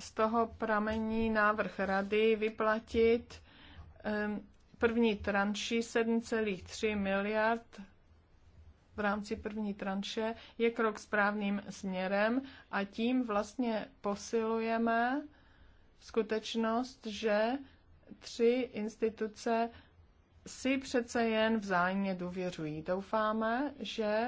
[SPEAKER 2] z toho pramení návrh rady vyplatit eh, první tranši 7,3 miliard v rámci první tranše je krok správným směrem a tím vlastně posilujeme skutečnost, že tři instituce si přece jen vzájemně důvěřují. Doufáme, že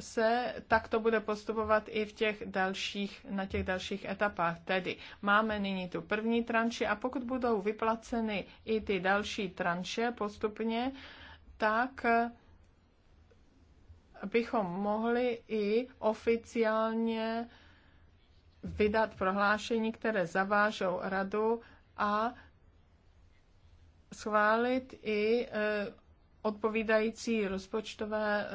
[SPEAKER 2] se takto bude postupovat i v těch dalších, na těch dalších etapách. Tedy máme nyní tu první tranši a pokud budou vyplaceny i ty další tranše postupně, tak bychom mohli i oficiálně vydat prohlášení, které zavážou radu a schválit i eh, odpovídající rozpočtové eh,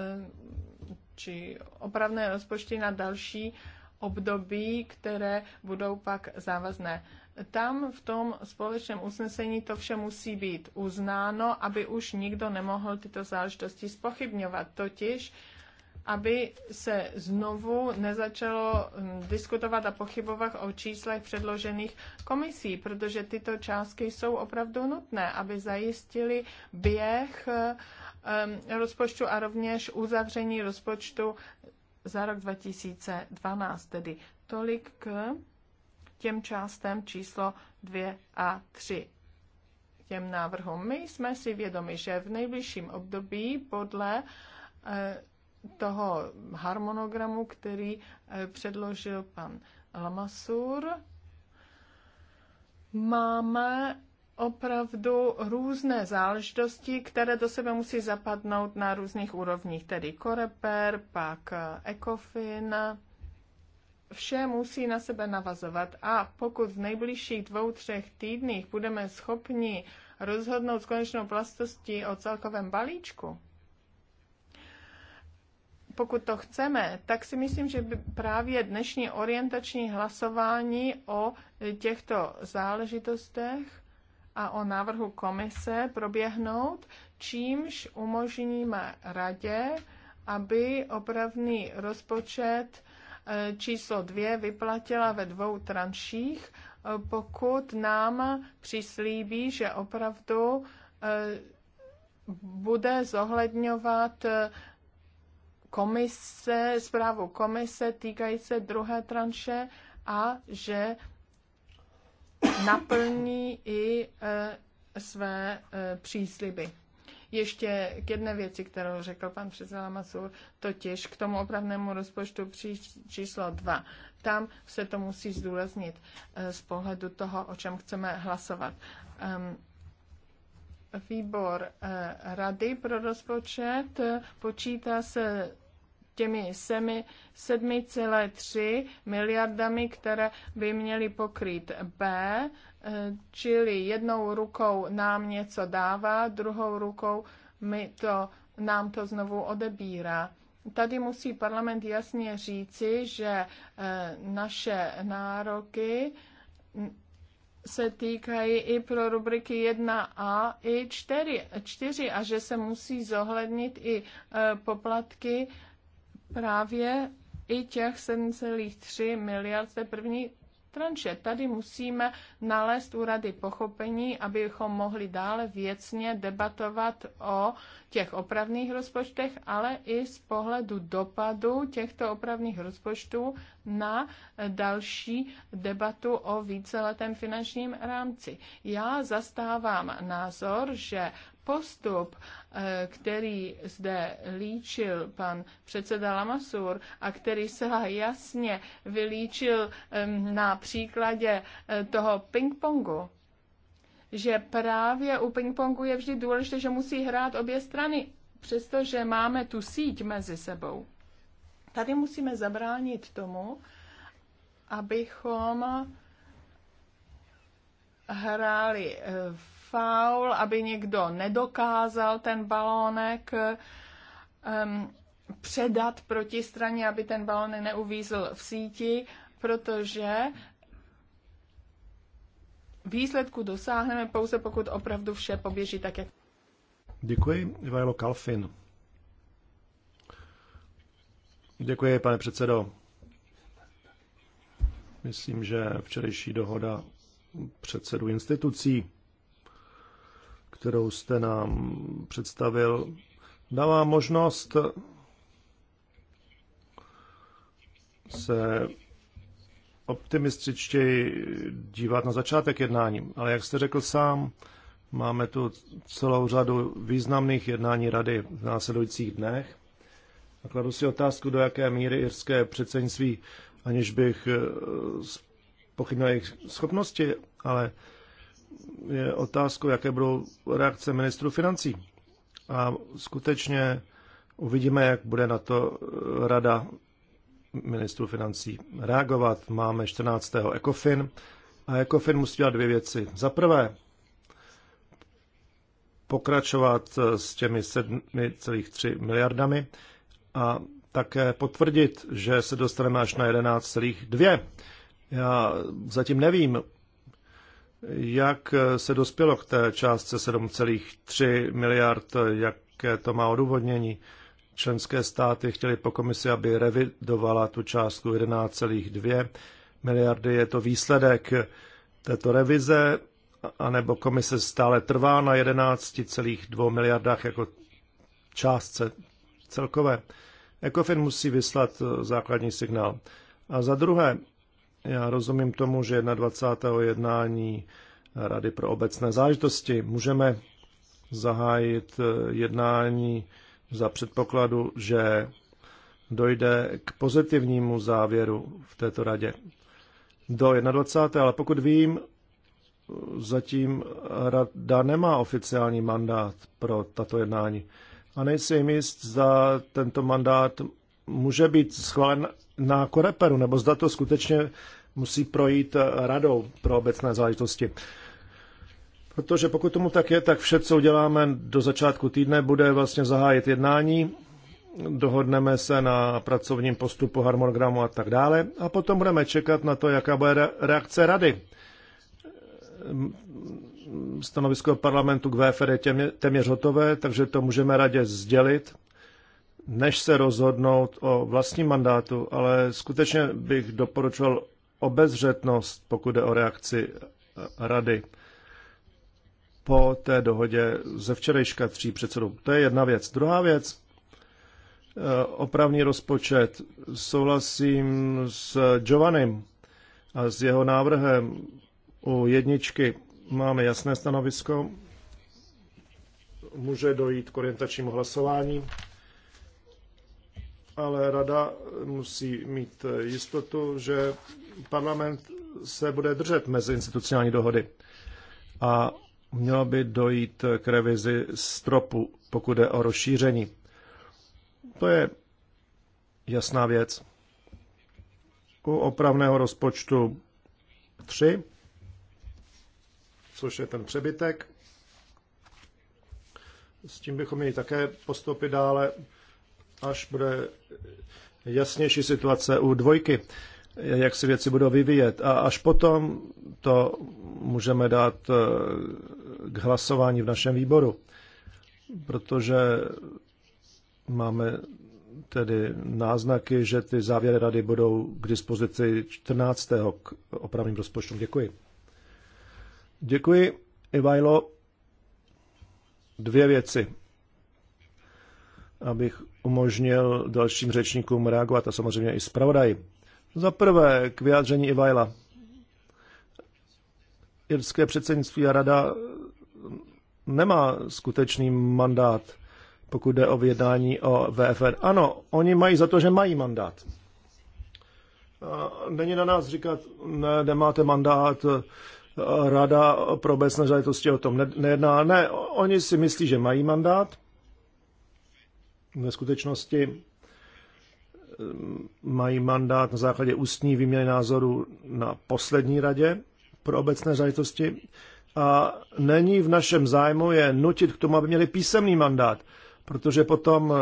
[SPEAKER 2] či opravné rozpočty na další období, které budou pak závazné. Tam v tom společném usnesení to vše musí být uznáno, aby už nikdo nemohl tyto záležitosti spochybňovat. Totiž aby se znovu nezačalo hm, diskutovat a pochybovat o číslech předložených komisí, protože tyto částky jsou opravdu nutné, aby zajistili běh hm, rozpočtu a rovněž uzavření rozpočtu za rok 2012. Tedy tolik k těm částem číslo 2 a 3 těm návrhům. My jsme si vědomi, že v nejbližším období podle eh, toho harmonogramu, který eh, předložil pan Lamasur, máme opravdu různé záležitosti, které do sebe musí zapadnout na různých úrovních, tedy koreper, pak eh, ECOFIN, vše musí na sebe navazovat a pokud v nejbližších dvou, třech týdnech budeme schopni rozhodnout s konečnou plastostí o celkovém balíčku, pokud to chceme, tak si myslím, že by právě dnešní orientační hlasování o těchto záležitostech a o návrhu komise proběhnout, čímž umožníme radě, aby opravný rozpočet eh, číslo dvě vyplatila ve dvou tranších, eh, pokud nám přislíbí, že opravdu eh, bude zohledňovat komise, zprávu komise týkající druhé tranše a že naplní i e, své e, přísliby. Ještě k jedné věci, kterou řekl pan předseda Masur, totiž k tomu opravnému rozpočtu pří, číslo 2. Tam se to musí zdůraznit e, z pohledu toho, o čem chceme hlasovat. E, výbor eh, Rady pro rozpočet eh, počítá se těmi 7,3 miliardami, které by měly pokrýt B, eh, čili jednou rukou nám něco dává, druhou rukou my to, nám to znovu odebírá. Tady musí parlament jasně říci, že naše nároky se týkají i pro rubriky 1a i 4, 4 a že se musí zohlednit i e, poplatky právě i těch 7,3 miliard té první tranše. Tady musíme nalézt úrady pochopení, abychom mohli dále věcně debatovat o těch opravných rozpočtech, ale i z pohledu dopadu těchto opravných rozpočtů na další debatu o víceletém finančním rámci. Já zastávám názor, že postup, eh, který zde líčil pan předseda Lamasur a který se jasně vylíčil na příkladě eh, toho pingpongu, že právě u pingpongu je vždy důležité, že musí hrát obě strany, přestože máme tu síť mezi sebou. Tady musíme zabránit tomu, abychom hráli eh, faul, aby někdo nedokázal ten balónek um, předat protistraně, aby ten balónek neuvízl v síti, protože výsledku dosáhneme pouze, pokud opravdu vše poběží tak, jak.
[SPEAKER 3] Děkuji, Ivajlo Kalfin. Děkuji, pane předsedo. Myslím, že včerejší dohoda předsedu institucí, kterou jste nám představil, dává možnost se optimističtěji dívat na začátek jednání. Ale jak jste řekl sám, máme tu celou řadu významných jednání rady v následujících dnech. A kladu si otázku, do jaké míry irské předsednictví, aniž bych eh, pochybné jejich schopnosti, ale je otázkou, jaké budou reakce ministru financí. A skutečně uvidíme, jak bude na to rada ministru financí reagovat. Máme 14. ECOFIN a ECOFIN musí dělat dvě věci. Za prvé, pokračovat s těmi 7,3 miliardami a také potvrdit, že se dostaneme až na 11,2 já zatím nevím, jak se dospělo k té částce 7,3 miliard, jaké to má odůvodnění. Členské státy chtěly po komisi, aby revidovala tu částku 11,2 miliardy. Je to výsledek této revize, anebo komise stále trvá na 11,2 miliardách jako částce celkové. Ecofin musí vyslat základní signál. A za druhé, já rozumím tomu, že 21. jednání Rady pro obecné zážitosti můžeme zahájit eh, jednání za předpokladu, že dojde k pozitivnímu závěru v této radě do 21. Ale pokud vím, zatím rada nemá oficiální mandát pro tato jednání. A nejsem jist, za tento mandát může být schválen na Koreperu, nebo zda to skutečně musí projít eh, radou pro obecné záležitosti. Protože pokud tomu tak je, tak vše, co uděláme do začátku týdne, bude vlastně zahájit jednání, dohodneme se na pracovním postupu, harmonogramu a tak dále a potom budeme čekat na to, jaká bude reakce rady. Stanovisko parlamentu k VFR je téměř hotové, takže to můžeme radě sdělit než se rozhodnout o vlastním mandátu, ale skutečně bych doporučoval obezřetnost, pokud jde o reakci e, rady po té dohodě ze včerejška tří předsedů. To je jedna věc. Druhá věc, e, opravný rozpočet. Souhlasím s Giovannim a s jeho návrhem u jedničky. Máme jasné stanovisko. Může dojít k orientačnímu hlasování ale rada musí mít jistotu, že parlament se bude držet mezi institucionální dohody. A mělo by dojít k revizi stropu, pokud jde o rozšíření. To je jasná věc. U opravného rozpočtu 3, což je ten přebytek, s tím bychom měli také postoupit dále až bude jasnější situace u dvojky, jak se věci budou vyvíjet. A až potom to můžeme dát eh, k hlasování v našem výboru, protože máme tedy náznaky, že ty závěry rady budou k dispozici 14. k opravným rozpočtům. Děkuji. Děkuji, Ivajlo. Dvě věci abych umožnil dalším řečníkům reagovat a samozřejmě i zpravodaj. Za prvé k vyjádření Ivajla. Irské předsednictví a rada nemá skutečný mandát, pokud jde o vyjednání o VFR. Ano, oni mají za to, že mají mandát. Není na nás říkat, ne, nemáte mandát, rada pro obecné záležitosti o tom nejedná. Ne, oni si myslí, že mají mandát ve skutečnosti eh, mají mandát na základě ústní výměny názoru na poslední radě pro obecné záležitosti a není v našem zájmu je nutit k tomu, aby měli písemný mandát, protože potom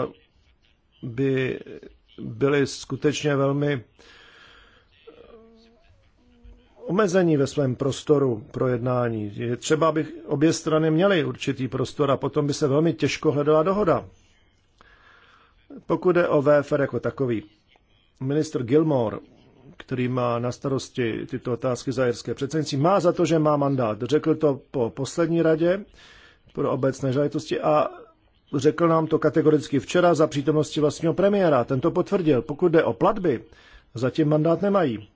[SPEAKER 3] by byli skutečně velmi eh, omezení ve svém prostoru pro jednání. Je třeba, aby obě strany měly určitý prostor a potom by se velmi těžko hledala dohoda. Pokud jde o VFR jako takový, ministr Gilmore, který má na starosti tyto otázky za jirské předsednictví, má za to, že má mandát. Řekl to po poslední radě pro obecné žalitosti a řekl nám to kategoricky včera za přítomnosti vlastního premiéra. Ten to potvrdil. Pokud jde o platby, zatím mandát nemají.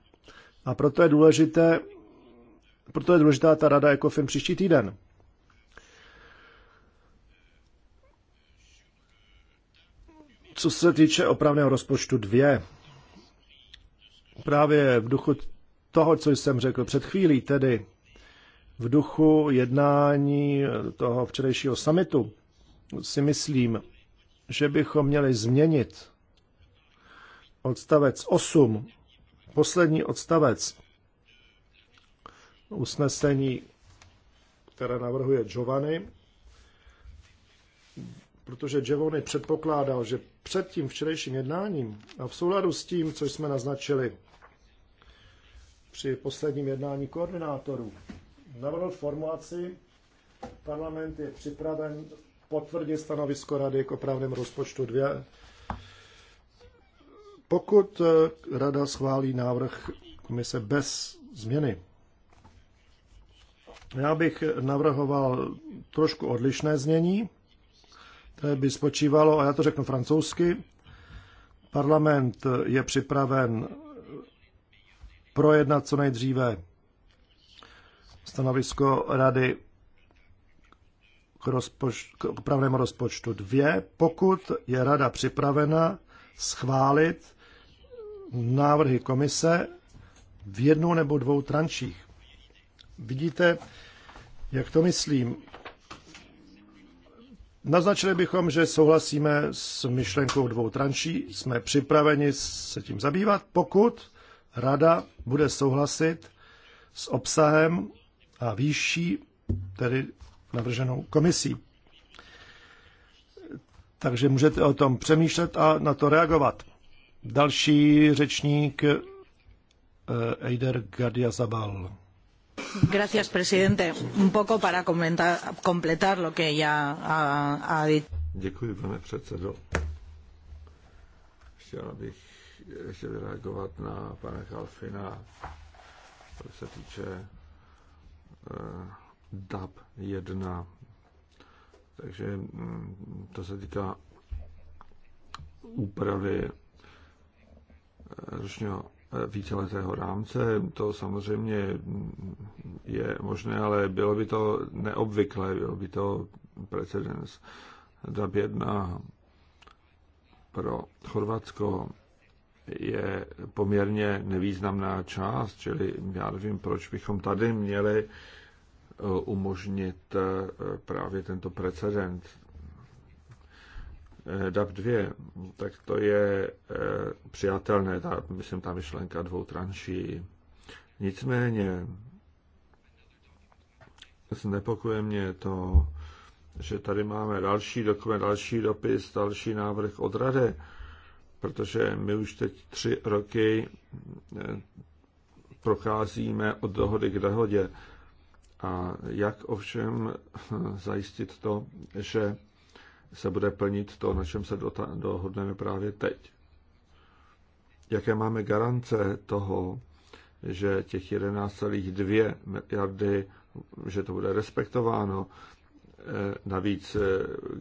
[SPEAKER 3] A proto je důležité, proto je důležitá ta rada jako film příští týden. Co se týče opravného rozpočtu 2, právě v duchu toho, co jsem řekl před chvílí, tedy v duchu jednání toho včerejšího samitu, si myslím, že bychom měli změnit odstavec 8, poslední odstavec usnesení, které navrhuje Giovanni, protože Jevony předpokládal, že před tím včerejším jednáním a v souladu s tím, co jsme naznačili při posledním jednání koordinátorů, navrhl formulaci, parlament je připraven potvrdit stanovisko rady k opravném rozpočtu 2, pokud eh, rada schválí návrh komise bez změny. Já bych navrhoval trošku odlišné znění, by spočívalo, a já to řeknu francouzsky, parlament je připraven projednat co nejdříve stanovisko rady k, rozpoč- k opravnému rozpočtu 2, pokud je rada připravena schválit návrhy komise v jednou nebo dvou trančích. Vidíte, jak to myslím. Naznačili bychom, že souhlasíme s myšlenkou dvou tranší, jsme připraveni se tím zabývat, pokud rada bude souhlasit s obsahem a výší, tedy navrženou komisí. Takže můžete o tom přemýšlet a na to reagovat. Další řečník eh, Eider Gardia Zabal.
[SPEAKER 2] Gracias, presidente.
[SPEAKER 1] Un poco para comentar, completar lo que ya ha, ha dicho.
[SPEAKER 3] Děkuji, pane
[SPEAKER 1] předsedo. Chtěla bych ještě reagovat na pana Kalfina, co se týče eh, DAB 1. Takže mm, to se týká úpravy eh, ročního víceletého rámce. To samozřejmě je možné, ale bylo by to neobvyklé, bylo by to precedens. DAB 1 pro Chorvatsko je poměrně nevýznamná část, čili já nevím, proč bychom tady měli eh, umožnit eh, právě tento precedent. Eh, DAP 2, tak to je eh, přijatelné, ta, myslím, ta myšlenka dvou tranší. Nicméně znepokuje mě to, že tady máme další dokument, další dopis, další návrh od Rady, protože my už teď tři roky eh, procházíme od dohody k dohodě. A jak ovšem zajistit to, že se bude plnit to, na čem se dohodneme právě teď. Jaké máme garance toho, že těch 11,2 miliardy, že to bude respektováno. Eh, navíc, eh,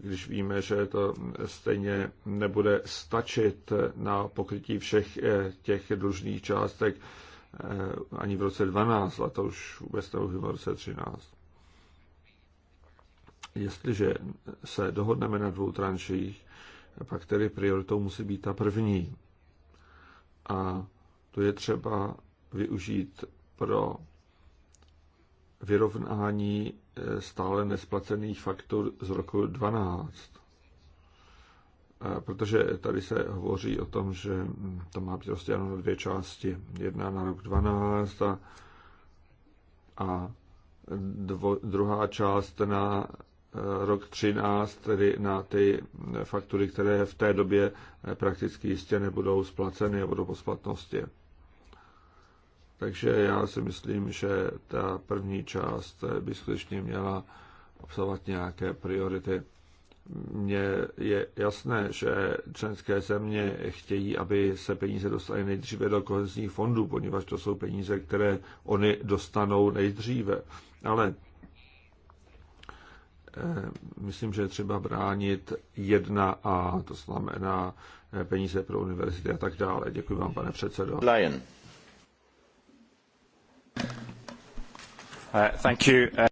[SPEAKER 1] když víme, že to stejně nebude stačit na pokrytí všech eh, těch dlužných částek ani v roce 12, a to už vůbec nebo v roce 13. Jestliže se dohodneme na dvou tranších, pak tedy prioritou musí být ta první. A to je třeba využít pro vyrovnání eh, stále nesplacených faktur z roku 12. Eh, protože tady se hovoří o tom, že hm, to má být rozděleno na dvě části. Jedna na rok 12 a, a dvo, druhá část na Eh, rok 13, tedy na ty faktury, které v té době eh, prakticky jistě nebudou splaceny a budou po splatnosti. Takže já si myslím, že ta první část eh, by skutečně měla obsahovat nějaké priority. Mně je jasné, že členské země chtějí, aby se peníze dostaly nejdříve do kohezních fondů, poněvadž to jsou peníze, které oni dostanou nejdříve. Ale Eh, myslím, že je třeba bránit jedna a to znamená eh, peníze pro univerzity a tak dále. Děkuji vám, pane předsedo. Lion. Uh, thank you. Uh...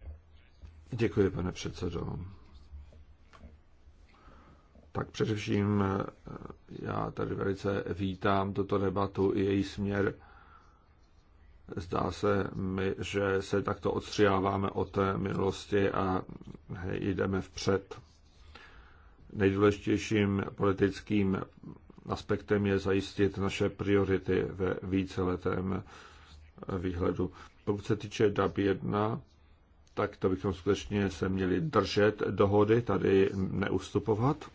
[SPEAKER 1] Děkuji, pane předsedo. Tak především já tady velice vítám tuto debatu i její směr. Zdá se mi, že se takto odstřiáváme od té minulosti a jdeme vpřed. Nejdůležitějším politickým aspektem je zajistit naše priority ve víceletém výhledu. Pokud se týče DAB 1, tak to bychom skutečně se měli držet dohody, tady neustupovat.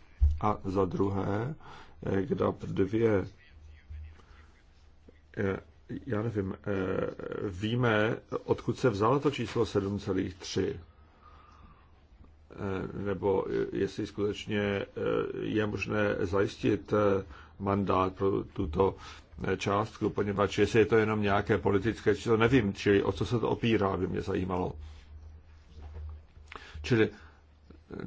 [SPEAKER 1] A za druhé, k DAB 2 já nevím, eh, víme, odkud se vzalo to číslo 7,3 eh, nebo jestli skutečně eh, je možné zajistit mandát pro tuto částku, poněvadž jestli je to jenom nějaké politické číslo, nevím, čili o co se to opírá, by mě zajímalo. Čili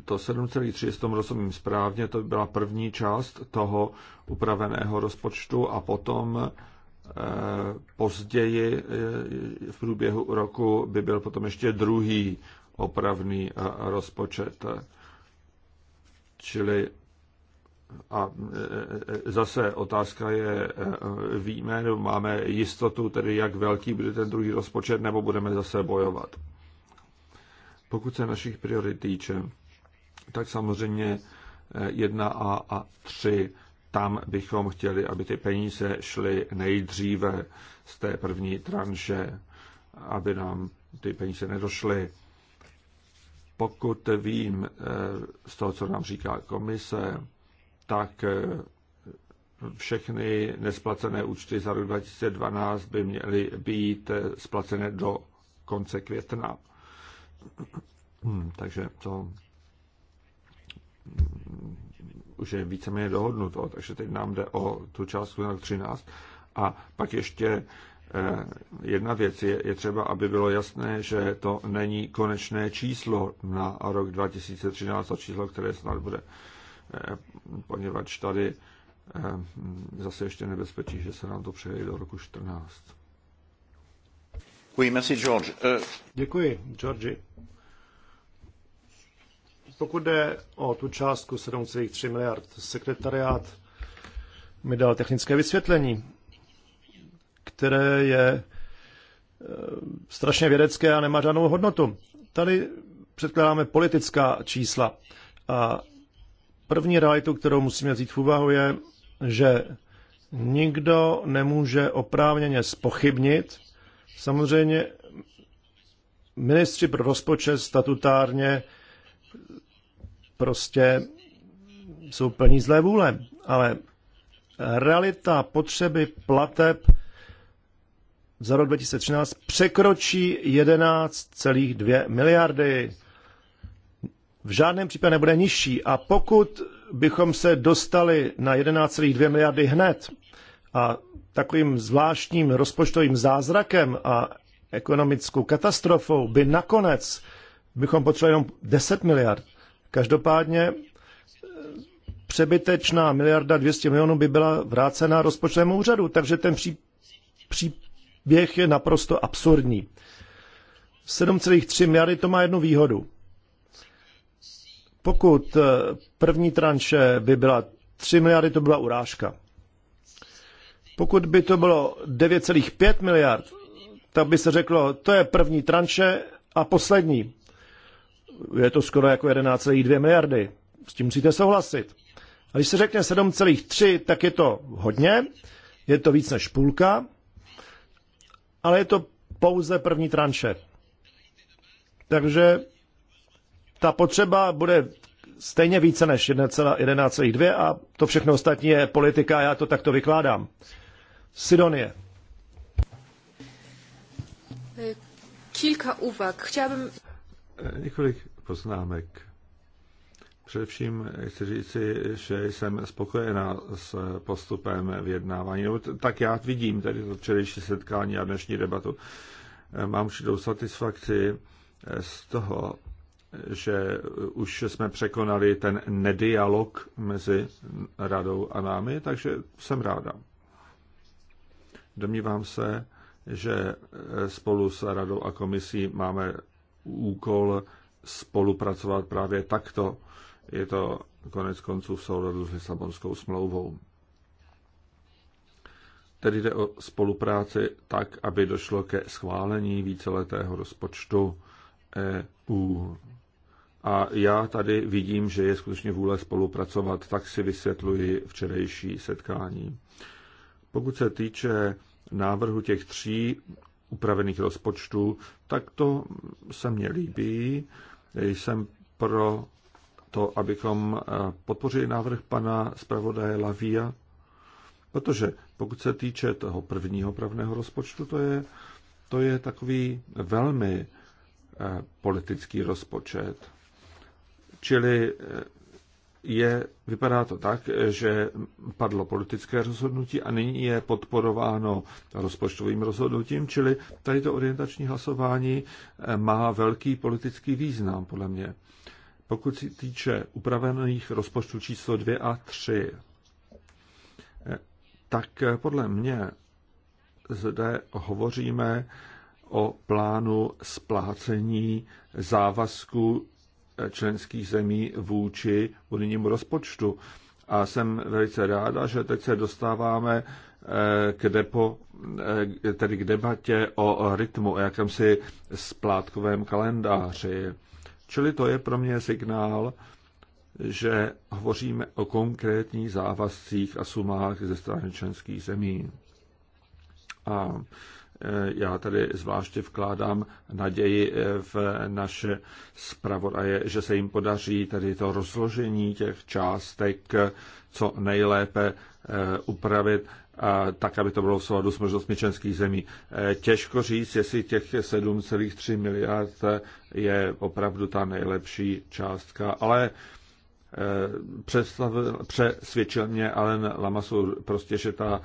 [SPEAKER 1] to 7,3, jestli tomu rozumím správně, to by byla první část toho upraveného rozpočtu a potom Později eh, v průběhu roku by byl potom ještě druhý opravný eh, rozpočet. Čili a eh, zase otázka je, víme, máme jistotu, tedy jak velký bude ten druhý rozpočet, nebo budeme zase bojovat. Pokud se našich priorit týče, tak samozřejmě 1A a 3 tam bychom chtěli, aby ty peníze šly nejdříve z té první tranše, aby nám ty peníze nedošly. Pokud vím eh, z toho, co nám říká komise, tak eh, všechny nesplacené účty za rok 2012 by měly být eh, splacené do konce května. Hmm, takže to už je víceméně dohodnuto, takže teď nám jde o tu částku na 13. A pak ještě eh, jedna věc je, je třeba, aby bylo jasné, že to není konečné číslo na rok 2013, to číslo, které snad bude, eh, poněvadž tady eh, zase ještě nebezpečí, že se nám to přejde do roku 14. Euh,
[SPEAKER 3] Děkuji, Georgi. Pokud jde o tu částku 7,3 miliard, sekretariát mi dal technické vysvětlení, které je eh, strašně vědecké a nemá žádnou hodnotu. Tady předkládáme politická čísla. A první realitu, kterou musíme vzít v úvahu, je, že nikdo nemůže oprávněně spochybnit. Samozřejmě ministři pro rozpočet statutárně prostě jsou plní zlé vůle, ale realita potřeby plateb za rok 2013 překročí 11,2 miliardy. V žádném případě nebude nižší. A pokud bychom se dostali na 11,2 miliardy hned a takovým zvláštním rozpočtovým zázrakem a ekonomickou katastrofou by nakonec bychom potřebovali jenom 10 miliard – Každopádně eh, přebytečná miliarda 200 milionů by byla vrácena rozpočtovému úřadu, takže ten pří, příběh je naprosto absurdní. 7,3 miliardy to má jednu výhodu. Pokud eh, první tranše by byla 3 miliardy, to byla urážka. Pokud by to bylo 9,5 miliard, tak by se řeklo, to je první tranše a poslední je to skoro jako 11,2 miliardy. S tím musíte souhlasit. A když se řekne 7,3, tak je to hodně, je to víc než půlka, ale je to pouze první tranše. Takže ta potřeba bude stejně více než 1,11,2 a to všechno ostatní je politika a já to takto vykládám. Sidonie.
[SPEAKER 2] Kilka Chtěl Chciałabym...
[SPEAKER 1] Několik poznámek. Především chci říci, že jsem spokojená s postupem vyjednávání. No, tak já vidím tady to včerejší setkání a dnešní debatu. Mám určitou satisfakci eh, z toho, že eh, už jsme překonali ten nedialog mezi radou a námi, takže jsem ráda. Domnívám se, že eh, spolu s radou a komisí máme úkol spolupracovat právě takto. Je to konec konců v souladu s Lisabonskou smlouvou. Tedy jde o spolupráci tak, aby došlo ke schválení víceletého rozpočtu EU. A já tady vidím, že je skutečně vůle spolupracovat, tak si vysvětluji včerejší setkání. Pokud se týče návrhu těch tří upravených rozpočtů, tak to se mně líbí. Jsem pro to, abychom eh, podpořili návrh pana zpravodaje Lavia, protože pokud se týče toho prvního pravného rozpočtu, to je, to je takový velmi eh, politický rozpočet. Čili eh, je, vypadá to tak, že padlo politické rozhodnutí a nyní je podporováno rozpočtovým rozhodnutím, čili tady to orientační hlasování eh, má velký politický význam, podle mě. Pokud se týče upravených rozpočtů číslo 2 a 3, eh, tak eh, podle mě zde hovoříme o plánu splácení závazku členských zemí vůči unijnímu rozpočtu. A jsem velice ráda, že teď se dostáváme eh, k, depo, eh, tedy k debatě o rytmu, o jakémsi splátkovém kalendáři. Čili to je pro mě signál, že hovoříme o konkrétních závazcích a sumách ze strany členských zemí. A Eh, já tady zvláště vkládám naději eh, v naše zpravodaje, že se jim podaří tady to rozložení těch částek co nejlépe eh, upravit, a tak, aby to bylo v souladu s možnostmi členských zemí. Těžko říct, jestli těch 7,3 miliard je opravdu ta nejlepší částka, ale přesvědčil mě Alen Lamasur prostě, že ta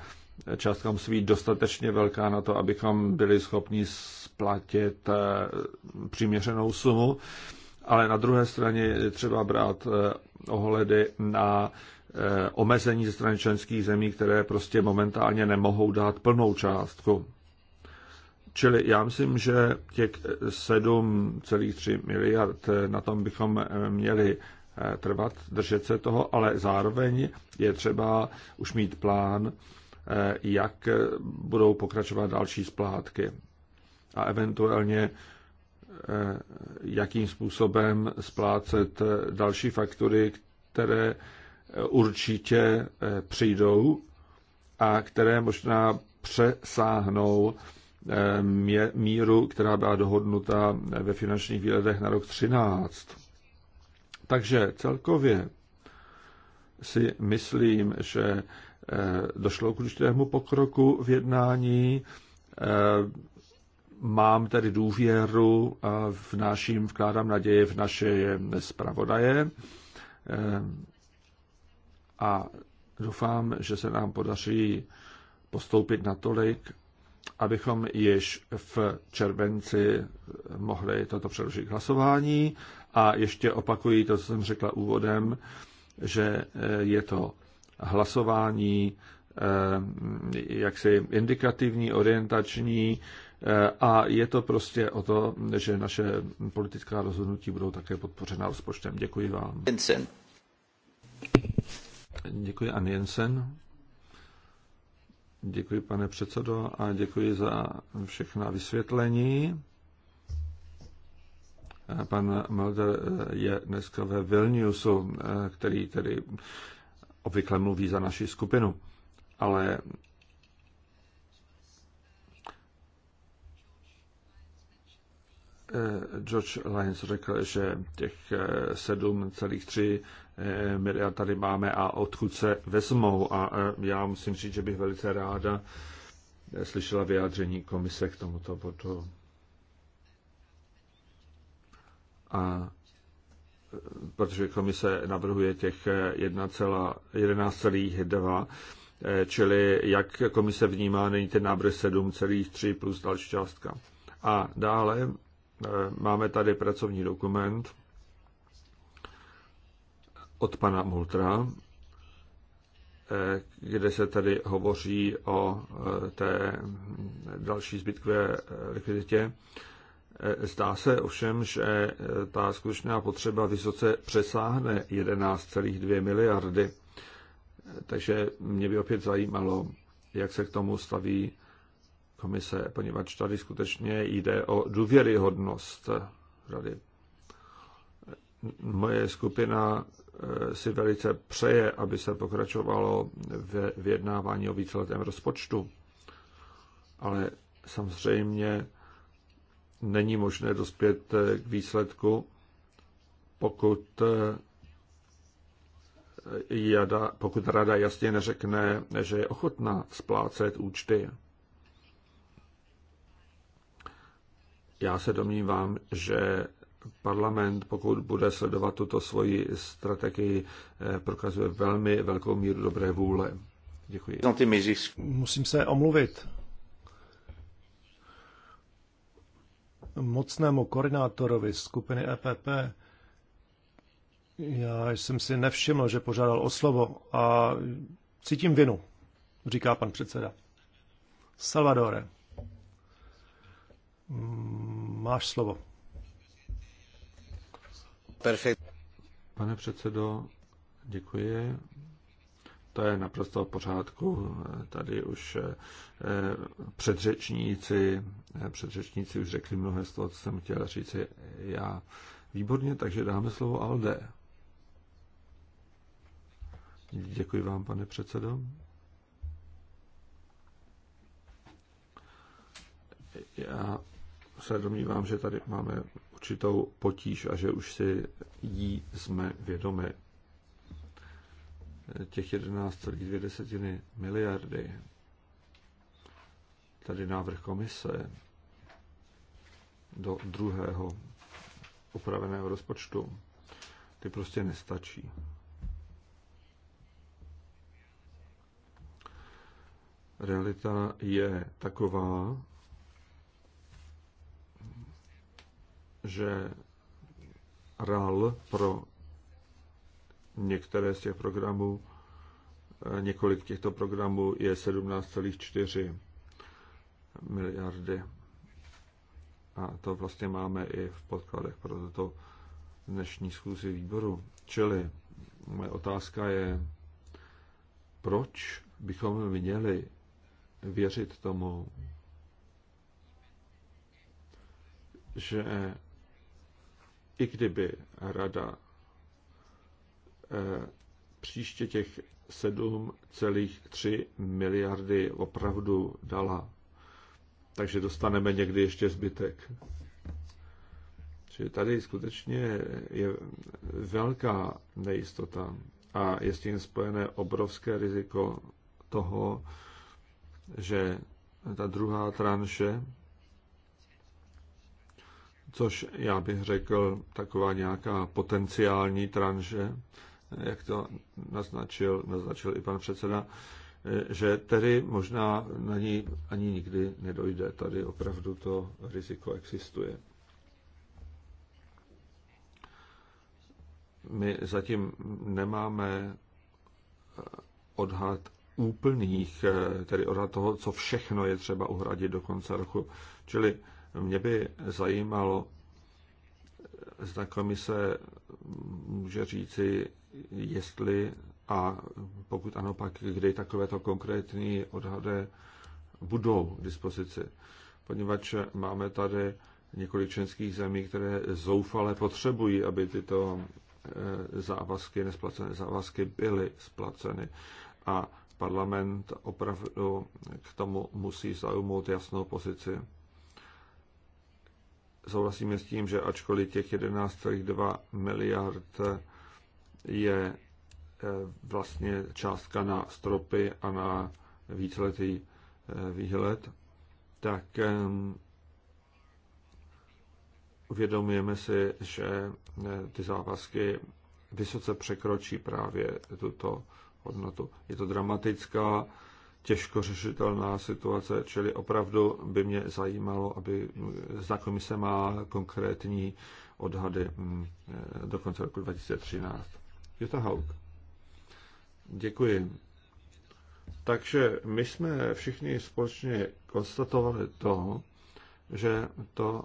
[SPEAKER 1] částka musí být dostatečně velká na to, abychom byli schopni splatit eh, přiměřenou sumu, ale na druhé straně je třeba brát eh, ohledy na eh, omezení ze strany členských zemí, které prostě momentálně nemohou dát plnou částku. Čili já myslím, že těch 7,3 miliard, na tom bychom měli trvat, držet se toho, ale zároveň je třeba už mít plán, Eh, jak budou pokračovat další splátky a eventuálně eh, jakým způsobem splácet další faktury, které určitě eh, přijdou a které možná přesáhnou míru, která byla dohodnuta ve finančních výhledech na rok 13. Takže celkově si myslím, že Eh, došlo k určitému pokroku v jednání. Eh, mám tedy důvěru a v naším, vkládám naděje v naše zpravodaje eh, a doufám, že se nám podaří postoupit natolik, abychom již v červenci mohli toto přerušit hlasování. A ještě opakuji to, co jsem řekla úvodem, že je to hlasování eh, jaksi indikativní, orientační eh, a je to prostě o to, že naše politická rozhodnutí budou také podpořena rozpočtem. Děkuji vám. Jensen. Děkuji, Ann Jensen. Děkuji, pane předsedo, a děkuji za všechna vysvětlení. Eh, pan Mulder je dneska ve Vilniusu, který tedy obvykle mluví za naši skupinu, ale eh, George Lyons řekl, že těch 7,3 eh, eh, miliard tady máme a odkud se vezmou. A já musím říct, že bych velice ráda slyšela vyjádření komise k tomuto bodu. A protože komise navrhuje těch 11,2, eh, čili jak komise vnímá, není ten návrh 7,3 plus další částka. A dále eh, máme tady pracovní dokument od pana Multra, eh, kde se tady hovoří o té další zbytkové likviditě. E, zdá se ovšem, že e, ta skutečná potřeba vysoce přesáhne 11,2 miliardy. E, takže mě by opět zajímalo, jak se k tomu staví komise, poněvadž tady skutečně jde o důvěryhodnost rady. Moje skupina si velice přeje, aby se pokračovalo v vyjednávání o víceletém rozpočtu, ale samozřejmě není možné dospět eh, k výsledku, pokud, eh, jada, pokud rada jasně neřekne, že je ochotná splácet účty. Já se domnívám, že parlament, pokud bude sledovat tuto svoji strategii, eh, prokazuje velmi velkou míru dobré vůle. Děkuji.
[SPEAKER 3] Musím se omluvit. mocnému koordinátorovi skupiny EPP. Já jsem si nevšiml, že požádal o slovo a cítím vinu, říká pan předseda. Salvadore, máš slovo.
[SPEAKER 1] Perfekt. Pane předsedo, děkuji. To je naprosto v pořádku. Tady už eh, předřečníci, eh, předřečníci už řekli mnohé z toho, co jsem chtěl říct já. Výborně, takže dáme slovo Alde. Děkuji vám, pane předsedo. Já se domnívám, že tady máme určitou potíž a že už si jí jsme vědomi těch 11,2 miliardy, tady návrh komise do druhého upraveného rozpočtu, ty prostě nestačí. Realita je taková, že RAL pro některé z těch programů, eh, několik těchto programů je 17,4 miliardy. A to vlastně máme i v podkladech pro toto dnešní schůzi výboru. Čili moje otázka je, proč bychom měli věřit tomu, že i kdyby rada příště těch 7,3 miliardy opravdu dala. Takže dostaneme někdy ještě zbytek. Čili tady skutečně je velká nejistota a je s tím spojené obrovské riziko toho, že ta druhá tranše, což já bych řekl taková nějaká potenciální tranše, jak to naznačil, naznačil i pan předseda, že tedy možná na ní ani nikdy nedojde. Tady opravdu to riziko existuje. My zatím nemáme eh, odhad úplných, eh, tedy odhad toho, co všechno je třeba uhradit do konce roku. Čili mě by zajímalo, zda komise může říci, jestli a pokud ano, pak kdy takovéto konkrétní odhady budou k dispozici. Poněvadž máme tady několik členských zemí, které zoufale potřebují, aby tyto eh, závazky, nesplacené závazky byly splaceny. A parlament opravdu k tomu musí zaujmout jasnou pozici souhlasíme s tím, že ačkoliv těch 11,2 miliard je eh, vlastně částka na stropy a na víceletý eh, výhled, tak ehm, uvědomujeme si, že eh, ty závazky vysoce překročí právě tuto hodnotu. Je to dramatická těžko řešitelná situace, čili opravdu by mě zajímalo, aby zda komise má konkrétní odhady mm, eh, do konce roku 2013. Jutta Haug. Děkuji. Takže my jsme všichni společně konstatovali to, že to,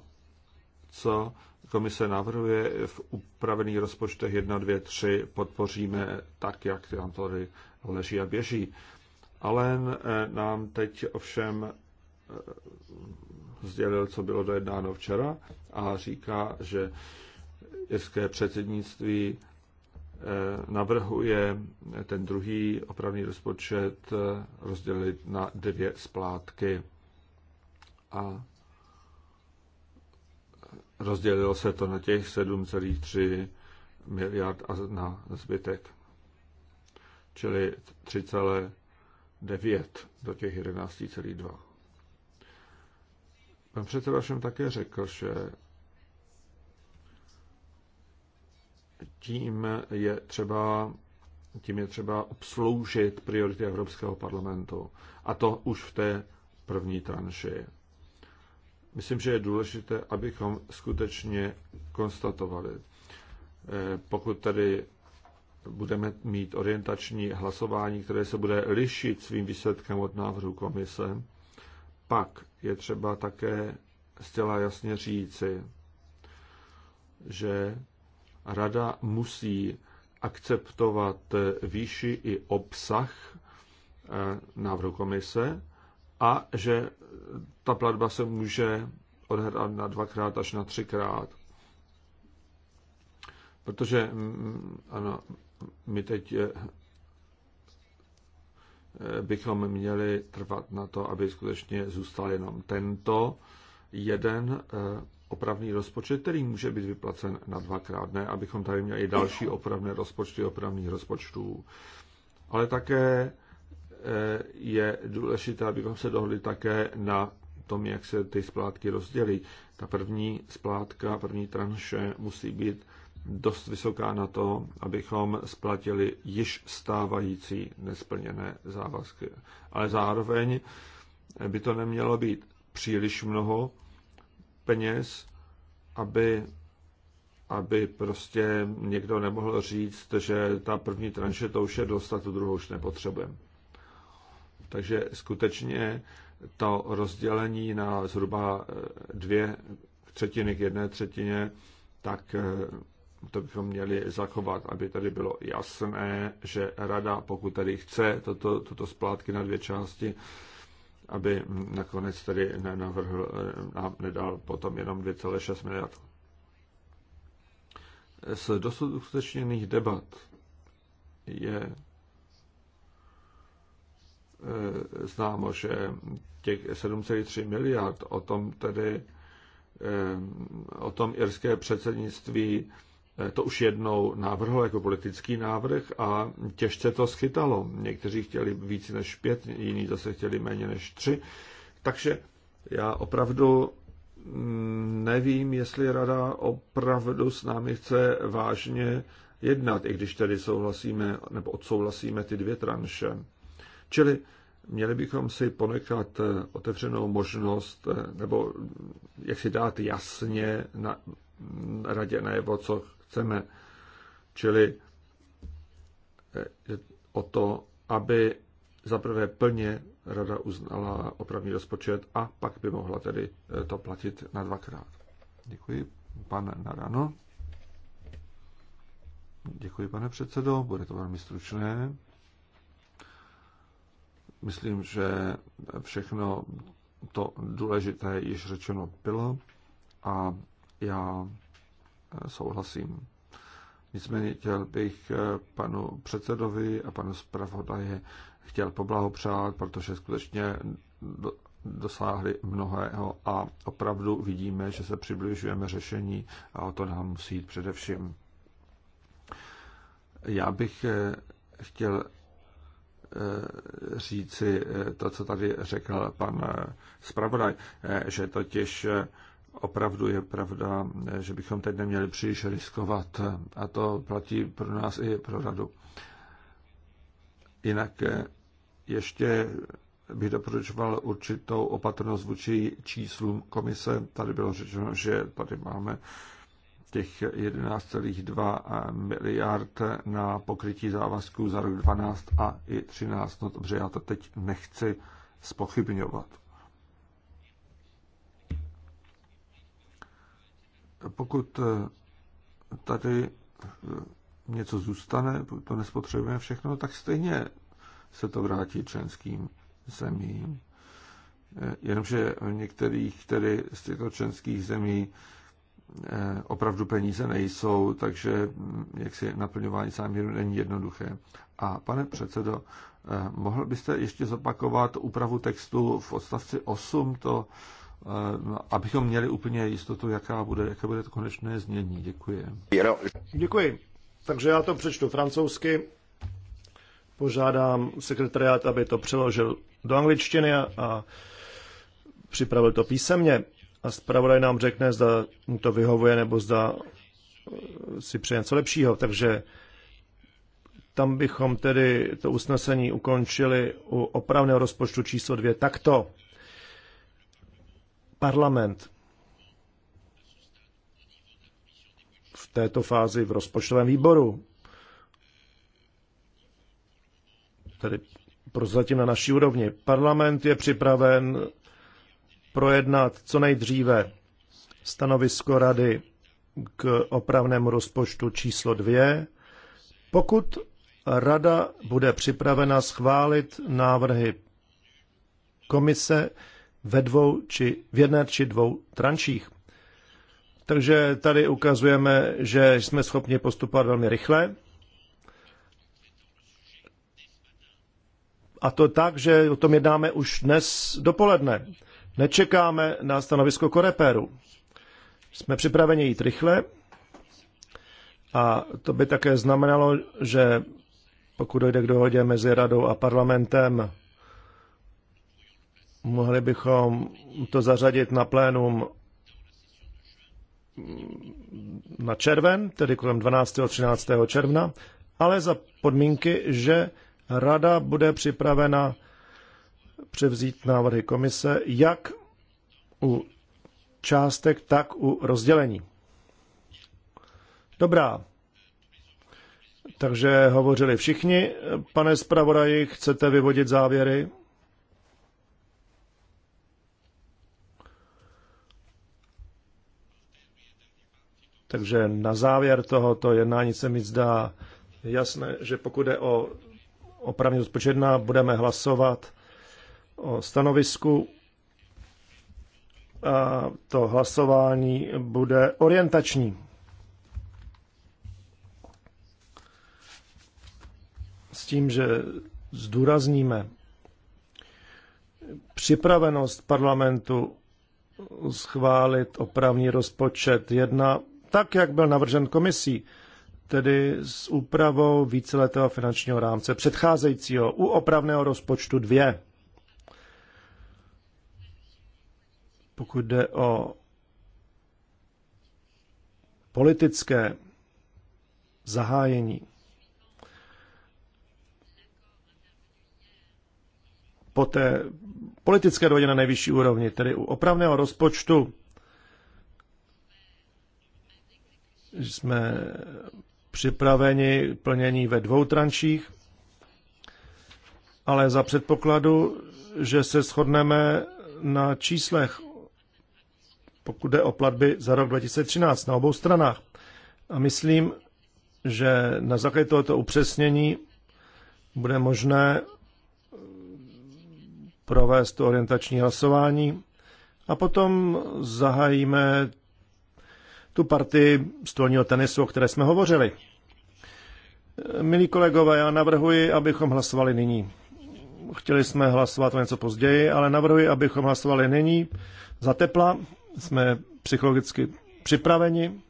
[SPEAKER 1] co komise navrhuje v upravených rozpočtech 1, 2, 3, podpoříme tak, jak nám tady leží a běží. Allen eh, nám teď ovšem eh, sdělil, co bylo dojednáno včera a říká, že irské předsednictví eh, navrhuje ten druhý opravný rozpočet rozdělit na dvě splátky. A rozdělilo se to na těch 7,3 miliard a na zbytek. Čili 9 do těch 11,2. Pan předseda všem také řekl, že tím je třeba tím je třeba obsloužit priority Evropského parlamentu. A to už v té první tranši. Myslím, že je důležité, abychom skutečně konstatovali, eh, pokud tedy budeme mít orientační hlasování, které se bude lišit svým výsledkem od návrhu komise, pak je třeba také zcela jasně říci, že rada musí akceptovat výši i obsah eh, návrhu komise a že ta platba se může odhrát na dvakrát až na třikrát. Protože mm, mm, ano, my teď eh, eh, bychom měli trvat na to, aby skutečně zůstal jenom tento jeden eh, opravný rozpočet, který může být vyplacen na dvakrát, ne, abychom tady měli další opravné rozpočty opravných rozpočtů. Ale také je důležité, abychom se dohodli také na tom, jak se ty splátky rozdělí. Ta první splátka, první tranše musí být dost vysoká na to, abychom splatili již stávající nesplněné závazky. Ale zároveň by to nemělo být příliš mnoho peněz, aby, aby prostě někdo nemohl říct, že ta první tranše to už je a tu druhou už nepotřebujeme. Takže skutečně to rozdělení na zhruba eh, dvě třetiny k jedné třetině, tak eh, to bychom měli zachovat, aby tady bylo jasné, že rada, pokud tady chce toto, toto splátky na dvě části, aby nakonec tady nenavrhl, nám eh, nedal potom jenom 2,6 miliard. Z dosud uskutečněných debat je eh, známo, že těch 7,3 miliard, o tom tedy eh, o tom irské předsednictví Eh, to už jednou návrhl jako politický návrh a těžce to schytalo. Někteří chtěli víc než pět, jiní zase chtěli méně než tři. Takže já opravdu mm, nevím, jestli rada opravdu s námi chce vážně jednat, i když tedy souhlasíme nebo odsouhlasíme ty dvě tranše. Čili měli bychom si ponechat eh, otevřenou možnost, eh, nebo mm, jak si dát jasně na mm, radě najevo, co chceme. Čili eh, o to, aby zaprvé plně rada uznala opravný rozpočet a pak by mohla tedy eh, to platit na dvakrát. Děkuji, pan Narano. Děkuji, pane předsedo, bude to velmi stručné. Myslím, že všechno to důležité již řečeno bylo a já souhlasím. Nicméně chtěl bych eh, panu předsedovi a panu zpravodaji chtěl poblahopřát, protože skutečně dosáhli mnohého a opravdu vidíme, že se přibližujeme řešení a o to nám musí jít především. Já bych eh, chtěl eh, říci to, co tady řekl pan zpravodaj, že totiž opravdu je pravda, že bychom teď neměli příliš riskovat a to platí pro nás i pro radu. Jinak eh, ještě bych doporučoval určitou opatrnost vůči číslům komise. Tady bylo řečeno, že tady máme těch 11,2 miliard na pokrytí závazků za rok 12 a i 13. No dobře, já to teď nechci spochybňovat. pokud eh, tady eh, něco zůstane, to nespotřebujeme všechno, tak stejně se to vrátí členským zemím. Eh, jenomže v některých tedy z těchto členských zemí opravdu peníze nejsou, takže hm, jaksi naplňování záměru není jednoduché. A pane předsedo, mohl byste ještě zopakovat úpravu textu v odstavci 8, to Eh, abychom měli úplně jistotu, jaká bude, jaké bude to konečné znění. Děkuji.
[SPEAKER 3] Děkuji. Takže já to přečtu francouzsky. Požádám sekretariát, aby to přeložil do angličtiny a připravil to písemně. A zpravodaj nám řekne, zda mu to vyhovuje nebo zda eh, si přeje něco lepšího. Takže tam bychom tedy to usnesení ukončili u opravného rozpočtu číslo dvě takto parlament v této fázi v rozpočtovém výboru, tedy prozatím na naší úrovni. Parlament je připraven projednat co nejdříve stanovisko rady k opravnému rozpočtu číslo dvě, pokud rada bude připravena schválit návrhy komise ve dvou či v jedné či dvou trančích. Takže tady ukazujeme, že jsme schopni postupovat velmi rychle. A to tak, že o tom jednáme už dnes dopoledne. Nečekáme na stanovisko korepéru. Jsme připraveni jít rychle a to by také znamenalo, že pokud dojde k dohodě mezi radou a parlamentem Mohli bychom to zařadit na plénum na červen, tedy kolem 12. a 13. června, ale za podmínky, že rada bude připravena převzít návrhy komise jak u částek, tak u rozdělení. Dobrá. Takže hovořili všichni. Pane zpravodaji, chcete vyvodit závěry? Takže na závěr tohoto jednání se mi zdá jasné, že pokud je o opravní rozpočet budeme hlasovat o stanovisku a to hlasování bude orientační. S tím, že zdůrazníme připravenost parlamentu schválit opravní rozpočet 1 tak, jak byl navržen komisí, tedy s úpravou víceletého finančního rámce předcházejícího u opravného rozpočtu 2. Pokud jde o politické zahájení po té politické dohodě na nejvyšší úrovni, tedy u opravného rozpočtu jsme připraveni plnění ve dvou trančích, ale za předpokladu, že se shodneme na číslech, pokud jde o platby za rok 2013 na obou stranách. A myslím, že na základě tohoto upřesnění bude možné provést orientační hlasování a potom zahájíme tu partii stolního tenisu, o které jsme hovořili. Milí kolegové, já navrhuji, abychom hlasovali nyní. Chtěli jsme hlasovat o něco později, ale navrhuji, abychom hlasovali nyní. Za tepla jsme psychologicky připraveni,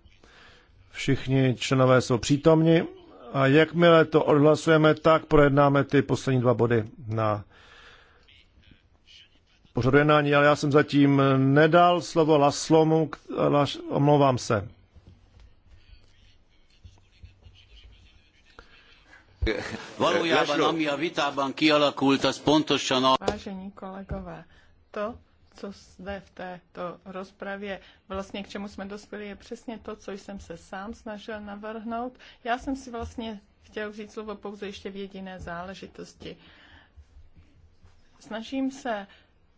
[SPEAKER 3] všichni členové jsou přítomni a jakmile to odhlasujeme, tak projednáme ty poslední dva body na pořadu jednání, ale já jsem zatím nedal slovo Laslomu, Las, omlouvám se.
[SPEAKER 2] Valójában, ami a vitában kialakult, az pontosan a... Vážení kolegové, to, co zde v této rozpravě vlastně k čemu jsme dospěli, je přesně to, co jsem se sám snažil navrhnout. Já jsem si vlastně chtěl vzít slovo pouze ještě v jediné záležitosti. Snažím se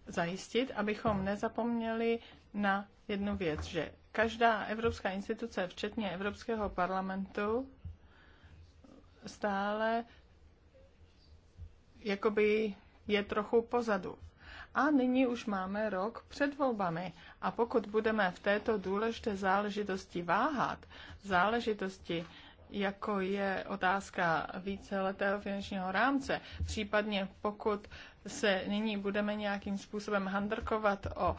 [SPEAKER 2] zajistit, abychom nezapomněli na jednu věc, že každá evropská instituce, včetně Evropského parlamentu, stále jakoby je trochu pozadu. A nyní už máme rok před volbami a pokud budeme v této důležité záležitosti váhat, záležitosti, jako je otázka víceletého finančního rámce, případně pokud se nyní budeme nějakým způsobem handrkovat o, o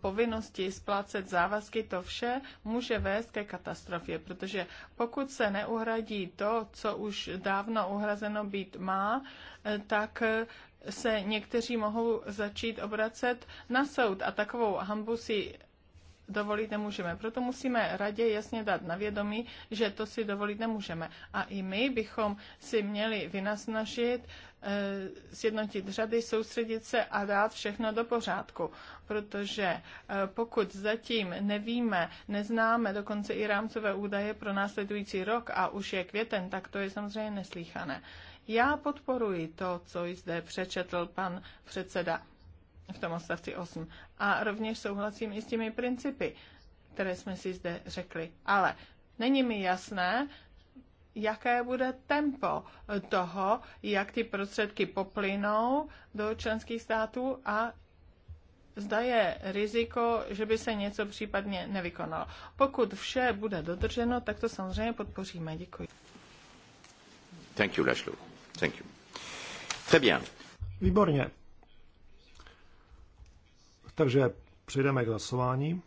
[SPEAKER 2] povinnosti splácet závazky, to vše může vést ke katastrofě, protože pokud se neuhradí to, co už dávno uhrazeno být má, eh, tak eh, se někteří mohou začít obracet na soud a takovou hambu si dovolit nemůžeme. Proto musíme radě jasně dát na vědomí, že to si dovolit nemůžeme. A i my bychom si měli vynasnažit, eh, sjednotit řady, soustředit se a dát všechno do pořádku. Protože eh, pokud zatím nevíme, neznáme dokonce i rámcové údaje pro následující rok a už je květen, tak to je samozřejmě neslíchané. Já podporuji to, co zde přečetl pan předseda v tom odstavci 8. A rovněž souhlasím i s těmi principy, které jsme si zde řekli. Ale není mi jasné, jaké bude tempo toho, jak ty prostředky poplynou do členských států a zda je riziko, že by se něco případně nevykonalo. Pokud vše bude dodrženo, tak to samozřejmě podpoříme. Děkuji.
[SPEAKER 3] Thank you, Lashlo. Thank you. Très bien.
[SPEAKER 2] Výborně. Takže
[SPEAKER 3] přejdeme k hlasování.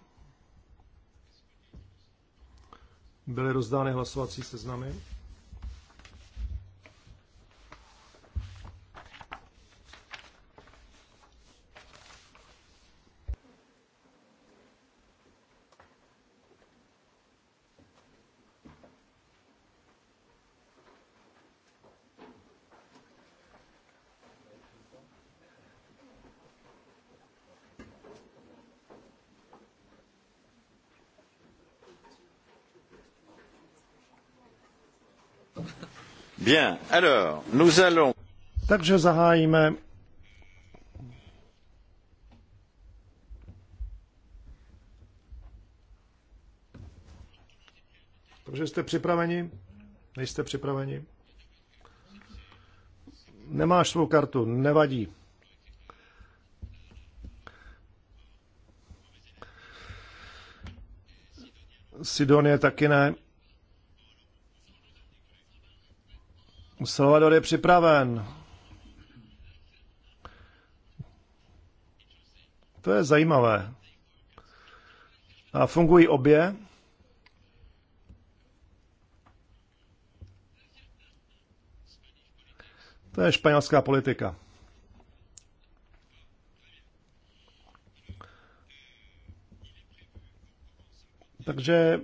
[SPEAKER 3] Byly rozdány hlasovací seznamy.
[SPEAKER 2] Bien, alors, nous allons...
[SPEAKER 3] Takže zahájíme Takže jste připraveni? Nejste připraveni? Nemáš svou kartu, nevadí. Sidonie taky ne. Salvador je připraven. To je zajímavé. A fungují obě. To je španělská politika. Takže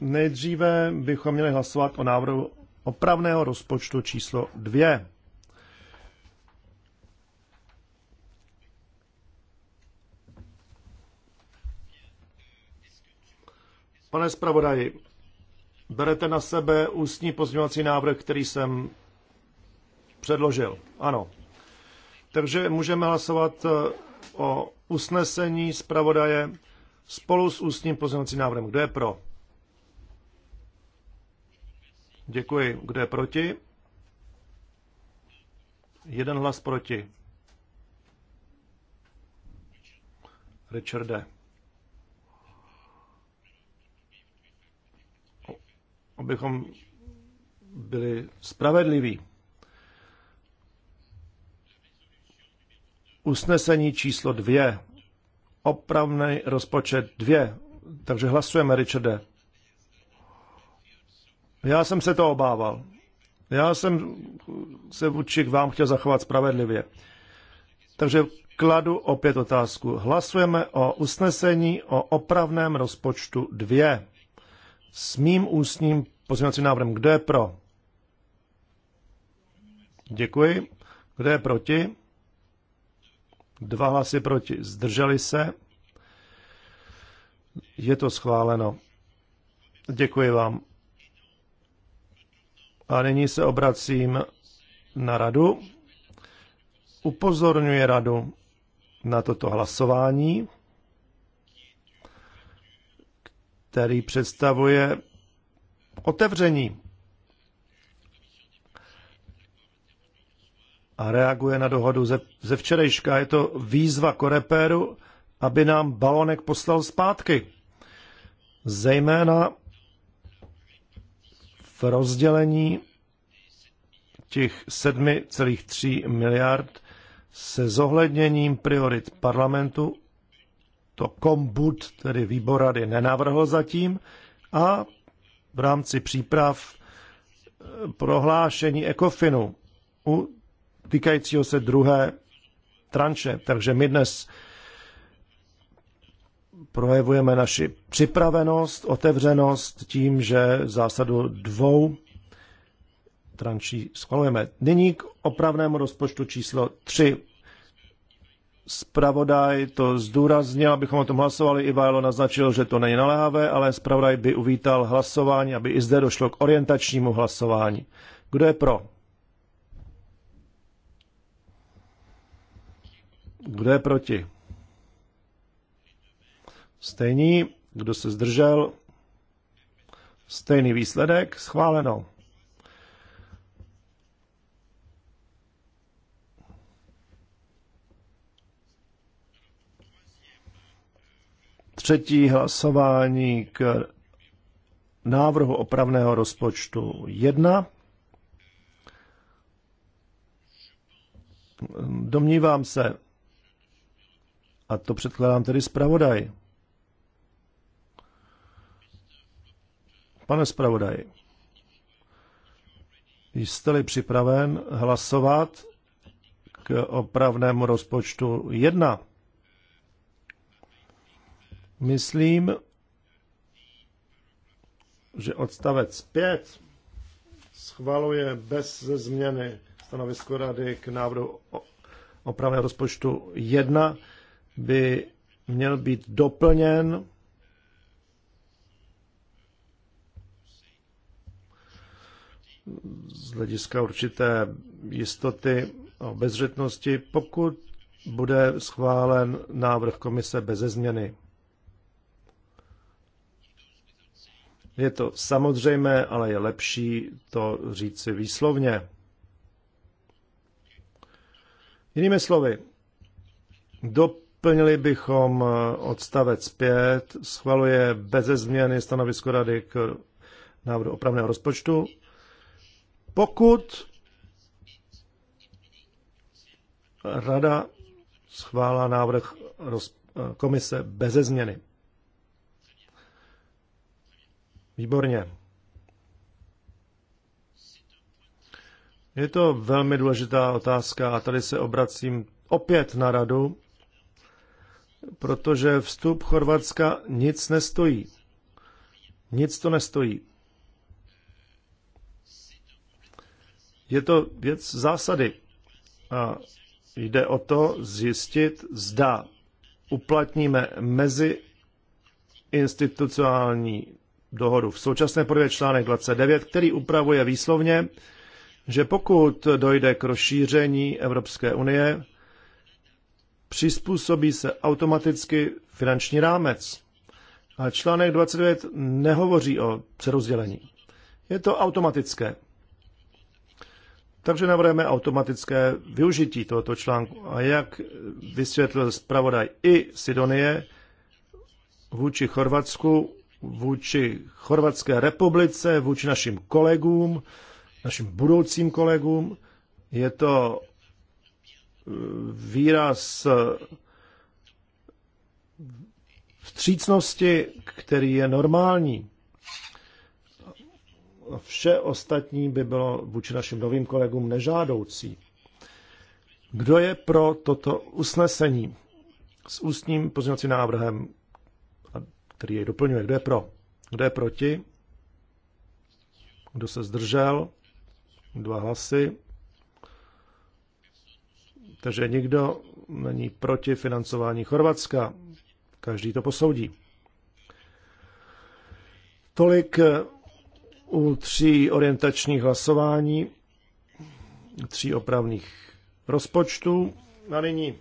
[SPEAKER 3] nejdříve bychom měli hlasovat o návrhu opravného rozpočtu číslo 2. Pane zpravodaji, berete na sebe ústní pozměňovací návrh, který jsem předložil? Ano. Takže můžeme hlasovat e, o usnesení zpravodaje spolu s ústním pozměňovacím návrhem. Kdo je pro? Děkuji. Kdo je proti? Jeden hlas proti. Richarde. Abychom byli spravedliví. Usnesení číslo dvě. Opravný rozpočet dvě. Takže hlasujeme, Richarde. Já jsem se to obával. Já jsem se vůči k vám chtěl zachovat spravedlivě. Takže kladu opět otázku. Hlasujeme o usnesení o opravném rozpočtu 2 s mým ústním pozměňovacím návrhem. Kdo je pro? Děkuji. Kdo je proti? Dva hlasy proti. Zdrželi se? Je to schváleno. Děkuji vám. A nyní se obracím na radu. Upozorňuje radu na toto hlasování, který představuje otevření a reaguje na dohodu ze, ze včerejška. Je to výzva Korepéru, aby nám balonek poslal zpátky. Zejména v rozdělení těch 7,3 miliard se zohledněním priorit parlamentu, to kombud, tedy výbor rady, nenavrhl zatím, a v rámci příprav eh, prohlášení ECOFINu u týkajícího se druhé tranše. Takže my dnes projevujeme naši připravenost, otevřenost tím, že zásadu dvou trančí schvalujeme. Nyní k opravnému rozpočtu číslo 3. Spravodaj to zdůraznil, abychom o tom hlasovali. Ivajlo naznačil, že to není naléhavé, ale spravodaj by uvítal hlasování, aby i zde došlo k orientačnímu hlasování. Kdo je pro? Kdo je proti? Stejný, Kdo se zdržel? Stejný výsledek. Schváleno. Třetí hlasování k návrhu opravného rozpočtu 1. Domnívám se, a to předkládám tedy zpravodaj, Pane zpravodaji, jste-li připraven hlasovat k opravnému rozpočtu 1? Myslím, že odstavec 5 schvaluje bez změny stanovisko rady k návrhu opravného rozpočtu 1 by měl být doplněn z hlediska určité jistoty o bezřetnosti, pokud bude schválen návrh komise bez změny. Je to samozřejmé, ale je lepší to říci výslovně. Jinými slovy, doplnili bychom odstavec 5, schvaluje beze změny stanovisko rady k návrhu opravného rozpočtu pokud rada schválá návrh komise bez změny. Výborně. Je to velmi důležitá otázka a tady se obracím opět na radu, protože vstup Chorvatska nic nestojí. Nic to nestojí. Je to věc zásady. A jde o to zjistit, zda uplatníme mezi institucionální dohodu. V současné podobě článek 29, který upravuje výslovně, že pokud dojde k rozšíření Evropské unie, přizpůsobí se automaticky finanční rámec. A článek 29 nehovoří o přerozdělení. Je to automatické. Takže navrhujeme automatické využití tohoto článku. A jak vysvětlil zpravodaj i Sidonie, vůči Chorvatsku, vůči Chorvatské republice, vůči našim kolegům, našim budoucím kolegům, je to eh, výraz eh, vstřícnosti, který je normální vše ostatní by bylo vůči našim novým kolegům nežádoucí. Kdo je pro toto usnesení s ústním pozměňovacím návrhem, který jej doplňuje? Kdo je pro? Kdo je proti? Kdo se zdržel? Dva hlasy. Takže nikdo není proti financování Chorvatska. Každý to posoudí. Tolik u tří orientačních hlasování, tří opravných rozpočtů. A nyní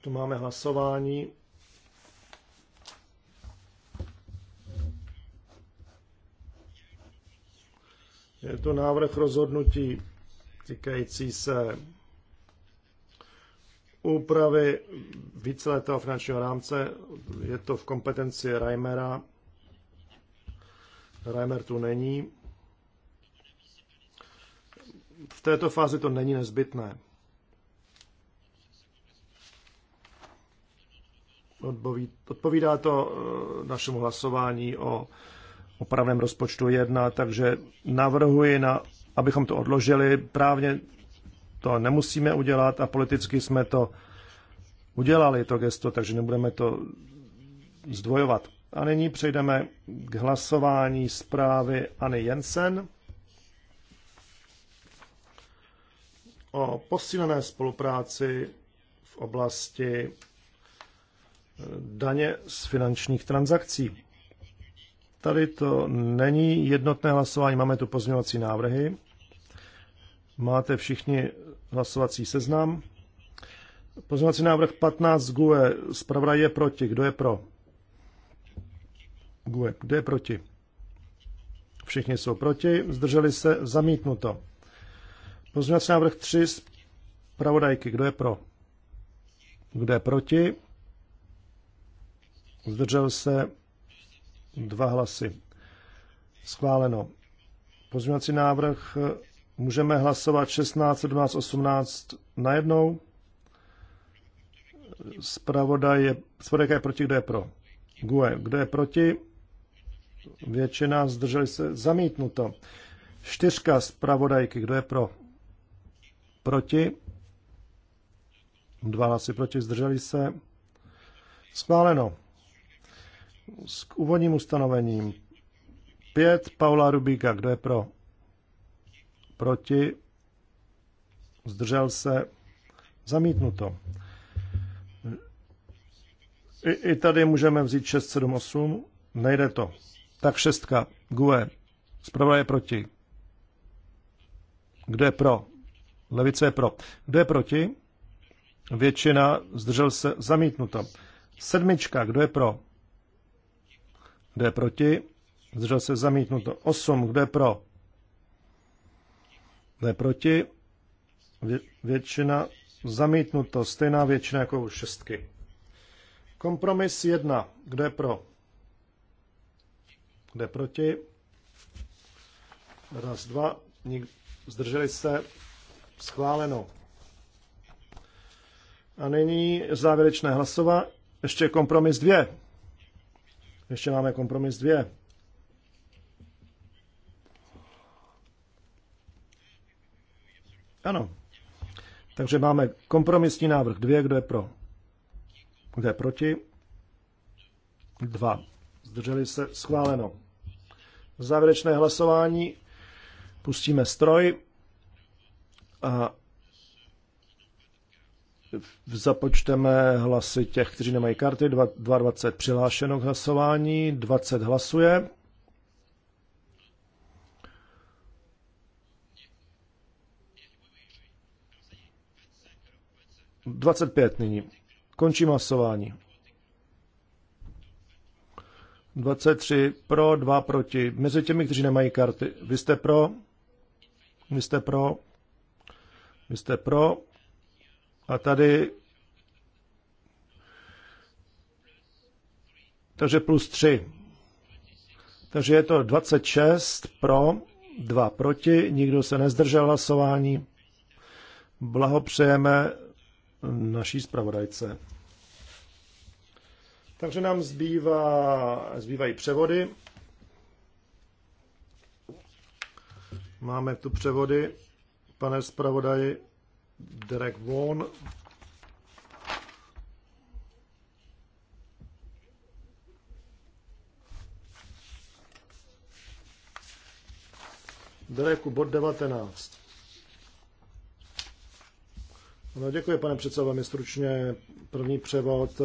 [SPEAKER 3] tu máme hlasování Je to návrh rozhodnutí týkající se úpravy víceletého finančního rámce. Je to v kompetenci Reimera Reimer tu není. V této fázi to není nezbytné. Odpovídá to eh, našemu hlasování o opravném rozpočtu 1, takže navrhuji, na, abychom to odložili. Právně to nemusíme udělat a politicky jsme to udělali, to gesto, takže nebudeme to zdvojovat. A nyní přejdeme k hlasování zprávy Anny Jensen o posílené spolupráci v oblasti eh, daně z finančních transakcí. Tady to není jednotné hlasování, máme tu pozměňovací návrhy. Máte všichni hlasovací seznam. Pozměňovací návrh 15 GUE, zpravodaj je proti, kdo je pro? GUE. Kdo je proti? Všichni jsou proti, zdrželi se, zamítnuto. Pozměňovací návrh 3 z pravodajky. Kdo je pro? Kdo je proti? Zdržel se dva hlasy. Schváleno. Pozměňovací návrh můžeme hlasovat 16, 17, 18 najednou. Spravodaj je, spravodajka je proti, kdo je pro? GUE. Kdo je proti? většina, zdrželi se, zamítnuto. Čtyřka zpravodajky, kdo je pro? Proti? Dva hlasy proti, zdrželi se. Schváleno. S k úvodním ustanovením. Pět Paula Rubíka, kdo je pro? Proti? Zdržel se. Zamítnuto. I, I tady můžeme vzít 6, 7, 8. Nejde to. Tak šestka. GUE. Zprava je proti. Kdo je pro? Levice je pro. Kdo je proti? Většina zdržel se zamítnuto. Sedmička. Kdo je pro? Kdo je proti? Zdržel se zamítnuto. Osm. Kdo je pro? Kdo je proti? Vě- většina zamítnuto. Stejná většina jako u šestky. Kompromis jedna. Kdo je pro? jde proti? Raz, dva. Zdrželi se. Schváleno. A nyní závěrečné hlasova. Ještě kompromis dvě. Ještě máme kompromis dvě. Ano. Takže máme kompromisní návrh dvě, kdo je pro. Kdo je proti? Dva. Zdrželi se schváleno. Závěrečné hlasování. Pustíme stroj a započteme hlasy těch, kteří nemají karty. 22 přihlášeno k hlasování, 20 hlasuje. Dvacet pět nyní. Končím hlasování. 23 pro, 2 proti. Mezi těmi, kteří nemají karty. Vy jste pro, vy jste pro, vy jste pro. A tady... Takže plus 3. Takže je to 26 pro, 2 proti, nikdo se nezdržel hlasování. Blahopřejeme naší zpravodajce. Takže nám zbývá, zbývají převody. Máme tu převody. Pane zpravodaji, Derek Vaughan. Dereku, bod 19. No, děkuji, pane předsedo, velmi stručně. První převod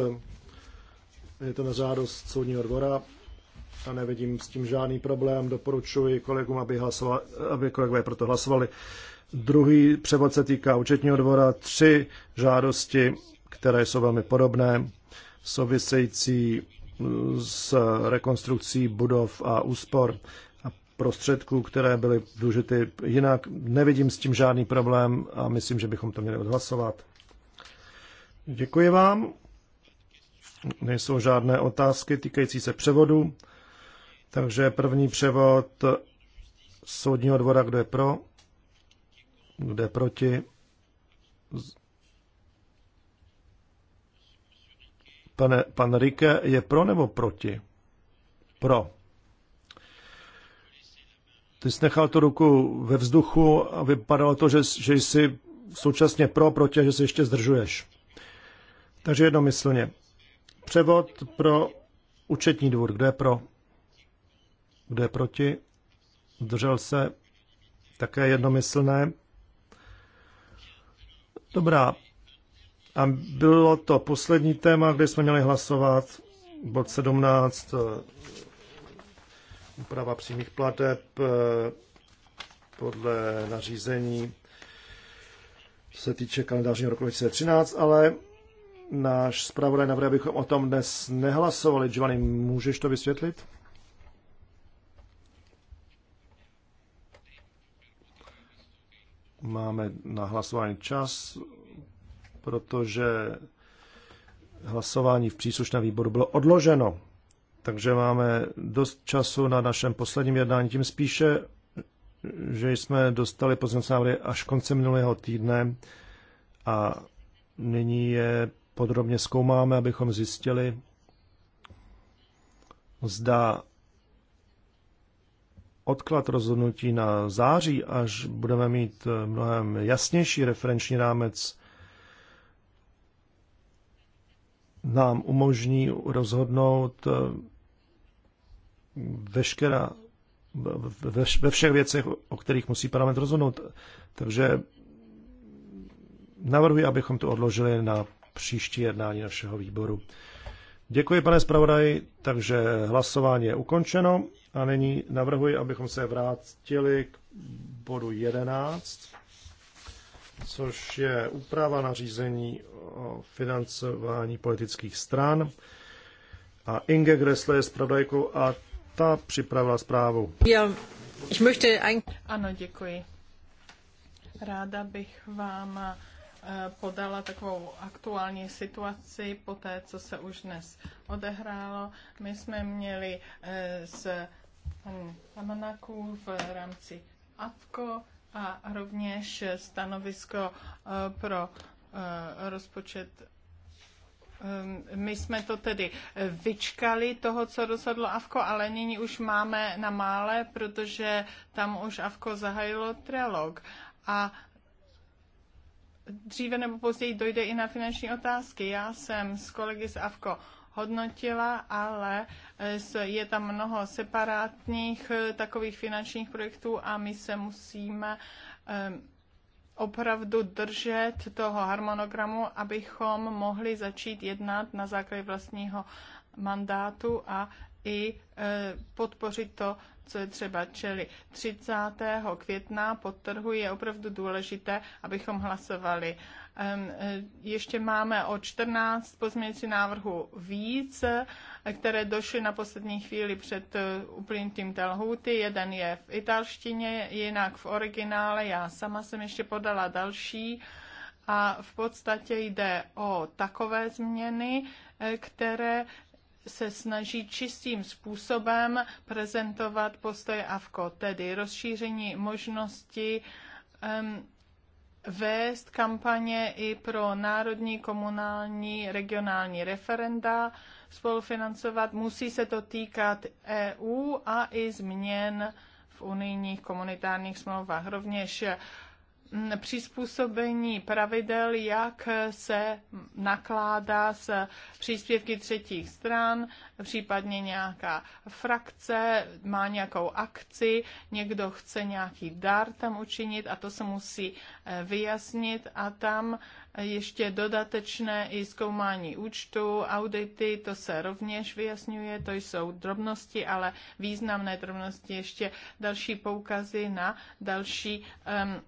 [SPEAKER 3] je to na žádost soudního dvora a nevidím s tím žádný problém. Doporučuji kolegům, aby, hlasovali, aby kolegové proto hlasovali. Druhý převod se týká účetního dvora. Tři žádosti, které jsou velmi podobné, související mm, s rekonstrukcí budov a úspor a prostředků, které byly využity jinak. Nevidím s tím žádný problém a myslím, že bychom to měli odhlasovat. Děkuji vám. Nejsou žádné otázky týkající se převodu. Takže první převod soudního dvora, kdo je pro, kdo je proti. Pane, pan Rike je pro nebo proti? Pro. Ty jsi nechal tu ruku ve vzduchu a vypadalo to, že, že jsi současně pro, proti a že se ještě zdržuješ. Takže jednomyslně. Převod pro účetní dvůr. Kdo je pro? Kdo je proti? Držel se také jednomyslné. Dobrá. A bylo to poslední téma, kde jsme měli hlasovat. Bod 17. Eh, úprava přímých plateb eh, podle nařízení, se týče kalendářního roku 2013, ale Náš zpravodaj navrhuje, abychom o tom dnes nehlasovali. Giovanni, můžeš to vysvětlit? Máme na hlasování čas, protože hlasování v příslušném výboru bylo odloženo. Takže máme dost času na našem posledním jednání, tím spíše, že jsme dostali pozornost návrhy až konce minulého týdne a nyní je podrobně zkoumáme, abychom zjistili, zda odklad rozhodnutí na září, až budeme mít eh, mnohem jasnější referenční rámec, nám umožní rozhodnout eh, veškerá, ve, všech věcech, o kterých musí parlament rozhodnout. Takže navrhuji, abychom to odložili na příští jednání našeho výboru. Děkuji, pane zpravodaji, takže hlasování je ukončeno a nyní navrhuji, abychom se vrátili k bodu 11, což je úprava nařízení o financování politických stran. A Inge Gressler je zpravodajkou a ta připravila zprávu.
[SPEAKER 2] Ano, děkuji. Ráda bych vám Eh, podala takovou aktuální situaci po té, co se už dnes odehrálo. My jsme měli eh, s Amanaku v rámci APKO a rovněž stanovisko eh, pro rozpočet ehm, my jsme to tedy vyčkali toho, co rozhodlo Avko, ale nyní už máme na mále, protože tam už Avko zahájilo trilog. A dříve nebo později dojde i na finanční otázky. Já jsem s kolegy z AVKO hodnotila, ale e, je tam mnoho separátních e, takových finančních projektů a my se musíme e, opravdu držet toho harmonogramu, abychom mohli začít jednat na základě vlastního mandátu a i podpořit to, co je třeba čeli. 30. května trhu, je opravdu důležité, abychom hlasovali. E, ještě máme o 14 pozměňující návrhů víc, které došly na poslední chvíli před e, uplynutím té lhůty. Jeden je v italštině, jinak v originále. Já sama jsem ještě podala další. A v podstatě jde o takové změny, e, které se snaží čistým způsobem prezentovat postoje AVKO, tedy rozšíření možnosti um, vést kampaně i pro národní, komunální, regionální referenda, spolufinancovat. Musí se to týkat EU a i změn v unijních komunitárních smlouvách. Rovněž přizpůsobení pravidel, jak se nakládá s příspěvky třetích stran, případně nějaká frakce má nějakou akci, někdo chce nějaký dar tam učinit a to se musí eh, vyjasnit a tam ještě dodatečné i zkoumání účtu, audity, to se rovněž vyjasňuje, to jsou drobnosti, ale významné drobnosti, ještě další poukazy na další um,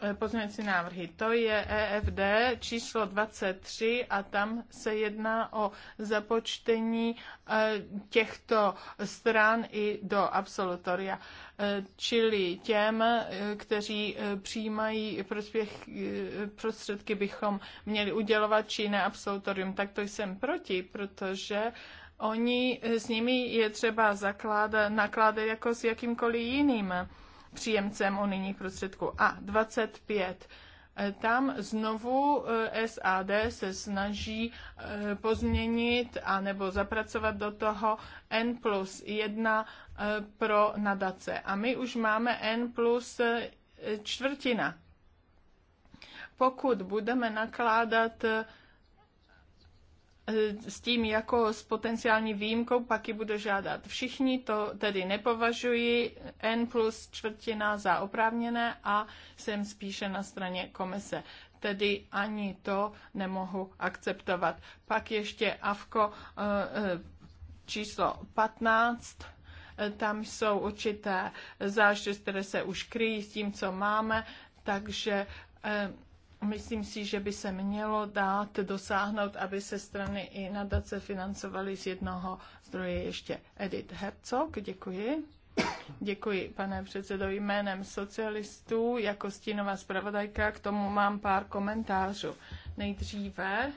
[SPEAKER 2] Eh, pozměňující návrhy. To je EFD číslo 23 a tam se jedná o započtení eh, těchto stran i do absolutoria, eh, čili těm, kteří přijímají prospěch, prostředky, bychom měli udělovat či ne absolutorium. Tak to jsem proti, protože oni s nimi je třeba zakládat, nakládat jako s jakýmkoliv jiným příjemcem unijních prostředků. A 25. Eh, tam znovu eh, SAD se snaží eh, pozměnit a nebo zapracovat do toho N plus 1 pro nadace. A my už máme N plus čtvrtina. Pokud budeme nakládat Eh, s tím jako s potenciální výjimkou pak ji bude žádat všichni, to tedy nepovažuji n plus čtvrtina za oprávněné a jsem spíše na straně komise. Tedy ani to nemohu akceptovat. Pak ještě AVKO eh, eh, číslo 15, tam jsou určité záště, které se už kryjí s tím, co máme, takže Myslím si, že by se mělo dát dosáhnout, aby se strany i nadace financovaly z jednoho zdroje ještě. Edith Herzog, děkuji. Děkuji, pane předsedo. Jménem socialistů jako stínová zpravodajka k tomu mám pár komentářů. Nejdříve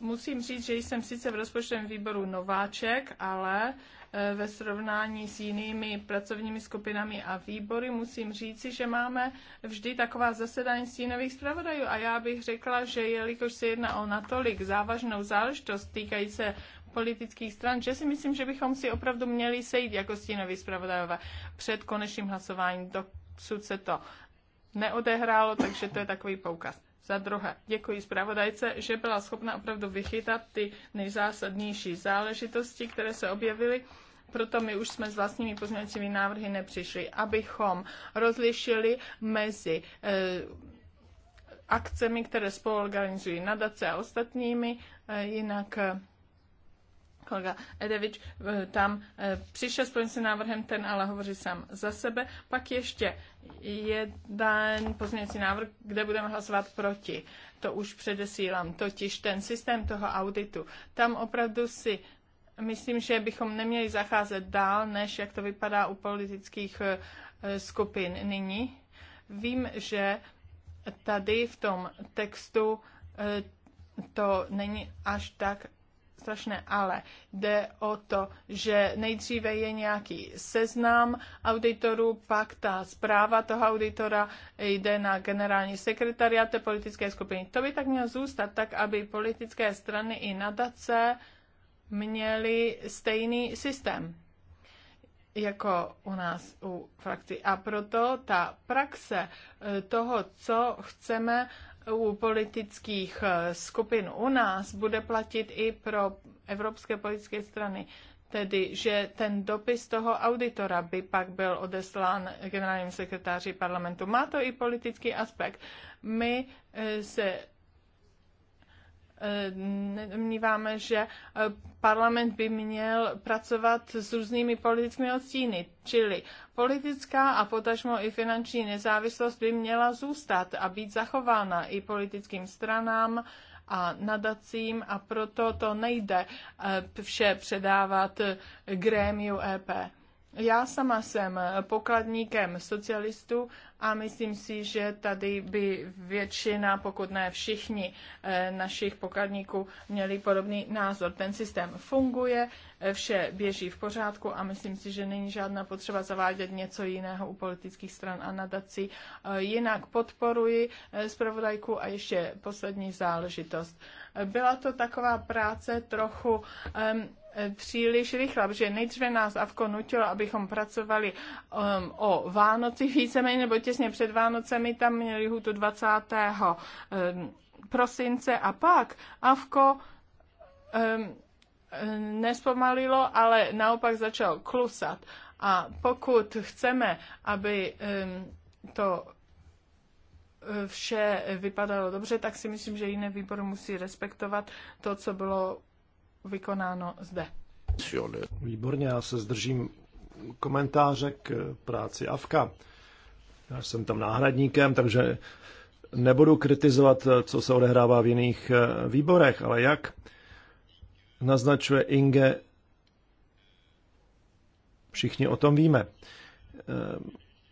[SPEAKER 2] musím říct, že jsem sice v rozpočtovém výboru nováček, ale Eh, ve srovnání s jinými pracovními skupinami a výbory, musím říci, že máme vždy taková zasedání stínových zpravodajů a já bych řekla, že jelikož se jedná o natolik závažnou záležitost týkající se politických stran, že si myslím, že bychom si opravdu měli sejít jako stínoví zpravodajové před konečným hlasováním. Dosud se to neodehrálo, takže to je takový poukaz. Za druhé, děkuji zpravodajce, že byla schopna opravdu vychytat ty nejzásadnější záležitosti, které se objevily proto my už jsme s vlastními pozměňovacími návrhy nepřišli, abychom rozlišili mezi eh, akcemi, které spoluorganizují nadace a ostatními, eh, jinak eh, kolega Edevič tam přišel s pozměňovacím návrhem, ten ale hovoří sám za sebe. Pak ještě jeden pozměňovací návrh, kde budeme hlasovat proti. To už předesílám, totiž ten systém toho auditu. Tam opravdu si myslím, že bychom neměli zacházet dál, než jak to vypadá u politických eh, skupin nyní. Vím, že tady v tom textu eh, to není až tak strašné, ale jde o to, že nejdříve je nějaký seznam auditorů, pak ta zpráva toho auditora jde na generální sekretariat té politické skupiny. To by tak mělo zůstat, tak aby politické strany i nadace měli stejný systém jako u nás u frakci. A proto ta praxe eh, toho, co chceme u politických eh, skupin u nás, bude platit i pro evropské politické strany. Tedy, že ten dopis toho auditora by pak byl odeslán generálním sekretáři parlamentu. Má to i politický aspekt. My eh, se Domníváme, eh, že eh, parlament by měl pracovat s různými politickými odstíny, čili politická a potažmo i finanční nezávislost by měla zůstat a být zachována i politickým stranám a nadacím a proto to nejde eh, vše předávat grémiu EP. Já sama jsem pokladníkem socialistů a myslím si, že tady by většina, pokud ne všichni eh, našich pokladníků měli podobný názor. Ten systém funguje, eh, vše běží v pořádku a myslím si, že není žádná potřeba zavádět něco jiného u politických stran a nadací. Eh, jinak podporuji zpravodajku a ještě poslední záležitost. Byla to taková práce trochu um, Eh, příliš rychle, protože nejdříve nás Avko nutilo, abychom pracovali um, o Vánoci víceméně, nebo těsně před Vánocemi, tam měli hůtu 20. Um, prosince a pak Avko um, eh, nespomalilo, ale naopak začal klusat. A pokud chceme, aby um, to eh, vše vypadalo dobře, tak si myslím, že jiné výbory musí respektovat to, co bylo vykonáno zde.
[SPEAKER 3] Výborně, já se zdržím komentáře k práci Avka. Já jsem tam náhradníkem, takže nebudu kritizovat, co se odehrává v jiných eh, výborech, ale jak naznačuje Inge, všichni o tom víme. Eh,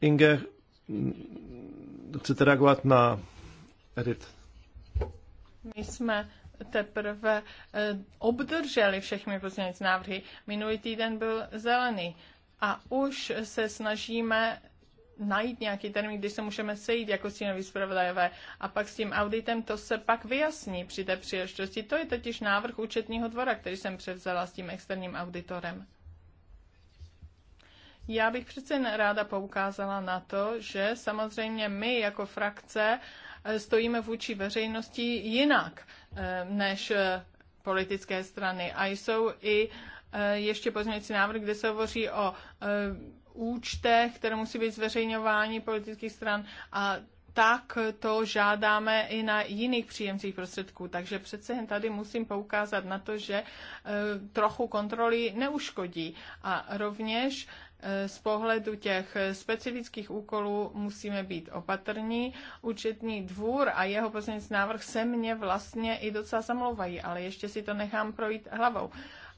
[SPEAKER 3] Inge, chcete reagovat na Edit?
[SPEAKER 2] My jsme teprve eh, obdrželi všechny pozměňovací návrhy. Minulý týden byl zelený a už se snažíme najít nějaký termín, když se můžeme sejít jako stínoví zpravodajové a pak s tím auditem to se pak vyjasní při té příležitosti. To je totiž návrh účetního dvora, který jsem převzala s tím externím auditorem. Já bych přece ráda poukázala na to, že samozřejmě my jako frakce uh, stojíme vůči veřejnosti jinak eh, než eh, politické strany. A jsou i eh, ještě pozměňující návrh, kde se hovoří o účtech, které musí být zveřejňování politických stran a tak to žádáme i na jiných příjemcích prostředků. Takže přece jen tady musím poukázat na to, že trochu kontroly neuškodí. A rovněž Eh, z pohledu těch specifických úkolů musíme být opatrní. Účetní dvůr a jeho poslanec návrh se mně vlastně i docela zamlouvají, ale ještě si to nechám projít hlavou.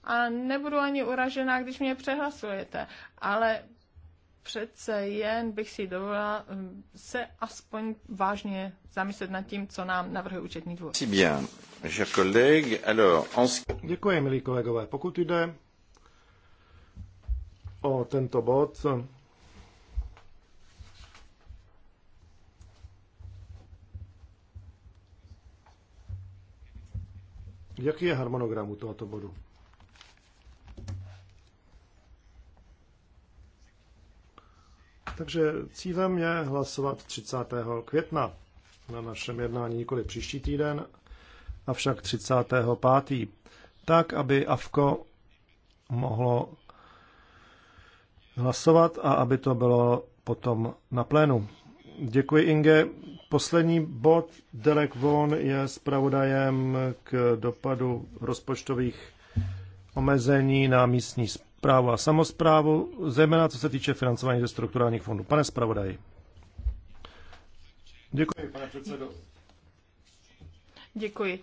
[SPEAKER 2] A nebudu ani uražená, když mě přehlasujete, ale přece jen bych si dovolila eh, se aspoň vážně zamyslet nad tím, co nám navrhuje účetní dvůr.
[SPEAKER 3] Děkuji, milí kolegové. Pokud jde o tento bod. Jaký je harmonogram u tohoto bodu? Takže cílem je hlasovat 30. května na našem jednání nikoli příští týden, avšak 35. tak, aby AFKO mohlo hlasovat a aby to bylo potom na plénu. Děkuji, Inge. Poslední bod. Derek Von je zpravodajem k dopadu rozpočtových omezení na místní zprávu a samozprávu, zejména co se týče financování ze strukturálních fondů. Pane zpravodaji. Děkuji, pane předsedo.
[SPEAKER 2] Děkuji.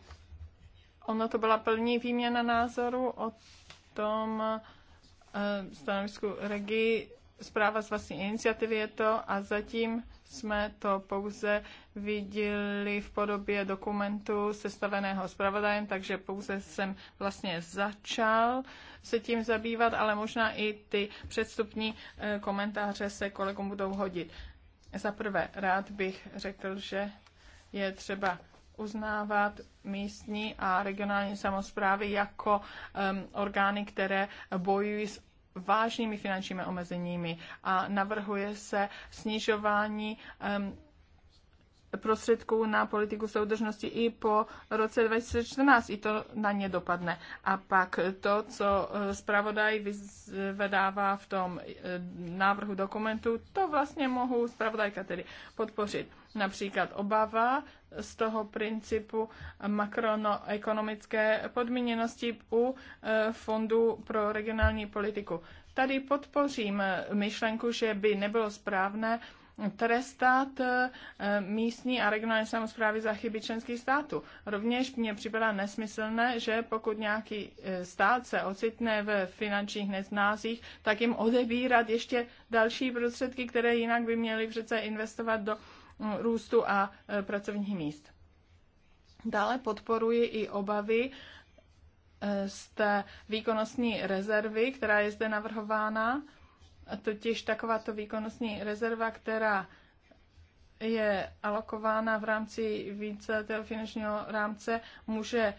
[SPEAKER 2] Ono to byla plní výměna názoru o tom, Eh, stanovisku Regi. Zpráva z vlastní iniciativy je to a zatím jsme to pouze viděli v podobě dokumentu sestaveného zpravodajem, takže pouze jsem vlastně začal se tím zabývat, ale možná i ty předstupní eh, komentáře se kolegům budou hodit. Za prvé, rád bych řekl, že je třeba uznávat místní a regionální samozprávy jako um, orgány, které bojují s vážnými finančními omezeními a navrhuje se snižování um, prostředků na politiku soudržnosti i po roce 2014. I to na ně dopadne. A pak to, co e, zpravodaj vyvedává v tom e, návrhu dokumentu, to vlastně mohu zpravodajka tedy podpořit například obava z toho principu makroekonomické podmíněnosti u e, Fondu pro regionální politiku. Tady podpořím e, myšlenku, že by nebylo správné trestat e, místní a regionální samozprávy za chyby členských států. Rovněž mně připadá nesmyslné, že pokud nějaký stát se ocitne v finančních neznázích, tak jim odebírat ještě další prostředky, které jinak by měli přece investovat do Eh, růstu a eh, pracovních míst. Dále podporuji i obavy eh, z té výkonnostní rezervy, která je zde navrhována, totiž takováto výkonnostní rezerva, která je alokována v rámci více finančního rámce, může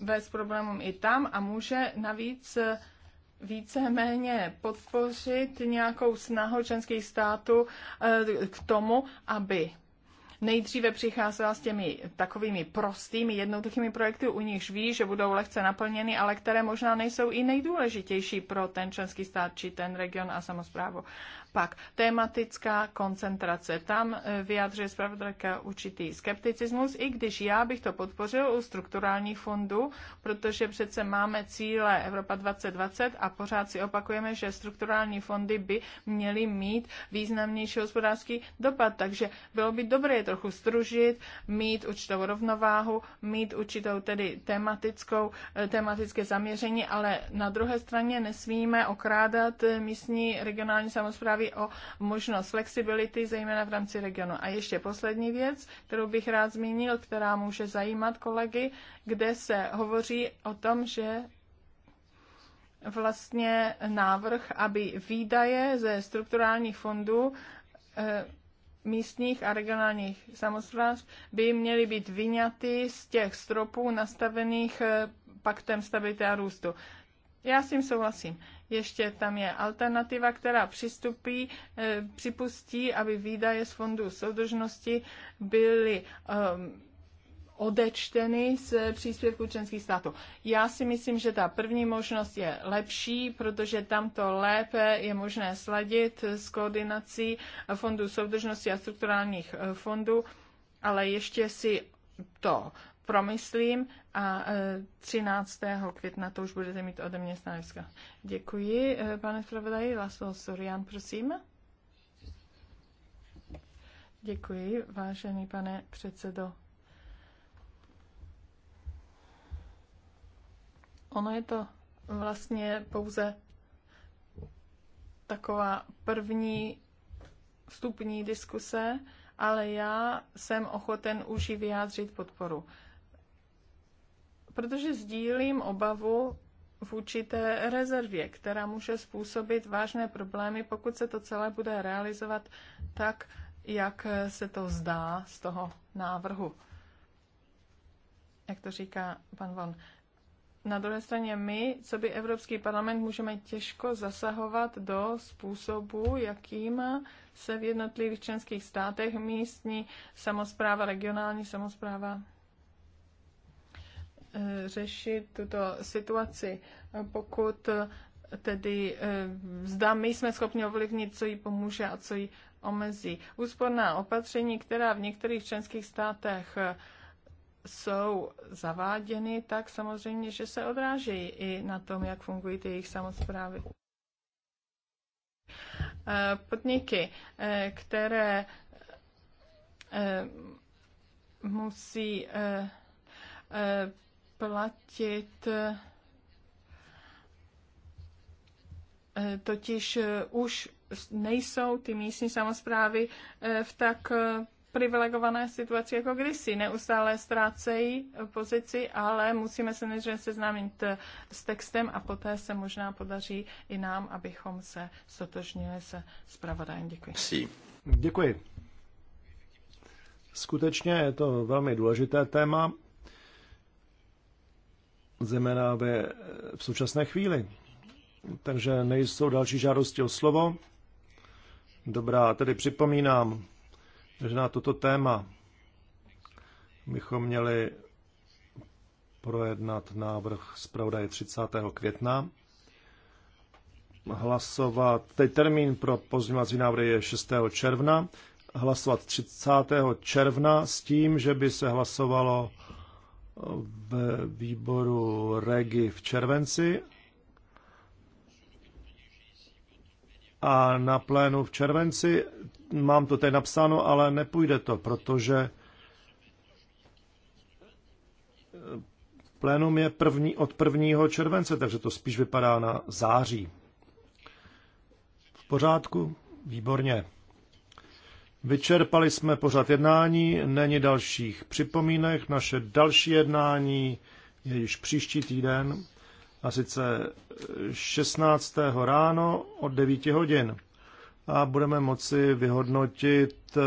[SPEAKER 2] vést problémům i tam a může navíc víceméně podpořit nějakou snahu členských států eh, k tomu, aby nejdříve přicházela s těmi takovými prostými, jednoduchými projekty, u nichž ví, že budou lehce naplněny, ale které možná nejsou i nejdůležitější pro ten členský stát či ten region a samozprávu. Pak tematická koncentrace. Tam e, vyjadřuje zpravodajka určitý skepticismus, i když já bych to podpořil u strukturálních fondů, protože přece máme cíle Evropa 2020 a pořád si opakujeme, že strukturální fondy by měly mít významnější hospodářský dopad. Takže bylo by dobré je trochu stružit, mít určitou rovnováhu, mít určitou tedy tematickou, e, tematické zaměření, ale na druhé straně nesmíme okrádat e, místní regionální samozprávy přišli o možnost flexibility, zejména v rámci regionu. A ještě poslední věc, kterou bych rád zmínil, která může zajímat kolegy, kde se hovoří o tom, že vlastně návrh, aby výdaje ze strukturálních fondů eh, místních a regionálních samozpráv by měly být vyňaty z těch stropů nastavených eh, paktem stability a růstu. Já s tím souhlasím. Ještě tam je alternativa, která přistupí, eh, připustí, aby výdaje z fondu soudržnosti byly ehm, odečteny z příspěvku členských států. Já si myslím, že ta první možnost je lepší, protože tam to lépe je možné sladit s koordinací fondů soudržnosti a strukturálních eh, fondů, ale ještě si to promyslím a 13. E, května to už budete mít ode mě stanovisko. Děkuji, e, pane zpravodaji. Laslo Sorian, prosím. Děkuji, vážený pane předsedo. Ono je to vlastně pouze taková první vstupní diskuse, ale já jsem ochoten už i vyjádřit podporu protože sdílím obavu v určité rezervě, která může způsobit vážné problémy, pokud se to celé bude realizovat tak, jak se to zdá z toho návrhu. Jak to říká pan Von. Na druhé straně my, co by Evropský parlament, můžeme těžko zasahovat do způsobu, jakým se v jednotlivých členských státech místní samozpráva, regionální samozpráva Eh, řešit tuto situaci, pokud eh, tedy eh, zda my jsme schopni ovlivnit, co jí pomůže a co jí omezí. Úsporná opatření, která v některých členských státech jsou zaváděny, tak samozřejmě, že se odrážejí i na tom, jak fungují ty jejich samozprávy. Podniky, které musí platit eh, totiž eh, už nejsou ty místní samozprávy eh, v tak privilegované situaci jako kdysi. Neustále ztrácejí pozici, ale musíme se než seznámit s textem a poté se možná podaří i nám, abychom se stotožnili se zpravodajem. Děkuji.
[SPEAKER 3] Děkuji. Skutečně je to velmi důležité téma zejména ve, v současné chvíli. Takže nejsou další žádosti o slovo. Dobrá, tedy připomínám, že na toto téma bychom měli projednat návrh zpravodaje 30. května. Hlasovat, teď termín pro pozměňovací návrhy je 6. června, hlasovat 30. června s tím, že by se hlasovalo v výboru REGI v červenci a na plénu v červenci. Mám to tady napsáno, ale nepůjde to, protože plénum je první, od 1. července, takže to spíš vypadá na září. V pořádku? Výborně. Vyčerpali jsme pořad jednání, není dalších připomínek. Naše další jednání je již příští týden, a sice 16. ráno od 9 hodin. A budeme moci vyhodnotit eh,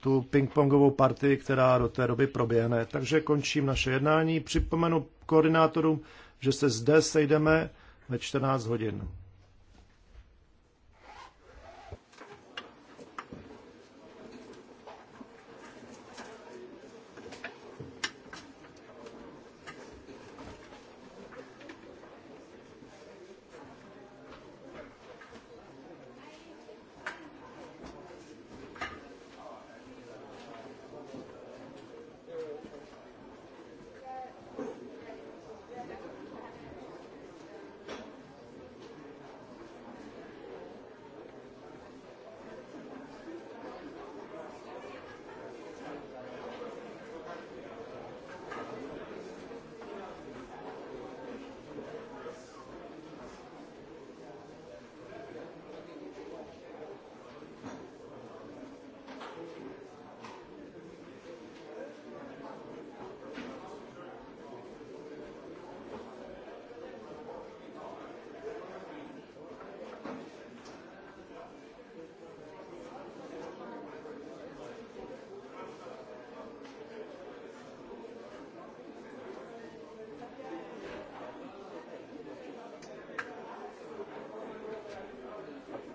[SPEAKER 3] tu pingpongovou partii, která do té doby proběhne. Takže končím naše jednání. Připomenu koordinátorům, že se zde sejdeme ve 14 hodin.